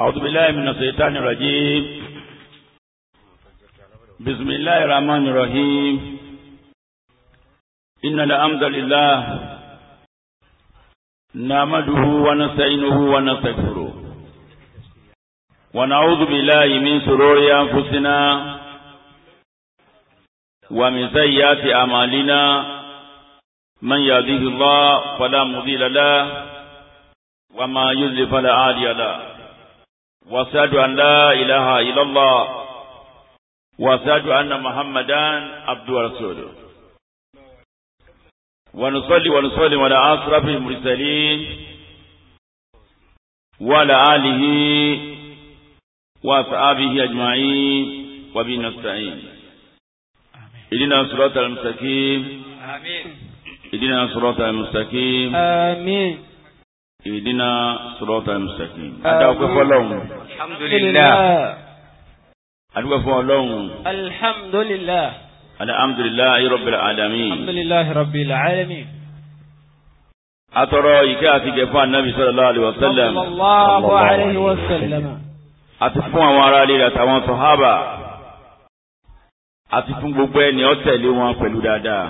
أعوذ بالله من الشيطان الرجيم بسم الله الرحمن الرحيم إن الحمد لله نعمده ونستعينه ونستغفره ونعوذ بالله من شرور أنفسنا ومن سيئات أعمالنا من يهده الله فلا مضل له وما يضلل فلا هادي له واشهد أن لا إله إلا الله واشهد أن محمدا عبده ورسوله ونصلي ونسلم على أشرف المرسلين وعلى آله وأصحابه أجمعين وبنستعين إلينا الصراط المستقيم آمين إلينا الصراط المستقيم آمين ìdínà sọlọ́tà mùsàkì. adáwọ̀pẹ́ fọlọ́hún. alhamdulilayi. adúgbò fún ọlọ́hún. alhamdulilayi. alhamdulilayi rabbil alamin. alhamdulilayi rabbil alamin. atọrọ ìkẹ́ àti gẹ̀fọ́ anabi sallallahu alayhi wa sallam. sallallahu alayhi wa sallam. àti fún àwọn ará ilé àtàwọn sọ̀hábà. àti fún gbogbo ẹni ó tẹ̀lé wọn pẹ̀lú dáadáa.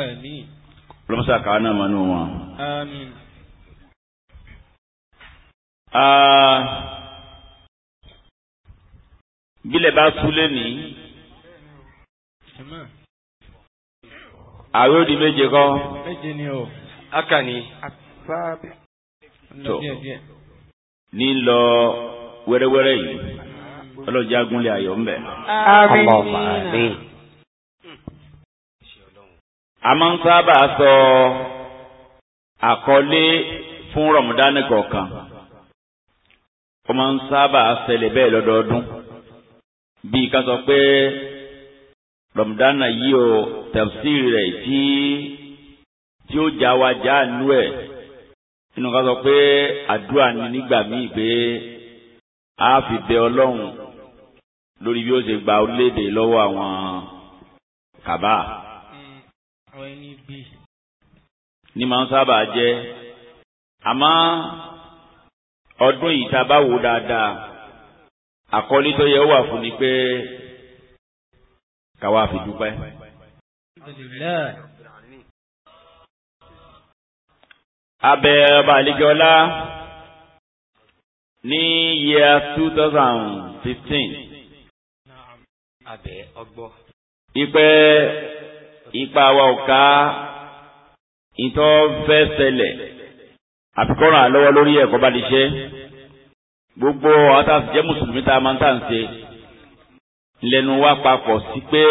àmín. lọ́mọ́sàkà náà mọ̀ nù wọn. àmín. Ah, bílẹ̀ bá súlé ní àwẹ̀ òdì méje kọ́ akàní tó ní lọ wẹ́rẹ́wẹ́rẹ́ yìí ọlọ́jà gúnlẹ̀ ayọ̀ ń bẹ̀. a máa ń sábà sọ àkọlé fún rọ̀mùdánì kọ̀ọ̀kan ó máa ń sábà ṣẹlẹ̀ bẹ́ẹ̀ lọ́dọọdún bíi ká sọ pé rọmdánà yìí o tẹ̀síìrì rẹ̀ tí tí ó já wa já nú ẹ̀ nínú ká sọ pé àdúrà ni nígbà míì pé a fi bẹ ọlọ́run lórí bí ó ṣe gba orílẹ̀-èdè lọ́wọ́ àwọn kàbá. Hmm, ní máa ń sábà jẹ́ àmọ́ ọdún yìí tá a bá wò dáadáa àkọlé tó yẹ wà fún ni pé káwa fi dúpẹ́. abẹ ọba àlejòọlá ní year two thousand fifteen. abẹ ipe ipa wa ò ká ìtọ́ fẹ́ ṣẹlẹ̀ àfikọ́ràn àlọ́wọ́ lórí ẹ̀kọ́ bá lè ṣe gbogbo ọ̀tá jẹ́ mùsùlùmí tá a máa ń tà ń ṣe lẹ́nu wá papọ̀ sí pé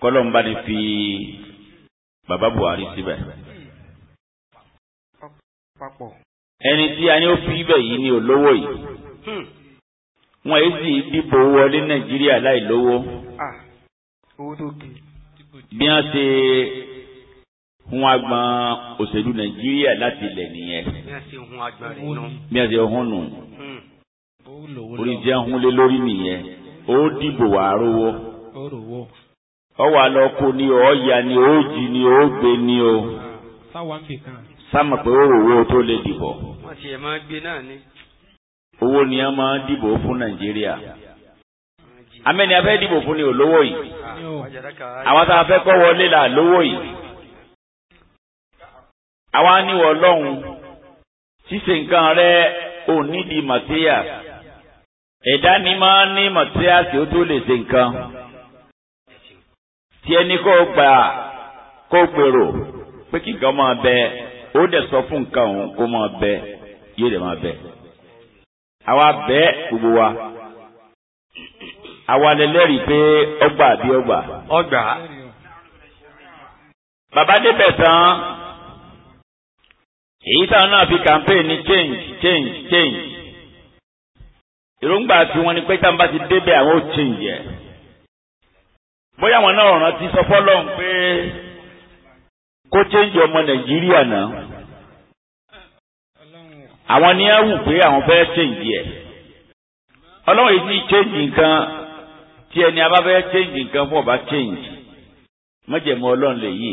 kọ́lọ́mbà ni fi bàbá Buhari síbẹ̀. ẹni tí a ní ó fi ibẹ̀ yìí ni olówó yìí hmm. wọ́n yìí sì dìbò wọlé Nàìjíríà láì lówó ah, bí wọ́n ṣe. hun agbọn òṣèlú nàìjíríà láti ilẹ̀ nìyẹn. bí a ṣe nù. Hmm. orí jẹ́ hun lé lórí nìyẹn ó dìbò wà á rówó. ọ wà lọ kó ni ọ ya ni ó jì ni ó gbé ni o. sáàmù pé ó wò ó tó lè dìbò. ni. owó ni a máa fún nàìjíríà. amẹ́ni a fẹ́ fún ni olówó yìí. Ah, àwọn tá a fẹ́ kọ́ wọlé àwa níwọ̀ ọlọ́run ṣíṣe nǹkan rẹ ò nídìí màtíyà ẹ̀dá ni máa ní màtíyà tí ó tó lè ṣe nǹkan tí ẹni kò gbà kó gbèrò pé kí nǹkan máa bẹ ó dẹ̀ sọ fún nǹkan òun kó máa bẹ yóò dẹ̀ máa bẹ àwa bẹ gbogbo wa àwa lẹlẹ́rìí pé ọgbà àbí ọgbà. ọgbà. bàbá débẹ̀ tán èyí táwọn náà fi campaign ni change change change èròǹgbà tí wọ́n ní pé táwọn bá ti débẹ̀ àwọn ò change yẹ bóyá àwọn náà rántí sọ fọ́lọ́run pé kó change ọmọ nàìjíríà náà àwọn ni á wù pé àwọn fẹ́ change yẹ ọlọ́run yìí ti change nǹkan tí ẹni abáfẹ́ change nǹkan fún ọba change mọ́jẹ̀mọ́ ọlọ́run lè yí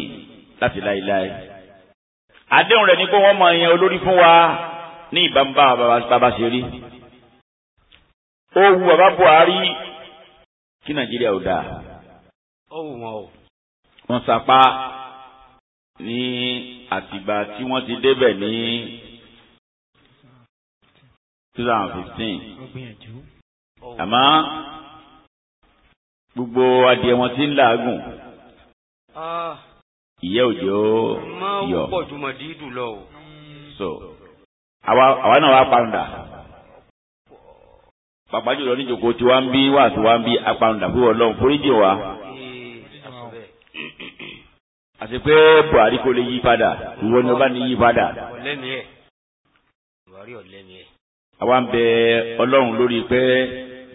láti láéláé àdéhùn rẹ̀ ni pé wọ́n máa yan olórí fún wa ní ìbámu bá bàbá ṣe rí ó wu bàbá Buhari kí Nàìjíríà ò dáa wọ́n sapá ní àtìgbà tí wọ́n ti débẹ̀ ní two thousand àmọ́ gbogbo adìẹ wọn ti ń làágùn. Ah ìyẹ́ òjò yọ. so àwa náà wá pàǹdà pàpà jùlọ níjòkó tí wá ń bí wà tí wá ń bí apàǹdà fún ọlọ́run foríjì wa. àti pé Buhari kò lè yí padà ìwọ ni ọba ní yí padà. àwa ń bẹ ọlọ́run lórí pé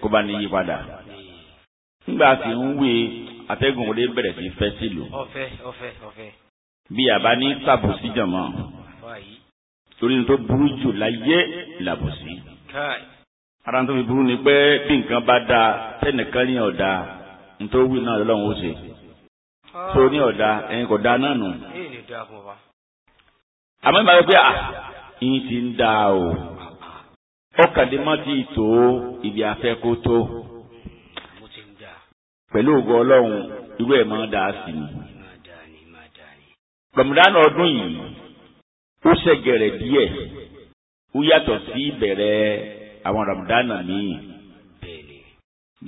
kó bá ní yí padà. nígbà tí ń wí atẹ́gùn olè bẹ̀rẹ̀ sí fẹ́ sílùú. ọ̀fẹ́ ọ̀fẹ́ ọ̀fẹ́. bí àbá ní sàbòsí jàmọ́ torí ní tó burú jù láyé làbòsí. ara tó fi burú ni pé bí nǹkan bá dáa tẹ́nìkan ní ọ̀dà nítorí wí náà lọ́lọ́run ó ṣe. Ah. tó ní ọ̀dà ẹ̀yin kò dáa náà nù. àmọ́ ìgbà pé à ah, yín ti ń dáa o ọkàdé má ti tó ibi afẹ́ kó tó pẹ̀lú ògo ọlọ́run irú ẹ̀ máa dáa sí ni. rọ̀mùdánù ọdún yìí ó ṣẹ̀gẹ̀rẹ̀ díẹ̀ ó yàtọ̀ sí ìbẹ̀rẹ̀ àwọn rọ̀mùdánù míì.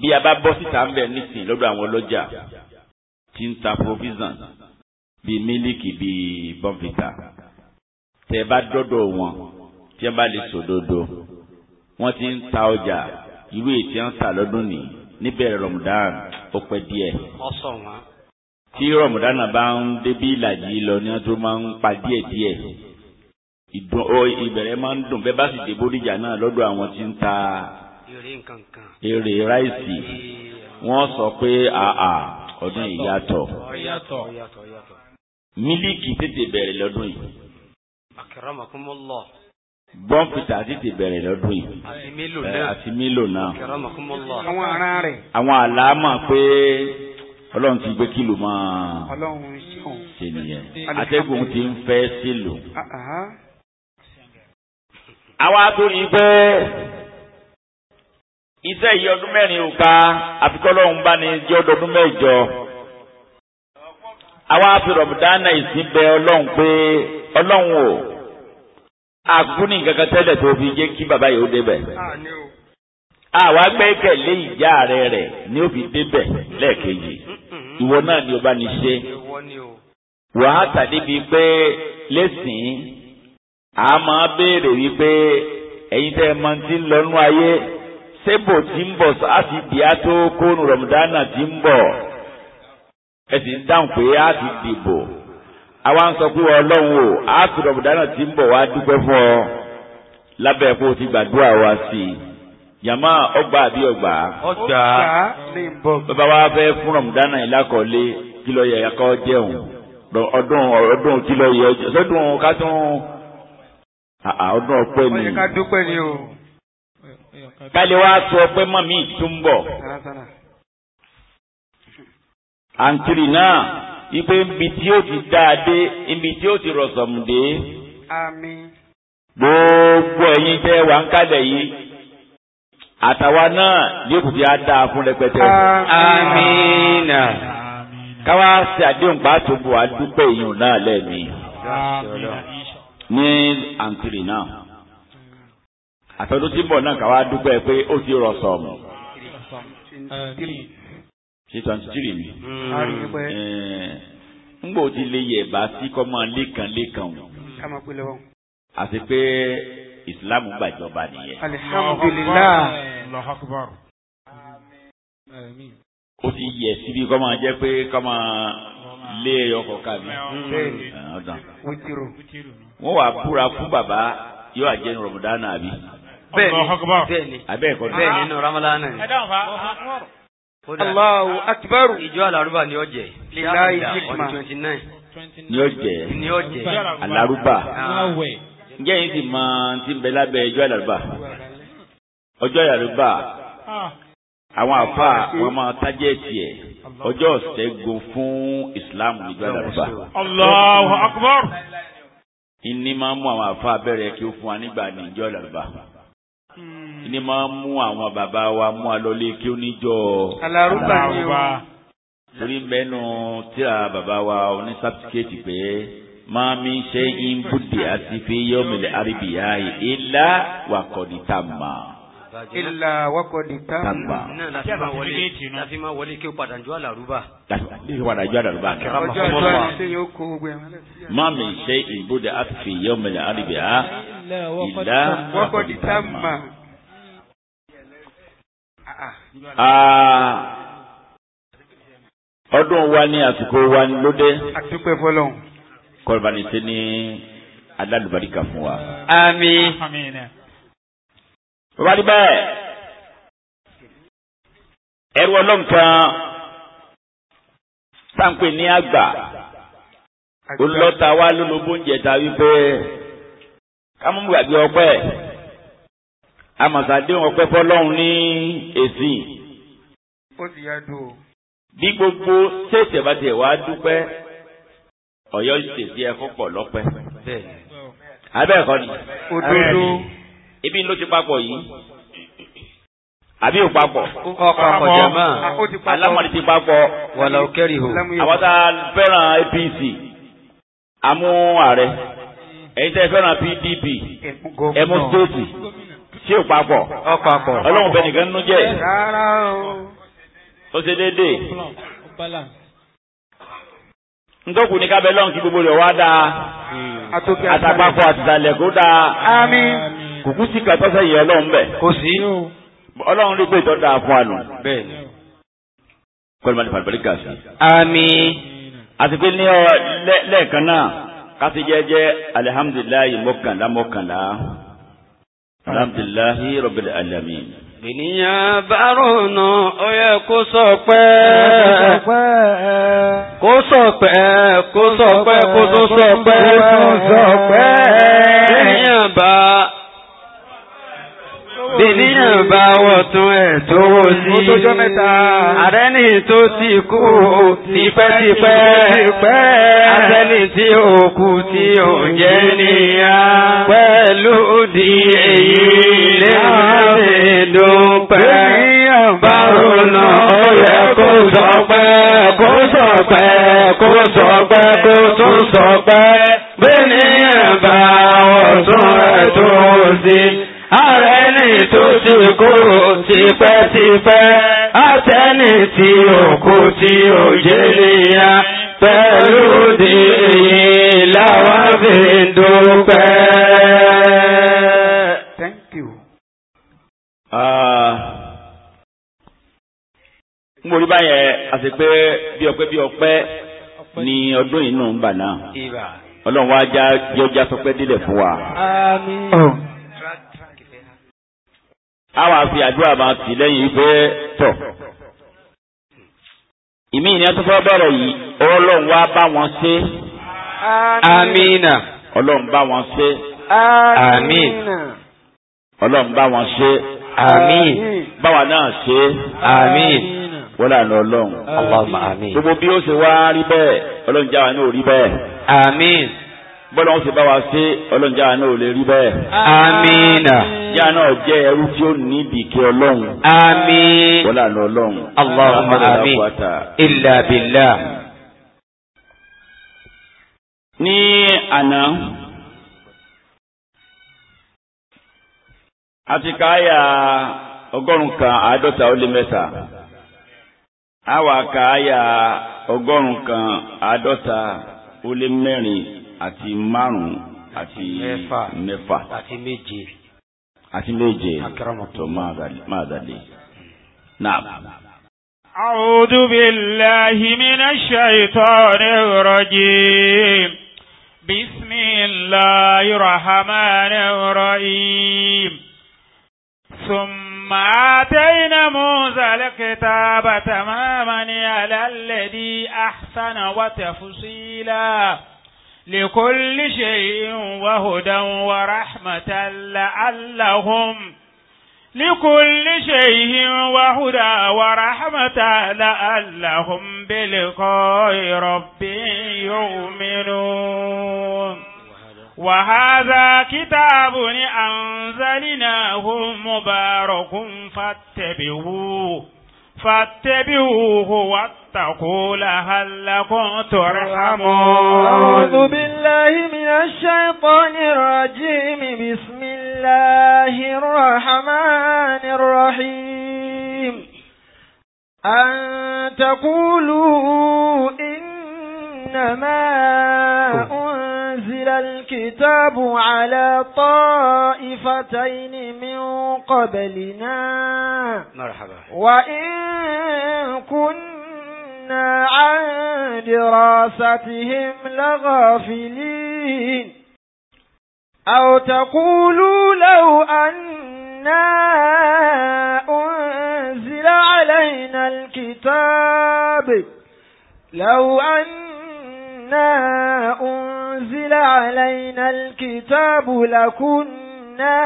bí a bá bọ́ síta ń bẹ̀ nísìnyí lọ́dọ̀ àwọn ọlọ́jà tí ń ta provision bíi mílíkì bíi bọ́ǹfìtà tẹ bá dọ́dọ̀ wọn tí wọ́n bá lè sòdodo wọ́n ti ń ta ọjà irú èyí tí wọ́n ń ta lọ́dún nìyí níbẹ̀rẹ̀ rọ̀mùdánù ó pẹ́ díẹ̀. ọ̀sán wa. tí rọ̀mùdánà bá ń débí ìlàjì lọ ní ọdún máa ń pa díẹ̀ díẹ̀ ìdùn ọ ìbẹ̀rẹ̀ máa ń dùn bẹ́ẹ̀ bá sì dé bóríjà náà lọ́dọ̀ àwọn tí ń ta èrè ráìsì wọ́n sọ pé àà ọdún yìí mílíkì tètè bẹ̀rẹ̀ lọ́dún yìí bọ́ǹfìtà tètè bẹ̀rẹ̀ lọ́dún yìí àti mílò náà eh, àwọn ará rẹ̀ àwọn àlámà pé ọlọ́run ti gbé kìlò máa ṣe nìyẹn atẹ́gùn ti ń fẹ́ sílò. àwa tó yí pé iṣẹ́ yìí ọdún mẹ́rin ò ká àfikọ́lọ́hún bá ní jẹ́ ọdún mẹ́jọ. àwa fi rọ̀bùdánà ìsìn bẹ ọlọ́run pé ọlọ́run o àfúnni kankan tẹ́lẹ̀ tó fi jẹ́ kí bàbá yìí ó débẹ̀. àwa gbẹ́kẹ̀lé ìjà rẹ̀ rẹ̀ ni ó fi débẹ̀ lẹ́ẹ̀kejì ìwọ náà ni o bá ní ṣe. wàá tàdé bíi pé lẹ́sìn a máa béèrè wípé ẹ̀yin tẹ́ ẹ máa ti ń lọ́nú ayé sébò tí ń bọ̀ láti di àtó kónú rọ̀mùdánà tí ń bọ̀ ẹ sì dáhùn pé á ti dìbò àwa ń sọ pé ọlọ́run o àásùrọ̀ bùdánà tí ń bọ̀ wá dúpẹ́ fún ọ lábẹ́ kó o ti gbàdúrà wa sí i yàmá ọgbà àbí ọgbà ọgbà bàbá wa fẹ́ fún rọ̀mùdánà ìlàkọ̀ọ́lé kí ló yẹ kó jẹun ọdún ọdún kí ló yẹ ọdún ká ọdún ọpẹ́ ni kálí wa sọ ọpẹ́ mọ́ tún bọ̀ àǹtírì náà ipe nbi tí ó ti dáadé nbi tí ó ti rọ̀sọ̀mùdé. àmín. gbogbo ẹ̀yin tẹ́ wà ń kalẹ̀ yìí àtàwa náà ní òkùnkùn yà dá a fún rẹpẹtẹ. àmín. káwá ṣe àdéhùn pàtó bu àdúgbò èèyàn náà lẹ́ẹ̀mí. ní àǹtírì náà àtọ́dún tí ń bọ̀ náà káwá dúpẹ́ pé ó ti rọ̀sọ̀mù ṣe twenty three mi. ngbọ́ hmm. eh, ti lè yẹ̀ bá sí kọ́mọ lẹ́kàn lẹ́kàn o. Hmm. àti pé ìsìlámù gbàjọba nìyẹn. alihamudulilayi. ó ti yẹ síbi kọ́mọ jẹ́ pé kọ́mọ lé ọkọ̀ kàbí. Hmm. Ah, wọ́n wà búra fún bàbá yóò àjẹnu rọ̀mùdánà àbí. bẹ́ẹ̀ni bẹ́ẹ̀ni abẹ́ẹ̀kọ́ bẹ́ẹ̀ni nù ramadana. ẹ dáhùn Allahu akbaru. Ìjọ àlàrúbà ni ó jẹ. Láì hikma. Ni ó jẹ. Ni ó jẹ. Àlàrúbà. Ǹjẹ́ yín ti mọ ti bẹ lábẹ́ ìjọ àlàrúbà? Ọjọ́ àlàrúbà. Ah. Àwọn àfa wọn máa tájẹ́ẹ̀tì ẹ̀. Ọjọ́ ìṣẹ́gun fún Ìsìláàmù ìjọ àlàrúbà. Allahu akbar. Ìní máa ń mú àwọn àfa abẹ́rẹ́ kí ó fún wa nígbà ní ìjọ àlàrúbà ni máa ń mú àwọn bàbá wa mú alọ́lé kí ó níjọ́. alárúbà ni o. torí mẹ́nu tí a bàbá wa onísàpìkéètì pé máa mi ṣe ń bùdè àti fi yọ̀mìlẹ̀ àríbìyá ìlà wàkọ̀dì tàmà. ìlà wàkọ̀dì tàmà. náà láti máa wọlé láti máa wọlé kí ó padà jọ àlárúbà. láti padà jọ àlárúbà. ọjọ́ ọjọ́ ìṣe yóò kó gbogbo ẹ̀ mọ́lẹ̀. máa mi ṣe ń bùdè àti fi yọ̀mìlẹ̀ àríbìyá ìlà wàkọ̀dì tàmà. Ah, ah. ọdún wa ní àsìkò wa ní lóde. àtúpẹ́ fọlọ́hún. kọlbanise ní alálùbáríkà fún wa. àmín. bàbá rí bẹ́ẹ̀ ẹrú ọlọ́nkan sáǹpẹ̀ ní àgbà olùlọ́ta wa lólobó oúnjẹ ta wípé kámúgbàgbé ọpẹ́ amasade wọn pẹ́ fọlọ́run ní èsì. ó ti yá dùn o. bí gbogbo ṣèṣẹ̀ bá tiẹ̀ wá dúpẹ́ ọ̀yọ́ ṣèṣì ẹ̀kọ́ pọ̀ lọ́pẹ́. abẹ́ ẹ̀kọ́ ni. òdodo. ibi ló ti papọ̀ yìí. àbí ò papọ̀. ó papọ̀ jẹ̀mọ́. alámọ̀lì ti papọ̀. wàlá òkèrè o. àwọn tá a fẹ́ràn APC amú ààrẹ ẹ̀yin tẹ́ fẹ́ràn PDP ẹ̀mú stéètì ṣé ò papọ̀ ọlọ́run bẹ nìkan nínú jẹ́ ó ṣe déédéé ntọ́kù ní kábẹ́ lọ́n kí gbogbo rẹ̀ wá dáa hmm. àtàpapọ̀ àtìsàlẹ̀ kó dáa kùkú sí kàtọ́sẹ̀ yẹn ọlọ́run bẹ̀ kò sí ọlọ́run rí pé ìtọ́ dáa fún àlù pẹ̀lú màdìfà pẹ̀lú gàṣà. àmín. àti pé ní ọ lẹ́ẹ̀kan náà kásìjẹ́jẹ́ alihamudulilayi mọ́kànlá mọ́kànlá alhamdulilahi rabbil alamin. ènìyàn bá rọ̀nà ó yẹ kó sọ pẹ́. kó sọ pẹ́ kó sọ pẹ́ kó tó sọ pẹ́. kó tó sọ pẹ́. ènìyàn bá. Bèbí náà bá wọ̀ tún ẹ̀ tó wò sí. Ó tójọ́ mẹ́ta. Àrẹ́nì tó ti kú tipẹ́tipẹ́. Tipẹ́. Àtẹ́ni tí ó kú tí ó jẹ́ níyà. Pẹ̀lú di èyí lè má ṣe dúpẹ́. Bèbí náà bá ronà ó yẹ kó sọ pé kó sọ pé kó sọ pé kó tún sọ pé. Bẹ́ẹ̀ni ẹ̀ bá wọ̀ tún ẹ̀ tó sí ààrẹ ní tó ti kó tipẹ́tipẹ́ àtẹ́ni tí òkú tí ò jẹ́ níyà pẹ̀lú di èyí láwọn fi dúpẹ́. Thank you. Ah, mo rí báyẹn àti pé bí ọpẹ́ bí ọpẹ́ ni ọdún yìí nù ń bà náà ọlọ́run wa já yọjá sọpẹ́ délẹ̀ fún wa a wàá fi àdúrà máa tì lẹ́yìn pé tọ̀. ìmí ìní tó fẹ́ bẹ̀rẹ̀ yìí ọlọ́run wá bá wọn ṣe. amina. ọlọ́run bá wọn ṣe. amin. ọlọ́run bá wọn ṣe. amin. báwa náà ṣe. amin. wọ́n lànà ọlọ́run. Allahumma amin. gbogbo bí ó ṣe wá rí bẹ́ẹ̀ ọlọ́run jáwa ní òrí bẹ́ẹ̀. amin bọ́lá ń ṣe bá wa ṣe ọlọ́njà náà ò lè rí bẹ́ẹ̀. amina. yà náà jẹ́ ẹrú tí ó ní ìbìkẹ́ ọlọ́run. àmín. wọ́lá ní ọlọ́run. allahumma àmín illa billah. ní àná àti káyà ọgọ́rùn-ún kan àádọ́ta ó lé mẹ́ta àwa káyà ọgọ́rùn-ún kan àádọ́ta ó lé mẹ́rin àti márùn-ún àti mẹ́fà àti méje àti méje tó máa dàlẹ́. أعوذ بالله من الشيطان الرجيم بسم الله الرحمن الرحيم ثم آتينا موسى الكتاب تماما على الذي أحسن وتفصيلا لكل شيء وهدى ورحمة لعلهم لكل شيء وهدى ورحمة لعلهم بلقاء ربهم يؤمنون وهذا كتاب أنزلناه مبارك فاتبعوه فاتبعوه واتقوا لعلكم ترحمون أعوذ بالله من الشيطان الرجيم بسم الله الرحمن الرحيم أن تقولوا إن إنما أنزل الكتاب على طائفتين من قبلنا مرحبا وإن كنا عن دراستهم لغافلين أو تقولوا لو أنا أنزل علينا الكتاب لو أن أنزل علينا الكتاب لكنا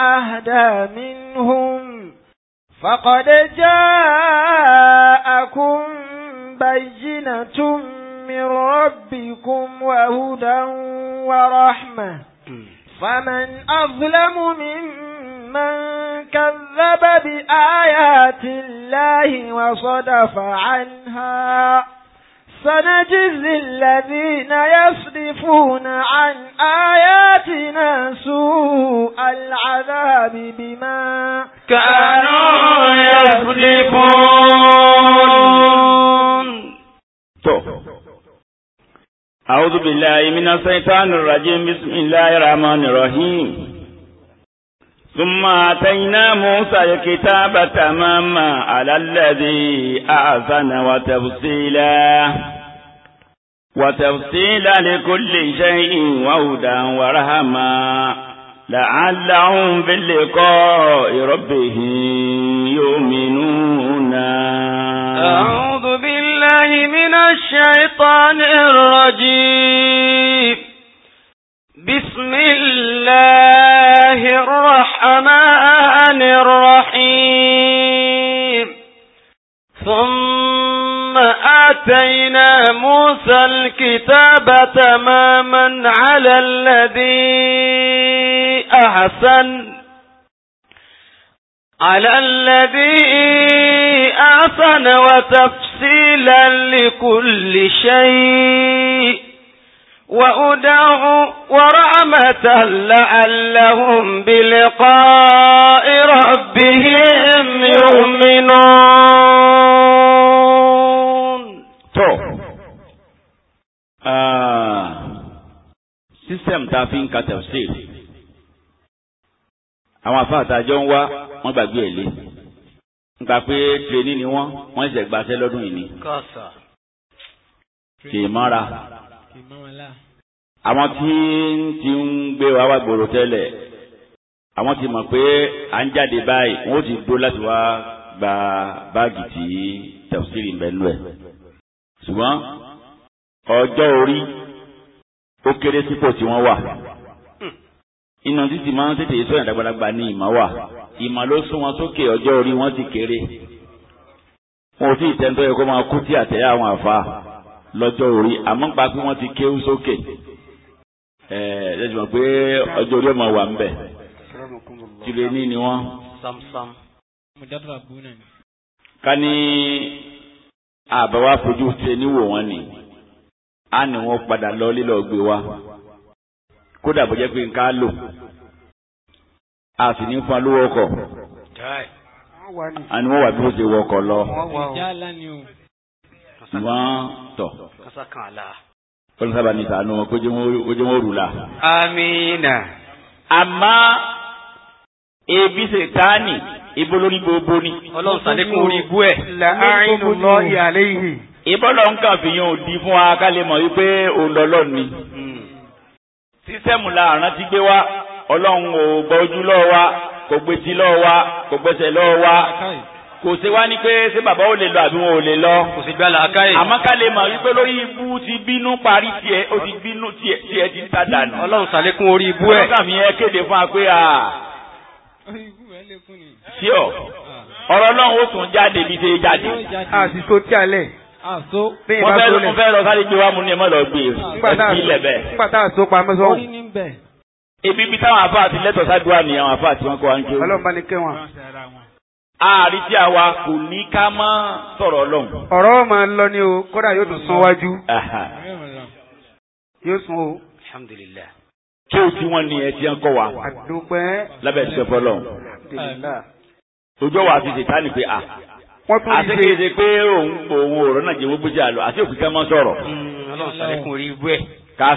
أهدى منهم فقد جاءكم بينة من ربكم وهدى ورحمة فمن أظلم ممن كذب بآيات الله وصدف عنها سنجزي الذين يصرفون عن آياتنا سوء العذاب بما كانوا يصرفون أعوذ بالله من الشيطان الرجيم بسم الله الرحمن الرحيم ثم آتينا موسى الكتاب تماما على الذي أحسن وتفصيلا وتفصيلا لكل شيء وهدى ورحما لعلهم باللقاء ربهم يؤمنون أعوذ بالله من الشيطان الرجيم بسم الله الرحمن الرحيم ثم آتينا موسى الكتاب تماما على الذي أحسن على الذي أحسن وتفصيلا لكل شيء وأدعوا ورحمة لعلهم بلقاء ربهم يؤمنون تو system tá a fi ń ka ń wá wọn gbàgbé ẹ lé nípa pé tìrẹ́nì ni wọ́n wọ́n ṣẹ̀ gbaṣẹ́ lọ́dún yìí ni kì í mọ́ra àwọn tí ti ń gbé wa wá gbòòrò tẹ́lẹ̀ àwọn ti mọ̀ pé à ń jáde báyìí wọ́n ó ti dó láti wá gba báàgì tí tafsiri ń bẹ nú ẹ̀ ṣùgbọ́n ọjọ́ orí ó kéré sípò tí wọ́n wà iná títí máa ń tètè sọ̀rọ̀ àdàgbàlagbà ní ìmọ̀ wà ìmọ̀ ló sún wọn sókè ọjọ́ orí wọn ti kéré wọn ò tí ì tẹ́ńtọ́ yẹ kó máa kú tí àtẹ̀yà àwọn àfa lọ́jọ́ orí àmọ́ gba pé wọ́n ti kéwú sókè ẹ̀ẹ́ lẹ́sìn mọ̀ pé ọjọ́ orí ọmọ wà ń bẹ̀ tìlẹ̀ ní ni wọ́n. ká ní àbáwá fojú ṣe níwò wọn ni á ní wọ́n padà lọ lílọ gbé wa kódà bó jẹ́ pé nǹkan á lò a sì ní fún alówó ọkọ̀ àni wọ́n wà bí wọ́n ṣe wọ ọkọ̀ lọ wọ́n tọ̀. kọ́lá sábà ní sànú wọn kó jẹ́ wọ́n rù la. amiina. àmọ́ ebi sètáàni ibo lórí gbogbo ni. ọlọ́run sàlékún orí ibú ẹ̀. làárínú lọ ìyàlẹ́ yìí. ìbọ́lọ̀ ń kàn fìyàn òdi fún wa ká lè mọ̀ wípé òǹdọ́lọ́ ni. Hmm. sísẹ́mù la àrán ti gbé wá ọlọ́run ò gbọ́ lọ́wọ́ wa kò gbé lọ́wọ́ wa kò gbẹ́sẹ̀ lọ́wọ́ wa kò sí wá ní pé ṣé bàbá ò lè lọ àbí wọn ò lè lọ. kò sí gbàlà káyè. àmọ́ ká lè mọ̀ wípé lórí ibú ti bínú parí tiẹ̀ ó ti bínú tiẹ̀ tiẹ̀ ti ń ta dànù. ọlọ́run ṣàlékún orí ibú ẹ̀. ọlọ́run mi ẹ kéde fún wa pé a. orí ibú ẹ lékún ni. sí ọ ọ̀rọ̀ ọlọ́run ó tún jáde bí ṣe jáde. àṣìṣó tí a lẹ̀. àṣó. wọ́n fẹ́ lọ́kùn fẹ́ lọ sáré gbé wa mú ni ẹ mọ̀ lọ gbé e. nígbà tá àṣó pamọ́ sọ ebi bi táwọn afa àti lẹtọ sáduwa nìyẹn àwọn afa àti wọn kọ wa ń ké. ọlọ́run bá ní kẹ́ wọn àrídí àwa kò ní ká mọ́ sọ̀rọ̀ ọlọ́run. ọ̀rọ̀ máa lọ ní o kódà yóò tún sún wájú. yóò sún o. alhamdulillah. kí o tí wọ́n ní ẹ ti ń kọ́ wa. àdúpẹ́. lábẹ́ ìṣẹ́ fọlọ́. ojú ọ̀wà àti ṣètánì pé a. wọ́n tún ní ṣe. àti kéde pé òun òun ọ̀rọ̀ náà jẹ́ gbogbo jà lọ àti òkú ká mọ́ sọ̀rọ̀. Hmm, ọlọ́run sàlẹ̀kùn orí ibú ẹ̀. ká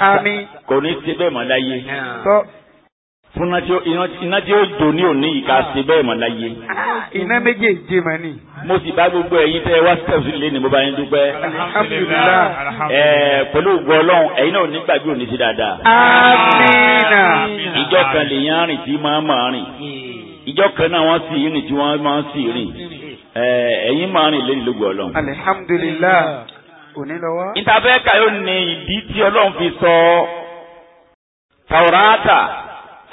kò ní ṣe bẹ́ẹ̀ mọ́ láyé fún iná tí ó jò ní òní yìí ká ṣe bẹ́ẹ̀ mọ̀ láyé. Ah, iná méjèèjì mà ní. mo sì bá gbogbo ẹ̀yin tẹ́ wá sẹ́wọ̀sì lé ní mo bá yín dúpẹ́. alhamdulilayi. ẹ pẹ̀lú ògùn ọlọ́run ẹ̀yin náà nígbàgbé òní sí dáadáa. amiina. ìjọ kan lèèyàn rìn tí máa máa rìn ìjọ kan náà wọ́n sì rìn tí wọ́n máa sì rìn ẹ̀yin máa rìn lẹ́yìn lógún ọlọ́run. alihamudulilayi. òní lọ wá. ìtàfẹ́ kàyọ́ ni ìdí tí ọlọ́run fi sọ Taurata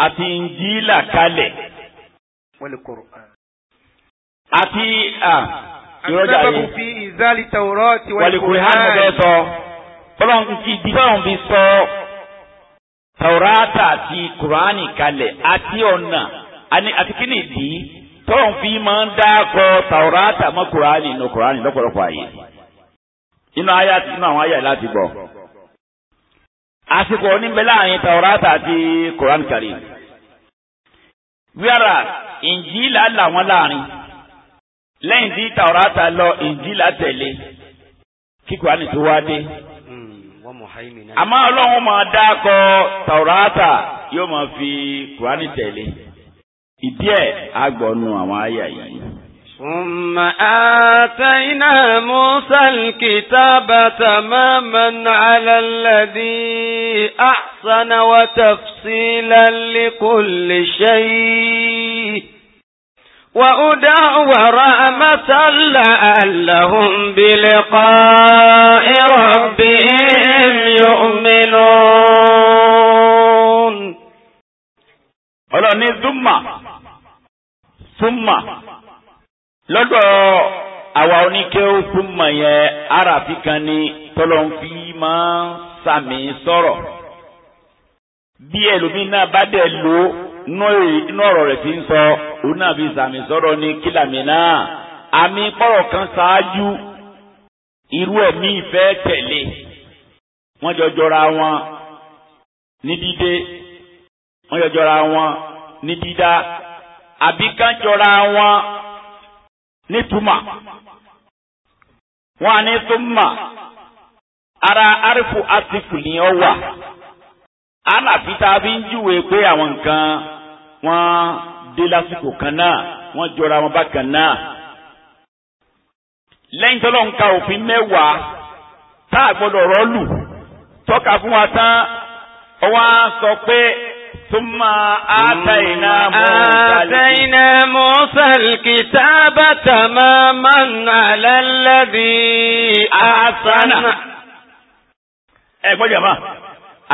àti Injila kalẹ̀. àti ìrọ̀jà yìí wàlìkùrì hàn mẹ́fẹ́ sọ ọlọ́run ti di báwọn fi sọ Taurata àti Kùránì kalẹ̀ àti ọ̀nà àti kíni ìdí tọ́lọ́run fi máa ń dákọ̀ Taurata mọ́ Kùránì nù Kùránì lọ́pọ̀lọpọ̀ àyè inú àyà inú àwọn àyà láti gbọ́ àsìkò oníbẹ̀ láàrin Taurata àti Kùránì Karim. whereas ìjìlá làwọn láàrin lẹ́yìn tí tàwọ́ráta lọ ìjìlá tẹ̀lé kíkọ́ àni tó wá dé. Hmm, àmọ́ ọlọ́run máa dákọ tàwọ́ráta yóò máa fi kùránì tẹ̀lé ìdí ẹ̀ àgbọ̀nù àwọn àyà yìí. ثم آتينا موسى الكتاب تماما على الذي أحسن وتفصيلا لكل شيء وأدع ورأمة لعلهم بلقاء ربهم يؤمنون قال ثم ثم lọ́dọ̀ àwa oníkẹ́ fún mọ̀ yẹn arafi kan ní tọ́lọ́nfí máa ń sàmì sọ̀rọ̀ bí ẹlòmíín náà bá dẹ̀ lò inú ọ̀rọ̀ rẹ̀ fi ń sọ òun náà fi sàmì sọ̀rọ̀ ní kílàmì náà àmì pọ̀rọ̀ kan ṣáájú irú ẹ̀mí ìfẹ́ tẹ̀lé wọ́n jọ jọra wọn ní dídé wọ́n jọ jọra wọn ní dídá àbí kan jọra wọn ní tuma wọn ní tuma ara arifu atiku ni ọ wà anabi tá a fi ń júwe pé àwọn nǹkan wọn dé lásìkò kan náà wọn jọra wọn bákan náà lẹ́yìn tó lọ́n ka òfin mẹ́wàá tá a gbọ́dọ̀ rọ́ọ̀lù tọ́ka fún wa tán wọ́n á sọ pé. ثم آتينا موسى آتينا موسى الكتاب تماما على الذي أحسن ẹgbọ́n jàmá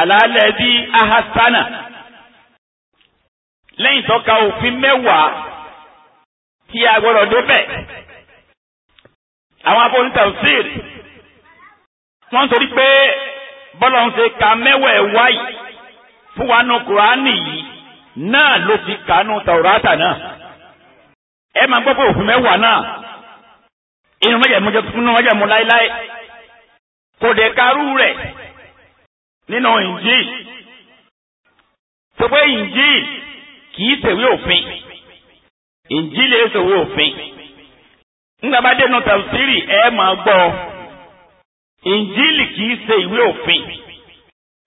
alálẹ́dí ahasana lẹ́yìn tọ́ka òfin mẹ́wàá tí a gbọ́dọ̀ débẹ̀ àwọn abọ́nítàwọ̀síìrì wọ́n torí pé bọ́lọ̀ ń ṣe ka mẹ́wàá ẹ̀ wáyìí fún wa naa kúránì yìí náà ló ti kànú tàwùrátà náà ẹ máa gbọ́ pé òfin mẹ́wàá náà inú mẹ́jẹ̀mú jẹ́ fún mẹ́jẹ̀mú láéláé kò dé karú rẹ̀ nínú Injil tó pé Injil kì tẹ̀wé òfin Injil lè òfin nígbà bá dénú tafsiri ẹ máa gbọ́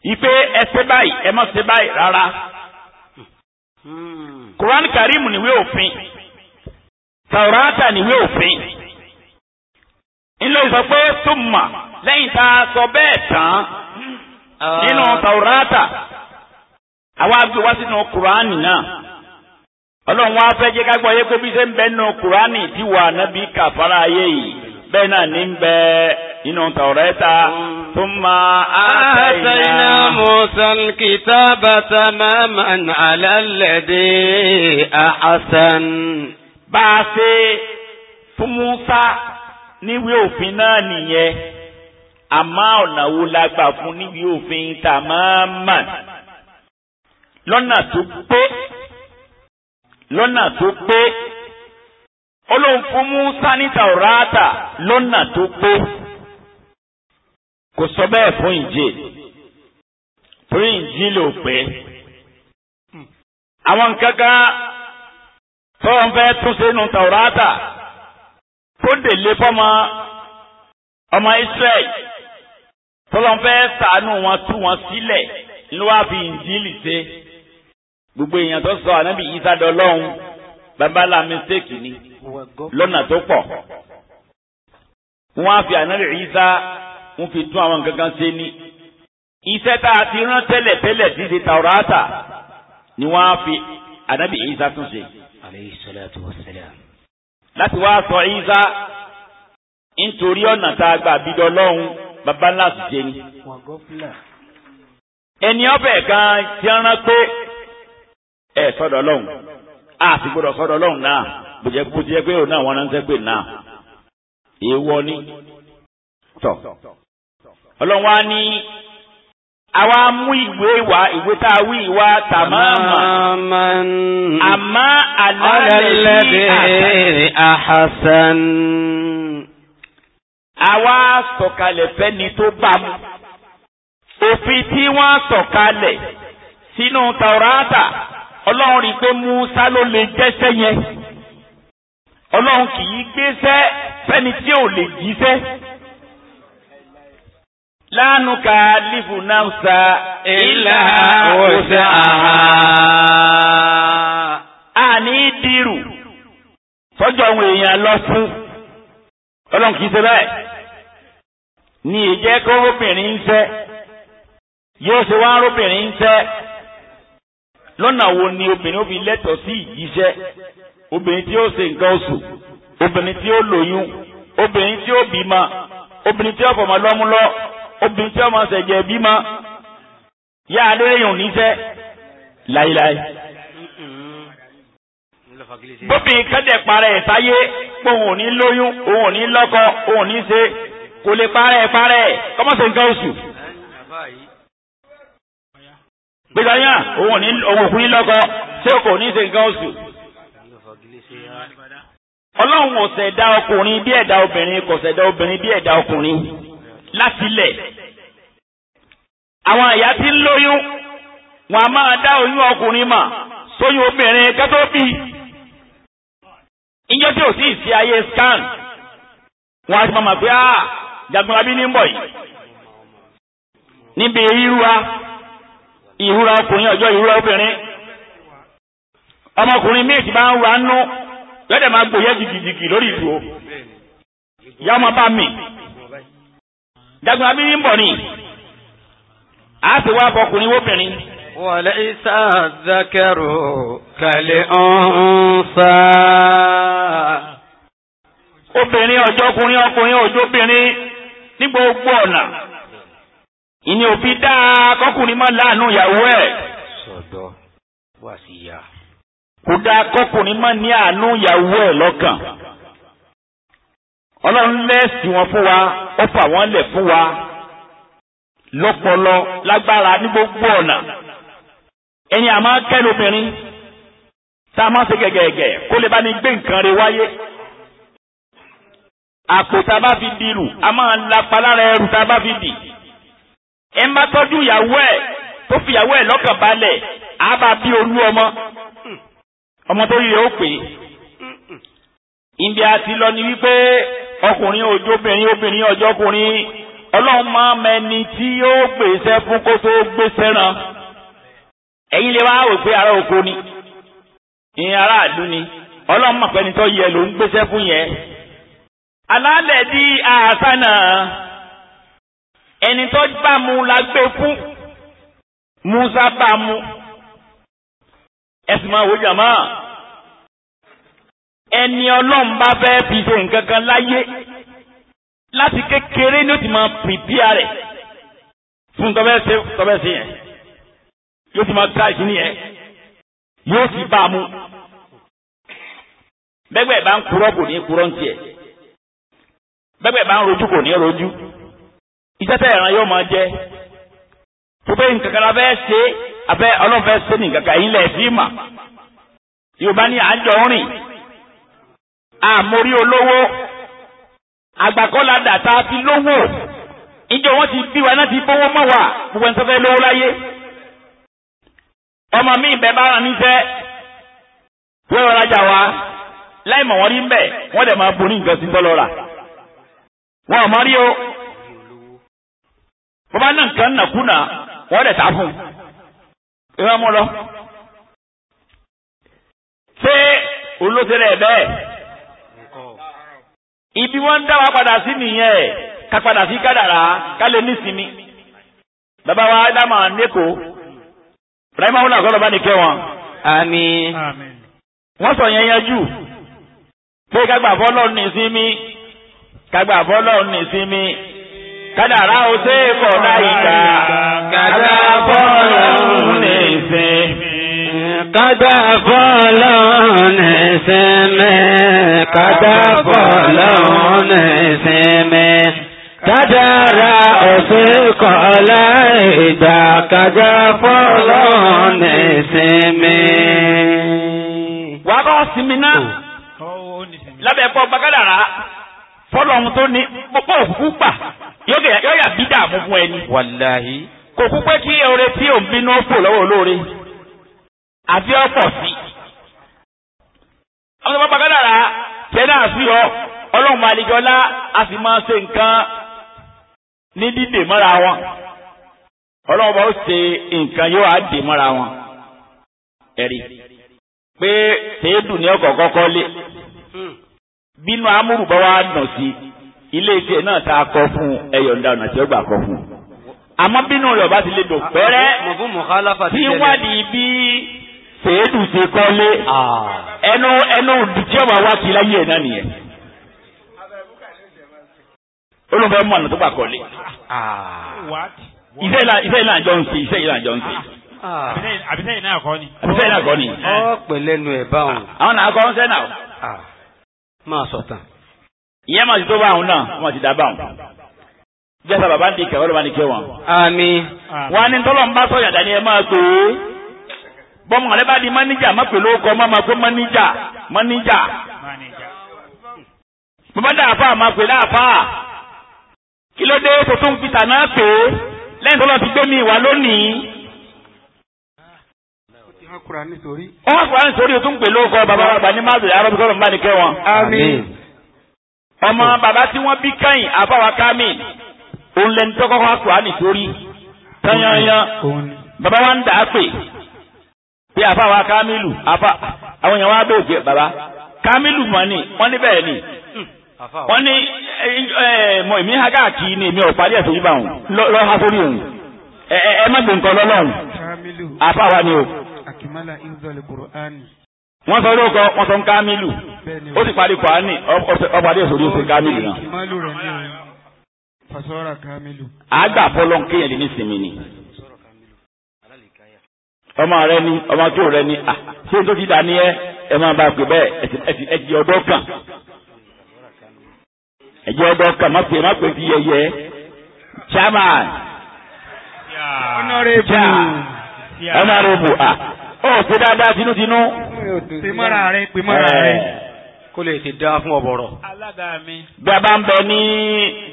ipe ẹsẹ báyìí ẹ má ṣe báyìí rárá hmm. Quran Karim níwé òfin Taurata òfin ńlọ sọ pé lẹ́yìn tá a sọ bẹ́ẹ̀ tán nínú ah. Taurata àwa gbé sínú náà ọlọ́run wa fẹ́ jẹ́ ká yẹ bí ń bẹ nínú kàfàrà nínú tàwọ̀rẹ́ta tó máa àtàìná mọ́sán kìtàbà tamaman alálẹ̀dẹ́ àhásán bá a ṣe fún Musa níwé òfin náà nìyẹn àmá ọ̀nà wo la gbà fún níwé òfin tamaman lọ́nà tó pé lọ́nà tó pé olóhùn fún Musa ní tàwọ̀rẹ́ta lọ́nà tó kò sọ bẹ́ẹ̀ fún ìjì torí ìjì ló pé àwọn nǹkan kan tó ń fẹ́ tún sínú tàwùrátà tó délé fọmọ ọmọ Israẹli tó lọ́n fẹ́ sàánú wọn tú wọn sílẹ̀ ló wá fi ìjìlì ṣe gbogbo èèyàn tó sọ ànábì ìsàdọ̀ ọlọ́run babalá mistake ni lọ́nà tó pọ̀ wọ́n á fi ànábì ìsà. ń fi tún àwọn gangan kan ṣe ní. iṣẹ́ tá a ti rán tẹ́lẹ̀ tẹ́lẹ̀ ti ṣe tàwọ́ráàtà ni wọ́n á fi ànábì Ìsá tún ṣe. wa láti wá sọ Ìsá nítorí ọ̀nà tá a gbà bí dọ́lọ́hún baba ńlá sì ṣe ni. ẹni ọbẹ̀ kan ti rán pé ẹ sọ́dọ̀ ọlọ́run a sì gbọ́dọ̀ sọ́dọ̀ ọlọ́run náà bó jẹ́ pé òun náà wọ́n ránṣẹ́ pé náà èèwọ̀ ni. tọ́ ọlọ́run wa ní àwa mú ìwé wa ìwé tá a wí ìwà tàmáàmà àmọ́ àlálẹ́bí àhásán. àwa sọ̀kalẹ̀ fẹ́ni tó bá mu òfin tí wọ́n sọ̀kalẹ̀ sínú tàwọ́rátà ọlọ́run rí i pé Musa ló lè jẹ́sẹ́ yẹn ọlọ́run kì í gbéṣẹ́ fẹ́ni tí ò lè jíṣẹ́ láàánú ka lífù náà ìlà òṣè àhá. a ní dìrù fọ́jọ́ àwọn èèyàn lọ fún ọlọ́run kìí ṣe bẹ́ẹ̀ ní ìjẹ́ kó obìnrin ń fẹ́ yóò ṣe wá obìnrin ń fẹ́ lọ́nà wo ni obìnrin ó fi lẹ́tọ̀ọ́ sí ìjíṣẹ́ obìnrin tí ó ṣe nǹkan oṣù obìnrin tí ó lóyún obìnrin tí ó bímọ obìnrin tí ó fọmọ lọ́mú lọ obìnrin tí wọ́n máa ṣẹ̀jẹ̀ bímọ yá adéyàn níṣẹ́ láíláí. bóbìnrin kẹ́dẹ̀ parẹ́ ẹ̀ sáyé pé òun ò ní lóyún òun ò ní lọ́kọ òun ò ní ṣe kò lè parẹ́ parẹ́ kọ́mọ́sẹ̀ nǹkan oṣù. gbèsè yàn òun ò kú ní lọ́kọ ṣé kò ní ṣe nǹkan oṣù. ọlọ́run ò ṣẹ̀dá ọkùnrin bí ẹ̀dá obìnrin kò ṣẹ̀dá obìnrin bí ẹ̀dá ọkùnrin láti ilẹ̀ àwọn àyà tí ń lóyún wọn a máa dá oyún ọkùnrin mà sóyún obìnrin kẹtó bí ìjọ tí ò sí ìsí ayé scan wọn a ti máa mọ̀ pé ah jagunlabi ní ń bọ̀ yìí níbi ìrúra ìrúra ọkùnrin ọjọ́ ìrúra obìnrin ọmọkùnrin míì ti bá ń ra nú lọ́dẹ̀ máa gbòye jìgìjìgì lórí ìdúró ìyá ọmọ bá mi jagunlabi ní ń bọ̀ ni. a sì wá bọkùnrin wóbìnrin. wọlé isa zakaru kàlẹ́ ọ̀nsá. obìnrin ọ̀jọ́kùnrin ọkùnrin ọ̀jọ́bìnrin ní gbogbo ọ̀nà ìní òfin dáa kọkùnrin máa láàánú ìyàwó ẹ̀. sọ̀dọ̀ wá sí ya. kò dáa kọkùnrin máa ní àánú ìyàwó ẹ̀ lọ́kàn. ọlọ́run lẹ́sìn wọn fún wa ó fà wọ́n lẹ̀ fún wa lọ́pọlọ lágbára ní gbogbo ọ̀nà ẹni àmá kẹ́lu obìnrin tá a máa ṣe gẹ̀gẹ̀gẹ̀ kó lè bá ní gbé nǹkan rẹ̀ wáyé àpò tá a bá fi di rù a máa lapa lára ẹrù tá a bá fi dì ẹ má tọ́jú ìyàwó ẹ̀ tó fi ìyàwó ẹ̀ lọ́kàn balẹ̀ á bá bí olú ọmọ ọmọ tó yẹ ó pè é ìbí àti lọ ni wípé ọkùnrin òjò obìnrin obìnrin ọjọ́ ọkùnrin ọlọ́run máa mẹni tí yóò gbèsè fún kó tó gbèsè ràn ẹ̀yin lè wá wò pé ará oko ni ìyẹn aráàlú ni ọlọ́run mọ̀ pẹ́ni tó yẹ ló ń gbèsè fún yẹn alálẹ̀ di àásánà ẹni tó bá mu la gbé fún musa bá mu ẹsìn máa wò jàmá ẹni ọlọ́run bá fẹ́ fi ṣe nǹkan kan láyé. láti kékeré ní o ti máa pìpìà rẹ̀ fún tọ́bẹ̀ẹ́sẹ̀ tọ́bẹ̀ẹ́sẹ̀ yẹn yóò ti máa ká ìkíní yẹn yóò sì bá a mú bẹ́gbẹ́ bá ń kúrọ́ kò ní kúrọ́ ń roju. bẹ́gbẹ́ bá ń rojú kò ní rojú ìtẹ́tẹ́ ìran yóò máa jẹ́ tó bẹ́ẹ̀ nǹkankan abẹ́ ṣe abẹ́ mà yorùbá àgbàkọ́lá dàtà fi lówó ìjọ wọn ti bí wa náà ti fowó mọ́ wa gbogbo ẹni tó fẹ́ ọmọ mi ìbẹ̀ bá ràn níṣẹ́ wọ́n rọra jà wá láì mọ̀ wọ́n rí wọ́n dẹ̀ máa wọn rí o bàbá náà nǹkan wọ́n dẹ̀ ta fún ìwé ọmọ ibi wọ́n ń dá wa padà sí nìyẹn ká padà sí kádàrá ká lè nísìmí. bàbá wa ádámà nẹ́kọ̀ọ́ ibrahim ahun àgọ́lọ́ bá nìkẹ́ wọn. àmín. wọ́n sọ yẹn yanjú pé kágbà fọ́lọ́ ní sinmi kágbà fọ́lọ́ ní sinmi kádàrá o ṣe é kọ̀ láyìíká kádàrá fọ́lọ́ ní sinmi. Kádà fọ́lọ́run ìsinmi, kádà fọ́lọ́run ìsinmi, kádàrà òsìkọ̀ láìdá, kádà fọ́lọ́run ìsinmi. Wà bá sinmi náà, hmm. lábẹ́ ẹ̀kọ́ gbagádàrá, fọ́lọ́run tó ní púpọ̀ òkú pà, yóò yà bí dààmú fún ẹni. Wàláhí. Kò kú pé kí oore tí òun bínú fò lọ́wọ́ olóore àti ọ̀pọ̀ sí. àwọn ọmọ pàkàdà rà tẹ́ náà sí ọ ọlọ́run àlejòlá a sì máa ṣe nǹkan ní dídè mọ́ra wọn ọlọ́run bá ó ṣe nǹkan yóò á dè mọ́ra wọn ẹ̀rí pé tèédù ní ọkọ̀ kọ́kọ́ lé bínú amúrù bá wá dùn sí ilé iṣẹ́ náà tá a kọ́ fún ẹyọ̀ ńdá ọ̀nà tí ó gbà kọ́ fún un àmọ́ bínú rẹ̀ ọba ti lè dò pẹ́rẹ́ tí wádìí bí fèédù ti kọ́lé ẹnu ẹnu tí ọmọ wa láyé ẹ̀ náà nìyẹn. olùfẹ́ mọ̀ ọ̀nà tó gbà kọ́lé. iṣẹ́ ìlà iṣẹ́ ìlà àjọ ń ṣe iṣẹ́ ìlà àjọ ń àbísẹ́ ìlà àkọ́ ni. àbísẹ́ ìlà àkọ́ ni. ọ lẹ́nu ẹ̀ báwọn. àwọn náà kọ́ ń náà. máa sọ tán. ìyẹn máa ti tó báwọn náà wọ́n ti dá báwọn. jẹ́sà bàbá ń di kẹ̀wọ́ ló bá ní kẹwọ́n. àmín. wọ́n á ní tọ́lọ́ bọ́mọ rẹ bá di máníjà má pè lóko má máa pé máníjà máníjà. bàbá dàáfà máa pè dàáfà kí ló dé tó tún peter náà pè é lẹ́yìn tó lọ ti gbé mi ìwà lónìí. ó wá kúra nítorí o tún pè lóko bàbá wa gbà ní má bèrè arọ́bí kọ́lọ́ ń bá ní kẹ́ wọn. àmín. ọmọ bàbá tí wọ́n bí kẹ́yìn àbáwá kámi òun lẹni tó kọ́kọ́ kúra nítorí. tẹ́yán bàbá wa ń dà á pè pé àfa wa Kamilu àfa àwọn èèyàn wa bèèrè pé bàbá Kamilu mọ̀ ni wọ́n ní bẹ́ẹ̀ ni hmm. wọ́n ní eh, eh, mọ̀ èmi ha káàkiri ni èmi ò parí ẹ̀sìn yìí bá wọn lọ́ ha sórí òun ẹ má gbé nǹkan lọ́lọ́run àfa wa ni o. wọ́n sọ lóko wọ́n sọ Kamilu ó sì parí Kùránì ọ̀pọ̀ adé sórí òsè Kamilu náà. àgbà fọlọ́n kéèyàn lè ní sinmi ni ọmọ rẹ ni ọmọ tó rẹ ni à ṣé tó ti dà ní ẹ ẹ máa bá a pè bẹ́ẹ̀ ẹ ti ọdọ kàn ẹ jẹ ọdọ kàn má pè má pè fi yẹyẹ chairman honourable à ó ṣe dáadáa tinútinú. pè mọ́ra rẹ pè rẹ kó lè ti dá fún ọ̀bọ̀rọ̀. alága mi. bí a bá ń bẹ ní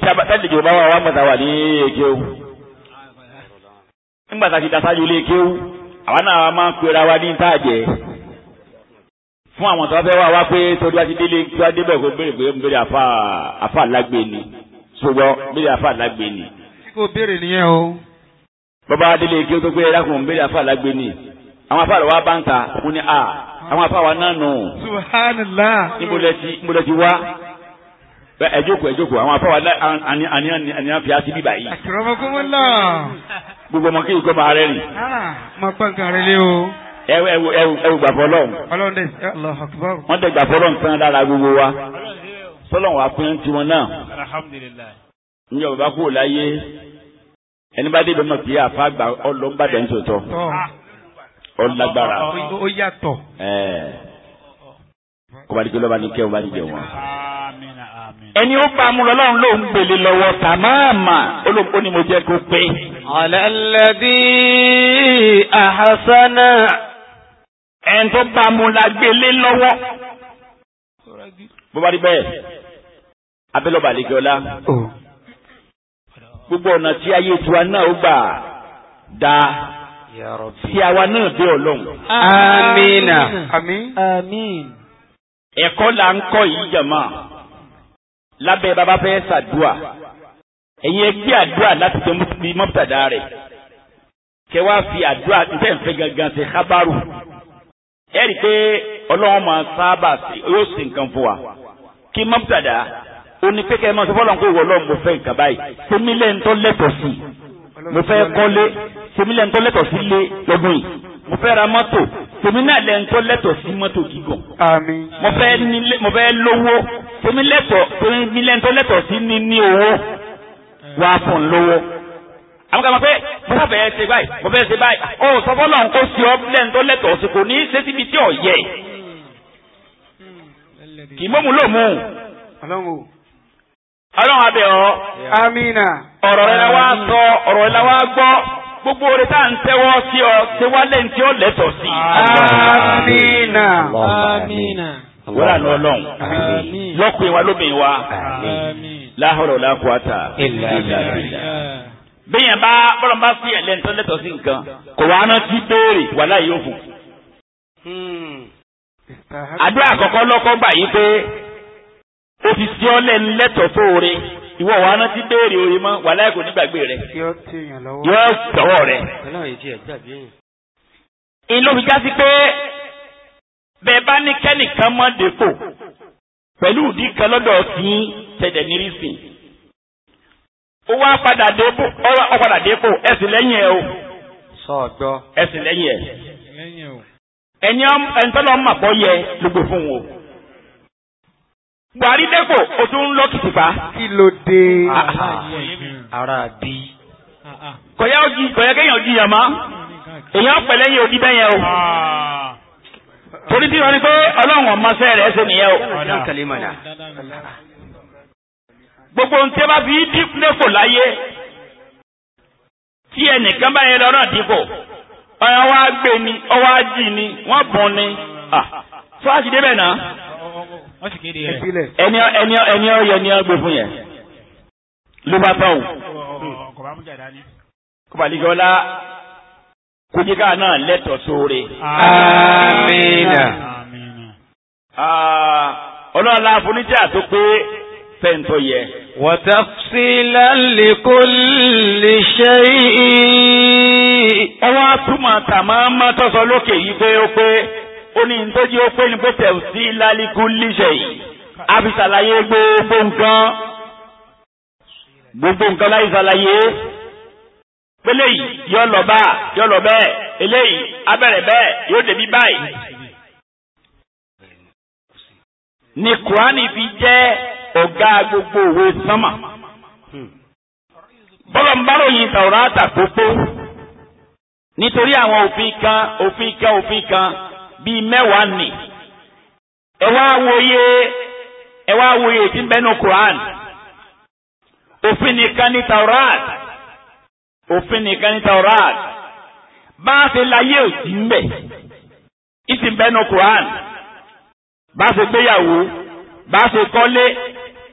tẹ́lẹ̀ ìjọba wa wà mọ̀ta wà ní èkéwu nígbà tá a ti dasájú lé èkéwu àwa náà máa ń pera wa ní táàjẹ́ fún àwọn tó fẹ́ wá wá pé torí wá ti délé tí wá débẹ̀ kó béèrè pé béèrè àfa àfa lágbè ni ṣùgbọ́n béèrè àfa lágbè ni. kí kò béèrè nìyẹn o. bàbá délé kí o tó pé ẹ̀dákùn béèrè àfa lágbè ni àwọn afa rẹ̀ wá bá ń ta fún ni a àwọn afa wa náà nù. subhanallah. níbo lẹ ti níbo lẹ ti wá ẹ jókòó ẹ jókòó àwọn afa wa àníyàn àníyàn fi á sí bíbá yìí. àkìrọ̀mọ́kúnmọ́lá gbogbo ọmọ kéwì kọ́ máa rẹ́ rìn. mo pẹ́ nǹkan lé o. ẹ ẹ ẹ ẹ gbà fọlọ́. ọlọ́run dẹ̀ sí Allahu Akbar. wọ́n tẹ gbà fọlọ́ gbogbo wa. fọlọ́ wa pín tiwọn náà. alhamdulillah. njẹ bàbá kú ò láyé ẹni bá dé bẹ́ẹ̀ mọ̀ kí àfa gbà ọlọ́nbàdàn tó tọ́. ọlágbára. ó yàtọ̀. kó bá di pé lọ́ba ní kẹ́ ọ bá di jẹ wọn. ẹni ó bá a mú lọ́lọ́run ló ń gbèlè lọ́wọ́ tàmáàmà olóńgbò ni mo jẹ́ kó pé. Ọ̀lẹ́ lẹ́bí àhásánà. Ẹn tó bá mu la gbélé lọ́wọ́. Bó bá rí bẹ́ẹ̀, abẹ́lọ́ba àlejòọ́lá. Gbogbo ọ̀nà tí ayé tiwa náà ó gbà dáa tí àwa náà dé ọlọ́run. amina. àmín. ẹ̀kọ́ la ń kọ́ yìí jàmá lábẹ́ bàbá fẹ́ ṣàdúà ẹ̀yin ẹgbẹ́ àdúrà láti jẹ mọ́tàdá mọ́tàdá rẹ̀ kẹ wá fi àdúrà ntẹ́ nfẹ́ gangan ṣe kábàrù ẹ rí i pé ọlọ́run máa sábà yóò ṣe nǹkan fún wa kí mọ́tàdá oní pé kẹ́ ẹ máa sọ fọlọ́n kó wọ ọlọ́run mo fẹ́ nǹkan báyìí sẹ́mílẹ̀ ńtọ́ lẹ́tọ̀ọ́ sí mo fẹ́ kọ́lé sẹ́mílẹ̀ ńtọ́ lẹ́tọ̀ọ́ sí lé lọ́dún mo fẹ́ ra mọ́tò tèmi náà lẹ́yìn tó lẹ́tọ̀ sí mọ́tò gígùn. mo fẹ́ nílé mo fẹ́ lówó tèmi lẹ́tọ̀ tèmi lẹ́yìn sí ní owó wá fún un lówó. àwọn kan mọ̀ pé mo fẹ́ bẹ̀rẹ̀ ṣe báyìí mo fẹ́ ṣe báyìí ó sọ fọ́lọ́ nǹkó sí ọ lẹ́nu tó sí kò ní í ṣe síbi tí ò yẹ. kì í mọ́mú ló ọlọ́run abẹ ọ. amina. ọ̀rọ̀ rẹ la wá sọ ọ̀rọ̀ rẹ la wá gbọ́ gbogbo oore tá à ń tẹ́wọ́ sí ọ ṣe wá lẹ́yìn tí ó lẹ́tọ̀ọ́ sí. amina. amina. wúrà ní ọlọ́run lọ́kùnrin wa lóbìnrin wa. amina. la hawla wala quwata illa bá bọ́lọ̀n bá fún ẹ̀lẹ́ nítorí lẹ́tọ̀ọ́ sí nǹkan kò wá ná tí béèrè wà láì yóò àdúrà àkọ́kọ́ lọ́kọ́ gbà pé ó fi sí ọ́lẹ̀ lẹ́tọ̀ọ́ ìwọ tí béèrè mọ́ wà kò rẹ̀ yọ rẹ̀. ìlú fi pé bá ní tẹ̀dẹ̀ ní rísìn. ó wá padà dé o. sọ gbọ́. ẹ̀sìn lẹ́yìn ẹ̀. ẹni ẹ̀ńtọ́lọ́ mà bọ́ yẹ ló fún wọn. Buhari dẹ́kọ̀ o tún lọ kìtìpá. kí ló dé ah, ah. ara bí. Ah, kọ̀yá ojú kọ̀yá kéèyàn ojú yàmá èèyàn pẹ̀lẹ́ yẹn òdi bẹ́yẹn o torí tí wọ́n ní pé ọlọ́run ọmọọṣẹ́ rẹ̀ ṣe o. gbogbo ohun tí ẹ bá fi dípò lẹ́fò láyé tí ẹnìkan bá yẹn lọ́rọ̀ dípò ọ̀yàn wa gbé ni ọwọ́ ajì ni wọ́n bùn ni tó ah, àti débẹ̀ náà ẹni ẹni ọyọ ni ọgbẹ fún yẹn ló bá tọ̀ wù. kọ́balígọ́lá kójíká náà lẹ́tọ̀ sóore. amina. Ah, ọlọ́run la fúnijẹ́ àtó pé fẹ́ntọ́ yẹ. Wọ̀tẹ́sílẹ̀ lè kó lè ṣe ìyí. Ẹ wá túmọ̀ tàmá má tọ́sọ lókè yìí pé ó pé ó ní nítorí ó pé ní pé tẹ̀sílẹ̀ lè kó lè ṣe ìyí. Àbí ṣàlàyé gbogbo nǹkan. Gbogbo nǹkan láì ṣàlàyé. Pélé yìí yọ lọ bá yọ lọ bẹ́ẹ̀. Eléyìí abẹ́rẹ́ bẹ́ẹ̀ yóò débi báyìí. Ni Kùránì fi jẹ́ ọ̀gá gbogbo òwe sánmà. bọ́lọ̀ ń báròyìn tàwọ́rátà tó pé nítorí àwọn òfin kan òfin kan òfin kan bíi mẹ́wàá nì. ẹ wá wòye ẹ wá wòye tí ń bẹ́nu Quran òfin nìkan ní tàwọ́rát òfin nìkan ní tàwọ́rát bá a ṣe láyé òsì ń bẹ̀ ìsìn bẹ́nu Quran bá a ṣe gbéyàwó bá a ṣe kọ́lé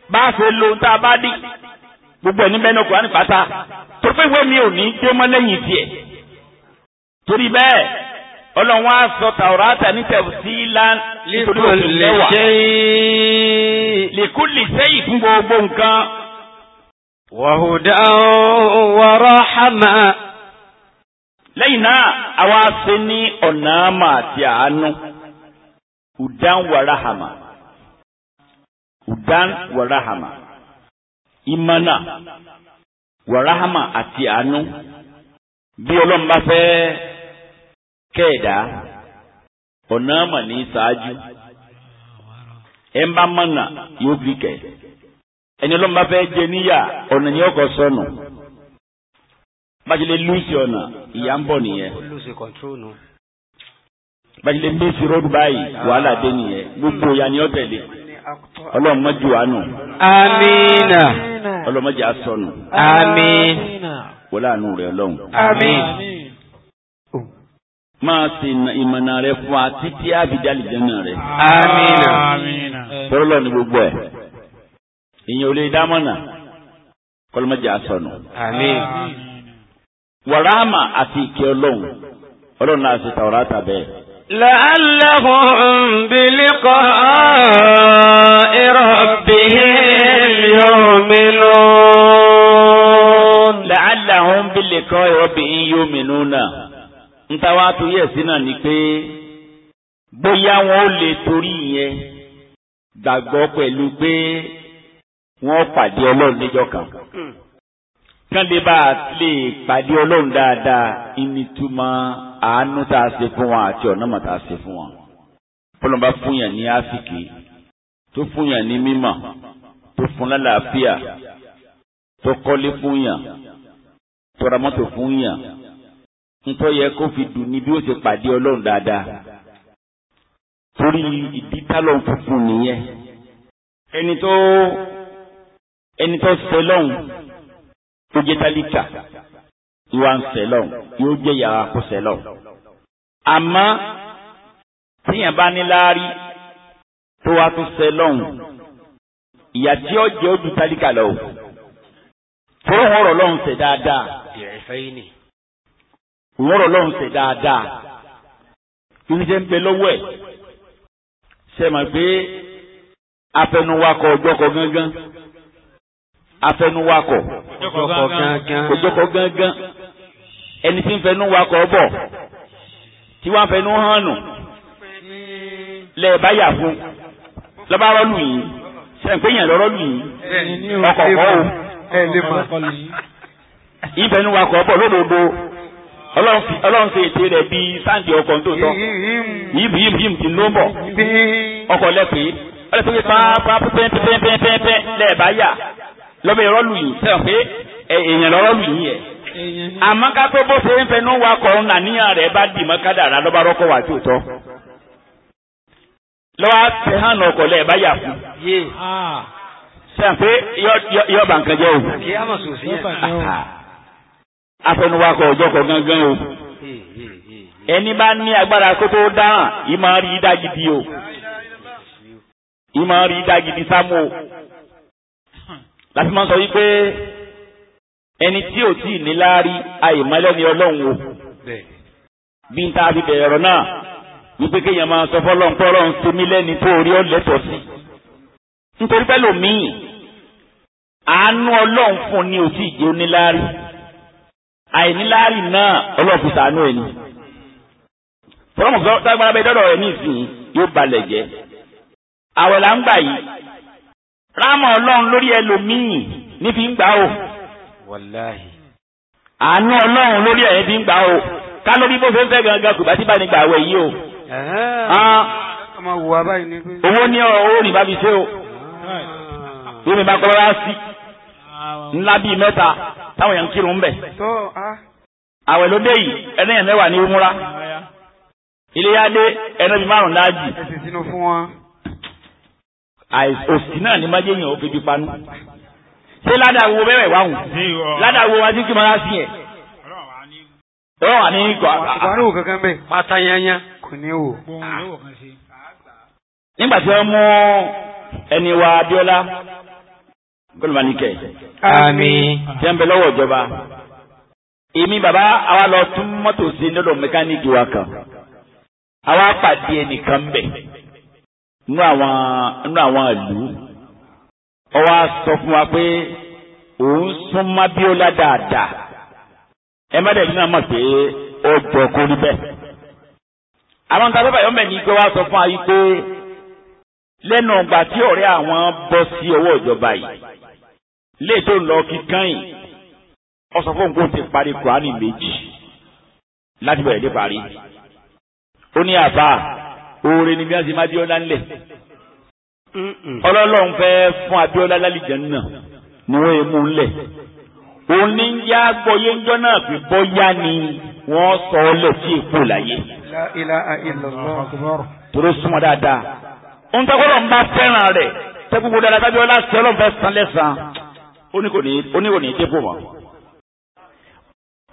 bá a ṣe lo gbogbo ní pátá tó pé ìwé mi ò ní dé mọ́ lẹ́yìn tiẹ̀ torí bẹ́ẹ̀ ọlọ́run á sọ tàwọ́rátà ní tafsilan nítorí oṣù mẹ́wàá likulli fún gbogbo nǹkan. lẹ́yìn náà àwa ṣe ní ọ̀nà àmà iman wa rahama imana wa rahama ati anu bi olorun keeda. fe keda ona ma ni saju emba ke eni olorun je niya ona ni oko sonu ba je le lose ona iya nbo niyan lose control nu ba je le miss road bayi wahala de niyan gbogbo ya ni o tele ọlọ́run má jù wá nù. amiina. ọlọ́run má jẹ́ asọnù. àmín. wọlé àánú rẹ ọlọ́run. àmín. máa ṣe ìmọ̀nà rẹ fún wa títí àbídá àlìjẹ́nà rẹ. amiina. tọ́lọ́ ni gbogbo ẹ̀. ìyẹn ò lè dá mọ́nà kọ́lọ́ má jẹ́ asọnù. àmín. wàràmà àti ìkẹ́ ọlọ́run ọlọ́run náà ṣe tàwọ́rọ́ àtàbẹ́ẹ̀. لعلهم بلقاء ربهم يؤمنون لعلهم بلقاء ربهم يؤمنون ntawa tó yẹ sí náà ni pé bóyá wọn torí ìyẹn pẹ̀lú pé pàdé kán lè bá a lè pàdé ọlọ́run dáadáa ìnìtumọ̀ àánú tá a ṣe fún wọn àti ọ̀nà mà tá a ṣe fún wọn. bọ́lá bá fún yàn ní áfíkì tó fún yàn ní mímọ̀ tó fún lálàáfíà tó kọ́lé fún yàn tó ra mọ́tò fún yàn ntọ́ yẹ kó fi dùn ní bí ó ṣe pàdé ọlọ́run dáadáa torí ìdí tálọ́n funfun nìyẹn ẹni tó ẹni tó ṣẹlọ́hún ó jẹ́ tálíkà ìwà ń sẹ̀lọ̀ yóò jẹ́ yàrá kó sẹ̀lọ̀. àmọ́ tíyàn bá ní láárí tó wá tún sẹ̀lọ̀ ìyà tí ó jẹ́ ó tálíkà lọ. fọwọ́n ọ̀rọ̀ lọ́hùn sẹ̀ dáadáa. òun ọ̀rọ̀ lọ́hùn sẹ̀ dáadáa. ìrìnsẹ̀ ń bẹ lọ́wọ́ ẹ̀ sẹ́mọ̀ pé afẹnuwakọ̀ ọjọ́ kọ gángan afẹnuwakọ̀ kòjọkọ̀ gángan ẹni tí ń fẹnuwakọ̀ bọ̀ tí wọ́n fẹnu hàn nù lẹ́ẹ̀bá yà fún lọ́ba rọ́lù yìí sẹ́ǹpé yẹn lọ́rọ́lù yìí ọkọ̀ kọ́ o ìfẹnuwakọ̀ bọ̀ lódodo ọlọ́run ṣe ète rẹ̀ bíi sáǹdì ọkọ̀ tó tọ́ yìí yìí yìí ti ló ń bọ̀ ọkọ̀ lẹ́pẹ́ ọlọ́run ṣe pé pàápàá pẹ́ẹ́pẹ́ẹ́pẹ́ẹ́pẹ́ lẹ́ẹ̀bá yà. lọ́bẹ̀ ẹ̀rọ lù yìí sẹ́wọ̀n pé èèyàn lọ́rọ́ yìí yẹ. àmọ́ ká pé bó ṣe ń fẹnu wakọ̀ nàníyàn rẹ̀ bá dì mọ́ kádàrá lọ́ba rọ́kọ̀ wà tí tọ́. lọ́wọ́ tẹ̀hánà ọkọ̀ lẹ́ẹ̀ bá yà fún. sẹ́wọ̀n pé yọ bà nǹkan jẹ́ o. ọjọ́ o. ẹni bá ní agbára kó tó dáhàn ìmọ̀ rí o. ìmọ̀ rí sámú o. láti máa ń sọ wípé ẹni tí ò tí ì ní láárí àìmọ́lẹ́ni ọlọ́run wò bí n ta fi bẹ̀rẹ̀ ọ̀rọ̀ náà wípé kéèyàn máa sọ fọlọ́n pọ́lọ́n ṣe mí lẹ́ni tó orí ọ̀lẹ́tọ̀ sí nítorí pẹ́ lòmíì àánú ọlọ́run fún ni ò tí ì jẹ́ oníláárí àìníláárí náà ọlọ́run fi sàánú ẹni fọlọ́mù tágbára bẹ dọ́dọ̀ ẹ ní ìsìn yóò balẹ̀ jẹ́ àwẹ̀ là ń gbà yìí rámọ̀ ọlọ́run lórí ẹlòmíì ní fi ń gbà ó. wàláhì. àánú ọlọ́run lórí ẹ̀ fi ń gbà ó ká lórí bó ṣe ń fẹ́ gangan kò bá ti bá ní gbà wẹ̀ yìí o. Ah. owó ní owó ní bábi ṣe o. bí ah. mi bá kọ́ bá sí ah. ńlá bíi mẹ́ta táwọn èèyàn ń kírun ń bẹ̀. àwẹ̀ ló dé yìí ẹlẹ́yìn mẹ́wàá ní umura. ilé yá dé ẹnu bíi márùn-ún dájì. ẹ sì sínú fún wọn òsì náà ní májèyàn ó febi panu ṣé ládàá wo bẹ́ẹ̀ wá wùn ládàá wo wá sí kí máa sí yẹn. ọ̀rọ̀ wà ní ikọ̀ àgbàrú kankan bẹ́ẹ̀ pátá yányá kò ní wò. nígbà tí wọ́n mú ẹni wa Abíọ́lá gọlùmánìkẹ. àmín. tí wọ́n bẹ lọ́wọ́ ìjọba èmi bàbá àwa lọ tún mọ́tò sí lọ́dọ̀ mẹkáníìkì wa kan àwa pàdé ẹnìkan bẹ́ẹ̀ nínú àwọn nínú ìlú ó wá sọ fún wa pé òun sún mọ́ Abíọ́lá dáadáa ẹ má dẹ̀ nínú àmọ̀ pé ó jọ kó rí bẹ́ẹ̀. àwọn tá a bábà yọ̀mẹ̀ ní pé wá sọ fún ayé pé lẹ́nu ọgbà tí ọ̀rẹ́ àwọn bọ́ sí ọwọ́ ìjọba yìí lè tó lọ kíkan yìí ó sọ fún òun ti parí Kùránì méjì láti bẹ̀rẹ̀ dé parí. ó ní àbá oore ni bí a ṣe máa Abíọ́lá ńlẹ̀ ọlọ́lọ́run fẹ́ fún Abíọ́lá lálìjẹ́ náà ni wọ́n èémú ńlẹ̀ òní gbọ́yé ńjọ́ náà fi bọ́yá ni wọ́n sọ ọ́ lẹ̀ sí èkó láyé. La ilaha illallah. toro súnmọ́ dáadáa ń tọ́kọ́lọ́ ń bá fẹ́ràn rẹ̀ tẹ́gbogbo dáadáa tábí ọlá sí ọlọ́run fẹ́ san lẹ́sàn oníkò ní í dé fò wọ́n.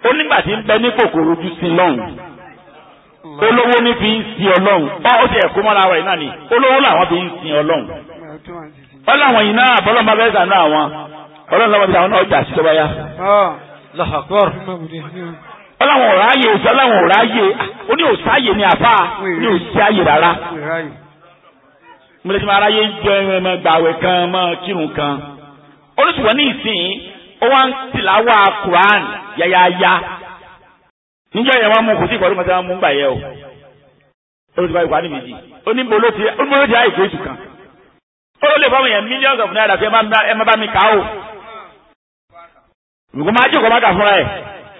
onígbà tí ń bẹ ní kòkòrò ojú sí lọ́hùn olówó ní fi ń sin ọlọ́run ó ti ẹ̀kú mọ́ra wa yìí náà ni olówó làwọn fi ń sin ọlọ́run ọlọ́run yìí náà bọ́lọ́mọ bẹ́ẹ̀ sàn náà wọn ọlọ́run lọ́wọ́ bí àwọn náà jà sí tó bá yá. ọlọ́run ò ráyè òsì ọlọ́run ò ráyè ó ní òsì àyè ní àbá ní òsì àyè rárá. mo máa ráyè jẹ ẹmọ gbàwẹ̀ kan mọ kírun kan olùsùwọ̀n ní ìsìn ó wá ń tìláwà níjọ́ yẹn wọ́n mú kò sí ìkọ́rí mọ́tò wọn mú gbà yẹ o ó ti bá ìkọ́ àdé méjì ó ní bolo ti ó ní bolo ti àìkú ètù kan ó lè fọwọ́ yẹn millions of naira fi ẹ má bá mi kà ó nǹkó máa jókòó má kà fún ẹ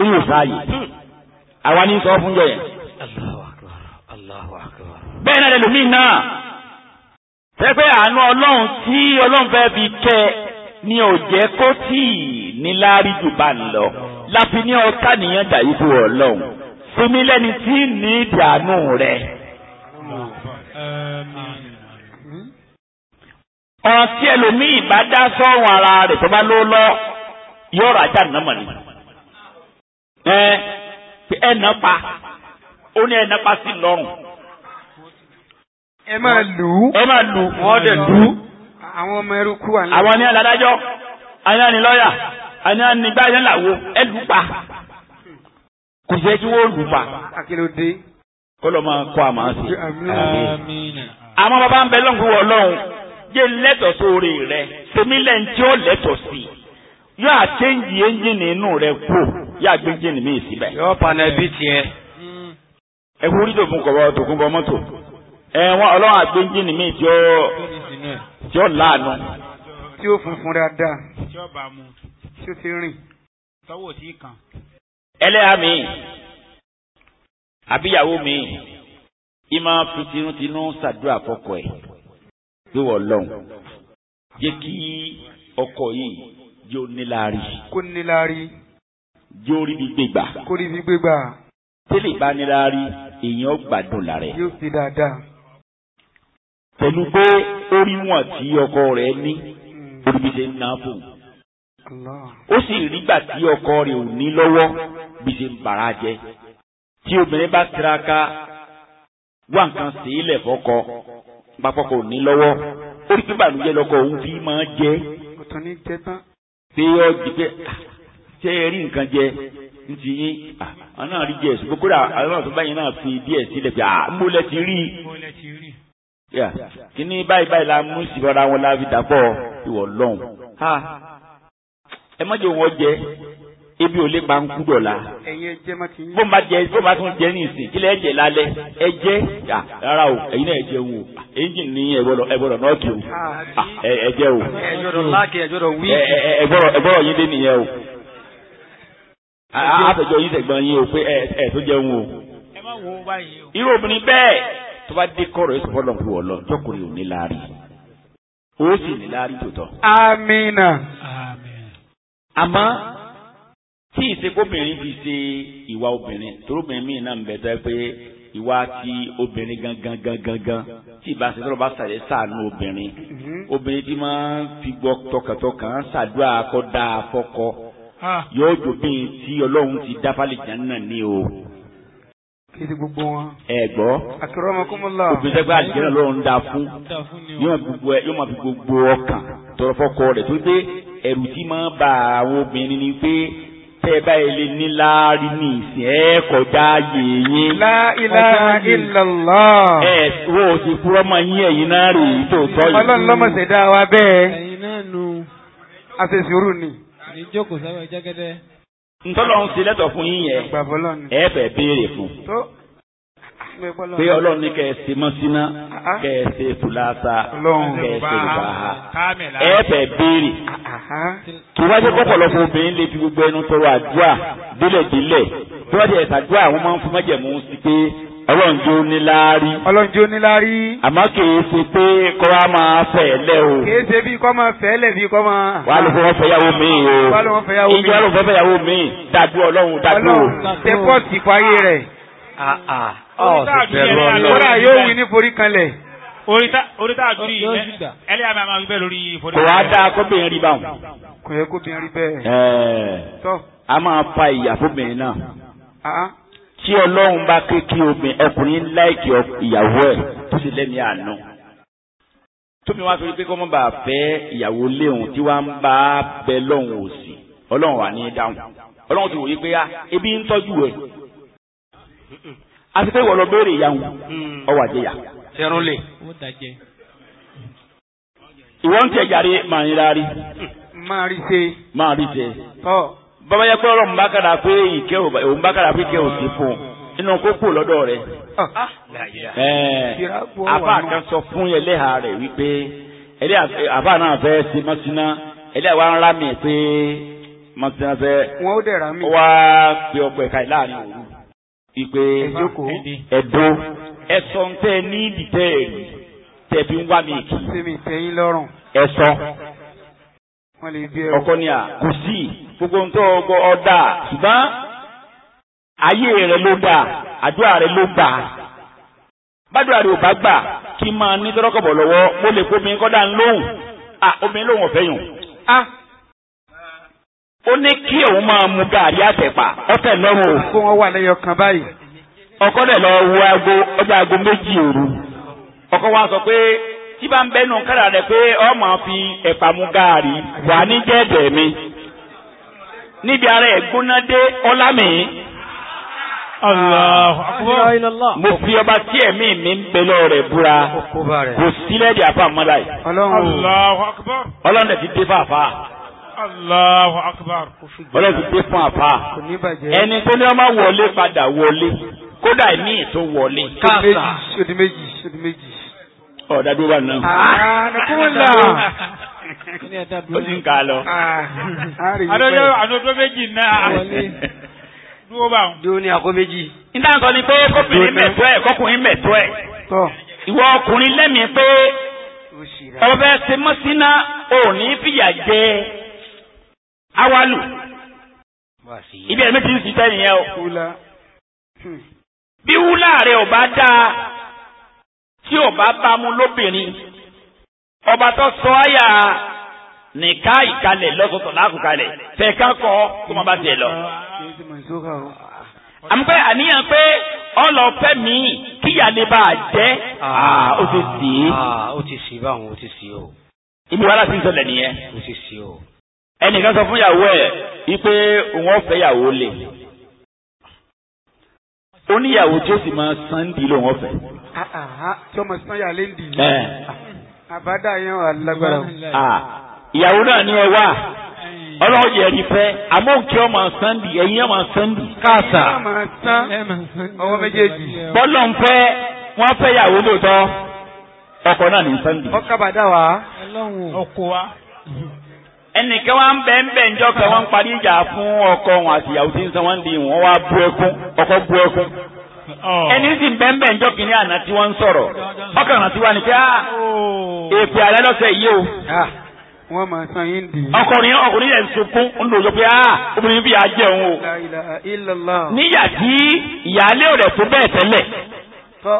ó yóò sáàyè àwa ní sọ fún jọ yẹn. bẹ́ẹ̀ náà lẹ́lòmíì náà fẹ́fẹ́ àánú ọlọ́run tí ọlọ́run fẹ́ fi kẹ́ ni ò jẹ́ kó tì í ní láàrí jù bá ń lọ láfi ní ọ̀ká nìyẹn dà yìí fún ọlọ́run sinmi lẹ́ni tí ní ìdààmú rẹ̀. ọ̀ràn tí ẹlòmíì bá dá sọ́run ara rẹ̀ tó bá ló lọ yóò rà já nàmà ni. ẹ ẹ nà pa ó ní ẹ nà pa sí lọ́rùn. ẹ máa lù ú. ẹ máa lù ú. wọ́n dẹ̀ lù ú. àwọn ọmọ ẹrú kú àná. àwọn ní aládájọ́ ayánilọ́yà àní àní gbáyé làwo ẹ lù pa kò yẹ kí wọ́n lù pa. akérèdé. kọlọ máa kọ àmà sí. àmọ́ bàbá ń bẹ lọ́nkú ọlọ́run yé lẹ́tọ̀ sóore rẹ sèmi lẹ́ǹtí ó lẹ́tọ̀ sí i yóò àtẹ́ǹjì ẹ́ńjìnì inú rẹ kú yóò àgbé ẹ́ńjìnì mi síbẹ̀. yóò panẹ bí tiẹ̀. ẹ wúrí tó fún kọ̀wé tó fún mọ́tò ẹ wọn ọlọ́run àgbé mi tí ó tí ó láàánú. tí ó funfun dáadáa ṣé ti rìn tọ́wọ́ tí kàn. ẹlẹ́yà mi àbíyàwó mi ìmọ̀ fi tinútinú ṣàdúrà fọkọ ẹ̀ lówó lọ́hùn jẹ́ kí ọkọ yìí jẹ́ oníláàrí. kó níláàrí. jẹ́ orí bí gbégbà. kó rí bí gbégbà. tẹ́lẹ̀ bá níláàrí èèyàn gbádùn lára ẹ̀. yóò ṣe dáadáa. pẹ̀lú pé ó rí wọn tí ọkọ rẹ̀ ní orí ń ná fún un ó sì rígbà tí ọkọ rẹ̀ ò ní lọ́wọ́ gbèsè ń bàrà jẹ tí obìnrin bá tiraka wá nǹkan sílẹ̀ fọ́kọ pápákọ̀ ò ní lọ́wọ́ ó rí pípàlùjẹ́ lọ́kọ òun fi máa jẹ pé ọ jẹ pé ah, ṣé ẹ rí nǹkan jẹ nti yín ah, àwọn náà rí jẹ ṣùgbọ́n kódà àwọn náà tó báyìí náà fi díẹ̀ sílẹ̀ bí i ah, mo ti rí kíní báyìí báyìí la mú ìsìnkú ara wọn la fi dàpọ̀ ìwọ̀ lọ́hùn ẹ má jẹ wọn jẹ ebi ò lè pa ń kú dọ̀la. bó ma jẹ bó ma tún jẹ ní ìsìn kílẹ̀ ẹ jẹ lálẹ́ ẹ jẹ rárá o ẹ̀yin náà ẹ jẹ wo ẹ̀yin ní ẹ̀gbọ́dọ̀ ẹ̀gbọ́dọ̀ nọ́ọ̀kì o ah, ẹ jẹ o ẹ̀gbọ́dọ̀ yín dé nìyẹn o. àtẹ̀jọ́ yín tẹ̀gbọ́n yín o pé ẹ tó jẹun o. irú obìnrin bẹ́ẹ̀ tó bá dé kọ́rọ̀ yóò fọlọ́ fún ọ lọ jọkùnrin ò ní láàrin o sì ní láàrin tòótọ́. amina àmọ́ tí ìsekóbìnrin fi ṣe ìwà obìnrin torobìnrin míì náà ń bẹ tó yẹ pé ìwà ti obìnrin gangan gangan gan tí ìbá ṣe tọ́lọ́ bá ṣàlẹ̀ sàánú obìnrin mhm. obìnrin tí máa ń fi gbọ́ tọkàntọkàn ṣàdúrà kọ́ dáa fọ́kọ́ yóò jòbìn tí ọlọ́run ti dáfálì jẹ́ náà ní o kéde gbogbo wọn. ẹ gbọ́. àkìrọ ọmọ kọ́mọ la. obìnrin tẹ́gbẹ́ àjẹrẹ́ lọ́run dáa fún yóò máa fi gbogbo ọkàn tọrọ fọ́kọ rẹ̀ tó dé ẹ̀rù tí máa ń ba àwọn obìnrin ni pé tẹ́ ẹ bá ní láàrin ní ìsìn ẹ kọjá yèyé. La ilaha illallah. ẹ wo ti kúrọ́ mọ yín ẹ̀yin náà rè é tó tọ́ yìí. ọlọ́run lọ́mọ ṣẹ̀dá wa bẹ́ẹ̀. ẹ̀yin náà nu. a ṣe sùúrù ni. sábà jẹ́gẹ́dẹ́. ntọ́lọ́run ti lẹ́tọ̀ fún yín yẹn. ẹ fẹ́ béèrè fún. tó pé ọlọ́run ní kẹ̀ẹ́sì mọ́síná kẹ̀ẹ́sì fúláṣà kẹ̀ẹ́sì ìbáha ẹ̀ẹ́fẹ̀ béèrè ah, ah, ah. kí wájú pọ̀pọ̀lọpọ̀ obìnrin lè fi gbogbo ẹnu tọrọ àdúrà délẹ̀délẹ̀ tó wájú ẹ̀ta àdúrà àwọn máa ń fún mẹ́jẹ̀mú sí pé ọlọ́run jó ní láárí. ọlọ́run jó ní láárí. àmọ́ kìí ṣe pé kọ́ wa máa fẹ́ lẹ̀ o. kìí ṣe bí kọ́ máa fẹ́ bí kọ́ máa. wàá ló fọwọ́ fẹ́ yàwó mi o. wàá ló fọwọ́ fẹ́ yàwó mi. ìjọ ló fẹ́ yàwó mi. dàdú ọlọ́run dàdú. ọlọ́run tẹ́kọ̀ọ́ sí fayé rẹ̀. Oh, kódà yóò wí ní forí kanlẹ̀. orí tá a dúrí ẹlẹ́yà máa máa wí bẹ́ẹ̀ lórí forí kanlẹ̀. kò wá dáa kóbìnrin rí báwọn. kò yẹ kóbìnrin rí bẹ́ẹ̀. a máa fa ìyà fóbìnrin náà. Ah, ah. tí ọlọ́run bá ké kí ọkùnrin láìkì ìyàwó ẹ̀ tó sì lẹ́mìí àná. tómi wá sọ pé kọ́ mọ́ bàa fẹ́ ìyàwó léhùn tí wàá ń bá bẹ lọ́hùn òsì ọlọ́run wà ní dáhùn ọlọ́run ti wòye pé ah, ebi ń tọ́jú ẹ̀. àti pé wọ́n lọ ìyàwó ọwọ́ àjẹyà. ṣẹ́rún ìwọ́n ń tẹ̀ jàre màá nira rí. máa hmm. rí ṣe. máa rí ṣe. bàbá yẹ pé ọ̀rọ̀ pé ìkẹ́ pé ìkẹ́ fún un kókó lọ́dọ̀ ah. Ah. wípé àbá náà fẹ́ ṣe mọ́síná wa ń rámì pé mọ́síná fẹ́ wá òru. ìpè ẹ̀dọ́ ẹ̀sọ̀ ń tẹ́ ní ìdìtẹ́ ẹ̀rí tẹ̀bí ń wá mi kì í. ẹ̀sọ̀ ọkọ ni à kò sí gbogbo ń tọ́ ọgbọ́ ọ̀dà ṣùgbọ́n ayé rẹ̀ ló dà àdúrà rẹ̀ ló gbà bádùá rẹ̀ ò bá gbà kí n máa ní tọ́lọ́kọ̀bọ̀ lọ́wọ́ mo lè kó mi kọ́dà ń lóhùn ah omi lóhùn ọ̀fẹ́ yùn ah. ó ní kí òun máa mu gàrí àtẹ̀pà ọ̀tẹ̀ lọ́rùn o. ọkọ dẹ̀ lọ wo aago ọjà aago ọkọ wa sọ pé tí bá ń bẹnu kára rẹ pé fi ẹ̀pà mu gàrí wà ní jẹ́ẹ̀dẹ̀ mi níbi ara ẹ̀ gbóná dé ọlámì. mo fi ọba tí ẹ̀mí mi ń bẹ lọ rẹ̀ búra kò sílẹ̀ di dé fàáfàá. Allahu akbar. Ọlọ́run ti dé fún àbá. Ẹni tó ní ọmọ wọlé padà wọlé. Kódà ní ètò wọlé. Káàsà. Odi méjì, odi méjì. Ọ̀dà dúró wà náà. Ah, Ànàkúnlá. Ó ti ń kà á lọ. Ah, àdójọ́ méjì náà. Dúró bá wọn. Dúró ní àkó méjì. Nígbà tó ni pé kóbìnrin mẹ̀tọ́ ẹ̀ kọ́kùnrin mẹ̀tọ́ ẹ̀. Ìwọ ọkùnrin lẹ́mìí pé ọbẹ̀ ti mọ́ sínú fìyà jẹ awalu ibi ẹ̀mí ti ń ṣiṣẹ́ nìyẹn o bí wúlà rẹ̀ ò bá dáa tí ò bá bá mu lóbìnrin ọba tó sọ àyà nìka ìkalẹ̀ lọ́sọ̀tọ̀ lákùkalẹ̀ tẹ̀ka kọ́ kó má bá tiẹ̀ lọ. àmupẹ́ àníyàn pé ọlọ́fẹ́ mi kíyàlẹ́ bá a jẹ́ ah. ó ti sì í. Ah, ó ti sì í báwọn ó ti sì o. ibi wàhálà ti ń ṣẹlẹ̀ nìyẹn. ó ti sì o ẹnìkan sọ fún ìyàwó ẹ̀ wípé òun ọ̀fẹ́ ìyàwó lè ó ní ìyàwó tí ó sì máa san dì lóun ọ̀fẹ́. Ah, ah, ah, tí ọmọ sàn yà lé ń dì í. àbádá yẹn wà lágbára. ìyàwó náà ní ẹ wá ọlọ́run yẹ ẹni fẹ́ àmọ́ kí ọmọ sànńdì ẹ̀yin ọmọ sànńdì káàsà ọwọ́ méjèèjì. bọ́lọ̀ ń fẹ́ wọ́n fẹ́ yàwó lóòótọ́ ọkọ náà ní sànńdì. ọkọ bàdá wa ọkọ wa. ẹnìkan wa ń bẹ ń bẹ ǹjọ́ kan wọ́n ń parí ìjà ọkọ wọn àti ìyàwó tí ń san wọ́n di wọ́n ọkọ bu ẹkún. Oh. ẹni sì ń bẹ ń bẹ ǹjọ́ kìíní àná tí wọ́n ń sọ̀rọ̀ ni pé ah, oh. èpè alẹ́ lọ́sẹ̀ yìí o. Ah, wọ́n máa san yín dì í. ọkùnrin ọkùnrin yẹn sunkún ń lòjọ pé ah, obìnrin bí o. ìyáálé rẹ̀ tó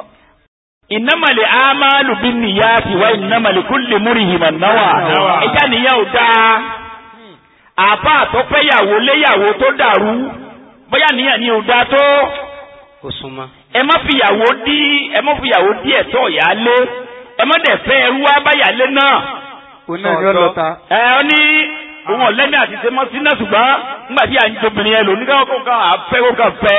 ìnámàlè àmàlù bí nìyá ti wá ìnámàlè kúlè múrìhìmà náwà ẹjá nìyá ò dáa àbá àtọ́pẹ́yàwó léyàwó tó dàrú bóyá nìyà ni ò dáa tó ẹ má fìyàwó dí ẹ má fìyàwó dí ẹ̀tọ́ ìyálé ẹ má dẹ̀ fẹ́ ẹrú abáyálé náà. kò náà yọ lọta. ẹ ọ ní òun ọ̀lẹ́ni àti sẹ́mọ́sí náà ṣùgbọ́n nígbà tí à ń jobìnrin ẹ lò ní káwọn kó kàn á fẹ́ kó kàn fẹ́.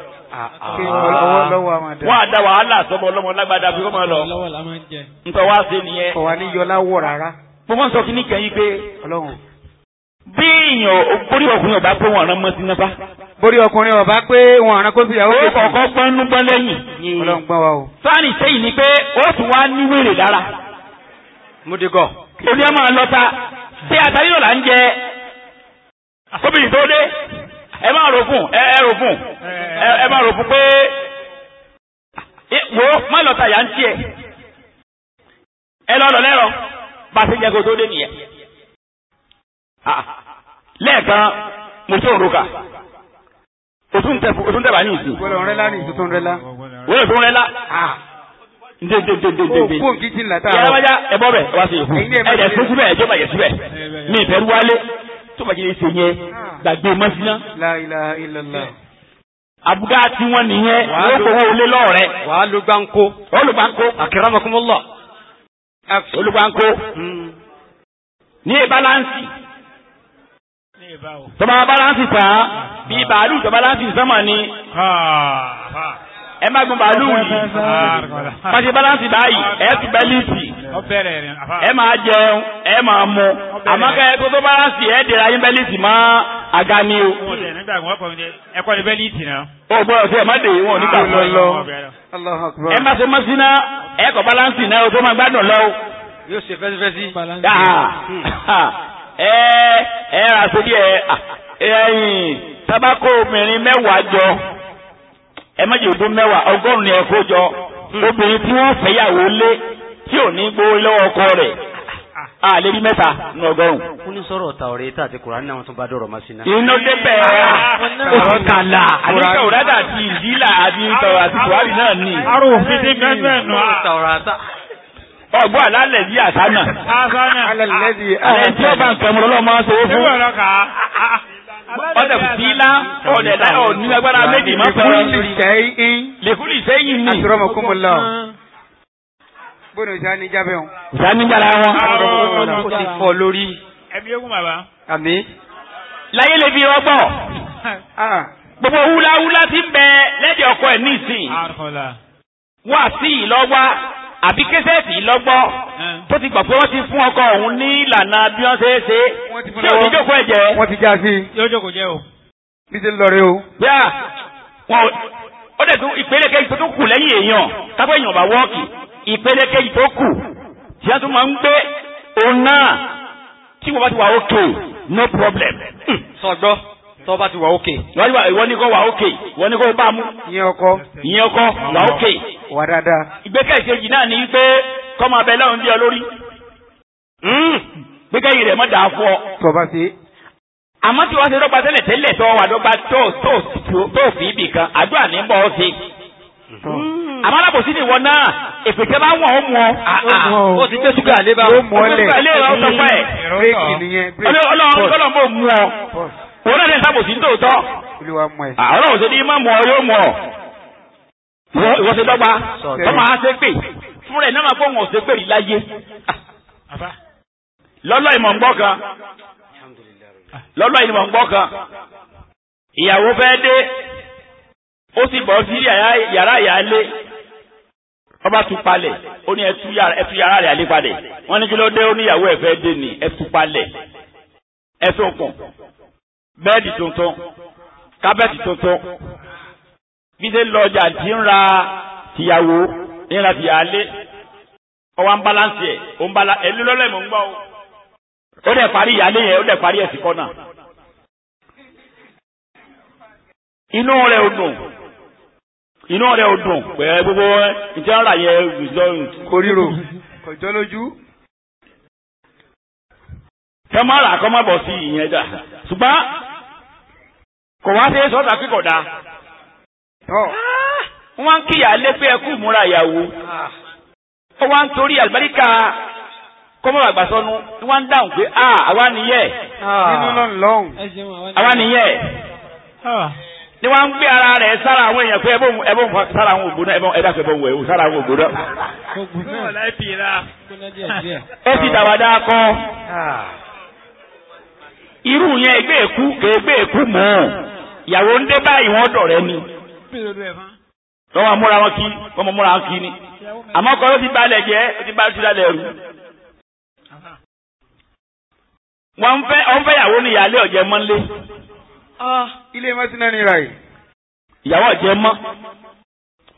Ah, ah. wọ́n á da wàhálà sọmọ ọlọ́mọ lágbàdá bí wọ́n máa lọ. nǹkan wá sí nìyẹn. kò wá ní yọlá wọ̀ rárá. mo máa ń sọ kí ní kẹ́yìn pé bí èèyàn borí ọkùnrin ọba pé wọn àrán mọ́ sí ọba pé wọn àrán kó sí ìyàwó o. ni pé ó tún wá ṣé àtàlẹ́ yóò là ń jẹ ẹ má rò ẹ rò ẹ má rò pé wo má lọ tàyà ń tiẹ̀ ẹ lọ lọ lẹ́rọ bá a ti jẹ́ kó tó dé nìyẹn lẹ́ẹ̀kan mo tó òrùka òtún tẹ̀ bá ní ìsìn. wọ́n lọ rẹ́ lá ní ìsìn tó ń rẹ́ lá. wọ́n lọ tó ń rẹ́ lá yàrá ẹbọ wá sí ikú tó bàjẹ́ síbẹ̀ mi ìfẹ́ wálé tó bàjẹ́ ìṣe yẹn gbàgbé mọ́síná. La ilaha àbúdá tí wọ́n nìyẹn ló kówó olé lọ́ọ̀rẹ́. wà á ló gbáǹkó. olùgbáǹkó. akramakumullah. olùgbáǹkó. Hmm. ní ìbálánsì. tọ́ba bálánsì tán bí bàálù tọ́ba ni ẹ má gun bàálù yìí pàṣẹ balansi báyìí ẹ tún bẹ́líìtì ẹ máa jẹun ẹ máa mu àmọ́ ká ẹ tó tó balansi ẹ dèrè ayé aga ni o. ẹ̀kọ́ ni bẹ́ẹ̀lì tì náà. ó gbọ́dọ̀ sí ẹ̀ má dè wọn nígbà tó lọ. ẹ má ṣe mọ́sí náà ẹ kọ́ balansi náà o tó máa gbádùn lọ. yóò ṣe fẹsifẹsi. Ah, ah, ah. ẹ ẹ ra sí díẹ̀ ẹyìn tabako obìnrin mẹ́wàá jọ ẹ má jẹ ọdún mẹ́wàá ọgọ́rùn-ún ni ẹ kó jọ hmm. obìnrin tí wọ́n fẹ́yàwó lé tí ò ní gbowó lọ́wọ́ ọkọ rẹ̀ àlérí mẹ́ta ní ọgọ́rùn-ún. fún ní sọ̀rọ̀ ọ̀tà ọ̀rẹ́ tá àti kùránì náà tó bá dọ̀rọ̀ máa ṣe náà. inú débẹ̀ oṣù kàlà àdéhùn ọ̀rẹ́dà àti ìdílà àti ìtọ̀rọ̀ àti kùránì náà ni. arò òfin ti bẹ́ẹ̀ náà. ọgbọ́ àlálẹ̀ bí àsánà. àsánà àlẹ́ tí ọba nǹkan mọ̀ lọ́wọ́ máa ń sọ fún. ọ̀dẹ̀ fìlà ọ̀dẹ̀ láì ọ̀ bóni òsì àníjà bẹ́ẹ̀ o. òsì àníjà la wọn. ó ti fọ lórí. ẹbí yókù bàbá. àmì. láyé lè fi ọgbọ. Ah. gbogbo wúláwúlá ti ń bẹ lẹ́dí ọkọ ẹ̀ ní ìsìn. wá sí ìlọ́wá àbí kẹsẹ̀tì ìlọ́gbọ́ eh. tó ti gbà pé wọ́n ti fún ọkọ òun ní ìlànà bí wọ́n ṣe é ṣe tí ò ní jókòó ẹ̀jẹ̀. wọ́n ti já sí i. yóò jókòó jẹ́ o. bí ṣe ń lọ rẹ o. yá wọn ó dẹ̀ tún ìpele kejì tó tún kù lẹ́yìn èèyàn tábọ̀ èèyàn bá wọ́ọ̀kì ìpele kejì tó kù tí wọ́n tún máa ń gbé òun náà tí wọ́n bá ti wà ókè no problem. Hmm. sọgbọ́ tọ́ bá ti wà ókè. ìwọ ní kò wà ókè ìwọ ní kò bá mú. ìyẹn ọkọ. ìyẹn ọkọ wà ókè. wà dáadáa. ìgbékẹ̀ kejì náà ni pé kọ́ máa bẹ láwọn bí ọ lórí. Hmm. gbékẹ̀ yìí rẹ̀ mọ́ dàá fọ́. tọ́ bá ti àmọ́ tí wọ́n ṣe dọ́gba tẹ́lẹ̀ tẹ́lẹ̀ tó wà dọ́gba tó tó tó fi ibì kan àdúrà ní bọ́ ọ ṣe àmàlàbòsí ni ìwọ náà èpèkẹ́ bá wọ̀ ọ́ mọ́ ah, ah, ó ti gbé ṣúgà lé bá ó mọ́ ọ́lẹ̀ ó sọ fún ẹ̀ ọlọ́run bó mú ọ òun náà ní sábòsí tòótọ́ àwọn òṣèlú ní má mọ̀ ọ́ yóò mọ̀ ọ́ ìwọ ṣe dọ́gba tọ́mọ á ṣe pè fún rẹ̀ náà máa gbọ́ wọn ṣe pè rí láyé lọ́lọ́ ìmọ̀ ń gbọ́ kan lọ́lọ́ ìmọ̀ ń gbọ́ kan ìyàwó fẹ́ dé ó sì bọ́ sí yàrá ìyálé ọba tún palẹ̀ ó ní ẹtú yàrá rẹ̀ àlepalẹ̀ wọ́n ní kí ló dé ó ní ìyàwó ẹ̀fẹ́ dé ní ẹtú palẹ̀ ẹtú ọkàn bẹ́ẹ̀dì tuntun kábẹ́ẹ̀tì tuntun bí ṣe ń lọ ọjà tí ń ra tìyàwó ń ra tìyàlé ọwọ́ ń bálánsì ẹ̀ ó ń bálánsì ẹ̀ lọ́lọ́ mọ̀ ń gbọ́ o ó dẹ̀ parí ìyàlé yẹn ó dẹ̀ parí ẹ̀sìn kọ́nà inú rẹ̀ ò dùn inú rẹ̀ ò dùn pẹ̀lú gbogbo ìjẹ́ ara yẹn ìjọrùn. koríro kọjọ lójú. kẹ má rà kọ́ má bọ̀ sí ìyẹn dà ṣùgbọ́n kò wá sí sọ́dà kíkọ̀ dá. Ah, wọ́n ń kíyà lé pé ẹkú múra ìyàwó. ó wá ń torí àlùbáríkà kọ́mọ́ àgbà sọnù wọ́n ń dáhùn pé ah, ah. àwa nìyẹn. àwa nìyẹn ni wọ́n ń gbé ara rẹ̀ sára àwọn èèyàn pé ẹbọn sára àwọn ògbóná ẹbọn ẹdá pẹ̀lú ẹwọ ẹwọ sára àwọn ògbóná. ó ti dàwádà kọ́ irú yẹn ẹgbẹ́ èkú kẹgbẹ́ èkú mọ́ ọ ìyàwó ń dé báyìí wọ́n dọ̀rẹ́ ni wọ́n máa múra wọn kí wọ́n máa múra wọn kí ni àmọ́ kọ́ ló ti balẹ̀ jẹ́ ó ti bá ti dalẹ̀ rú. wọ́n fẹ́ ìyàwó ni ìyáálé ọ̀jẹ̀ mọ́lé. Ah, ilé mẹ́sìn nani nira yi. ìyàwó àjẹ je wọ́n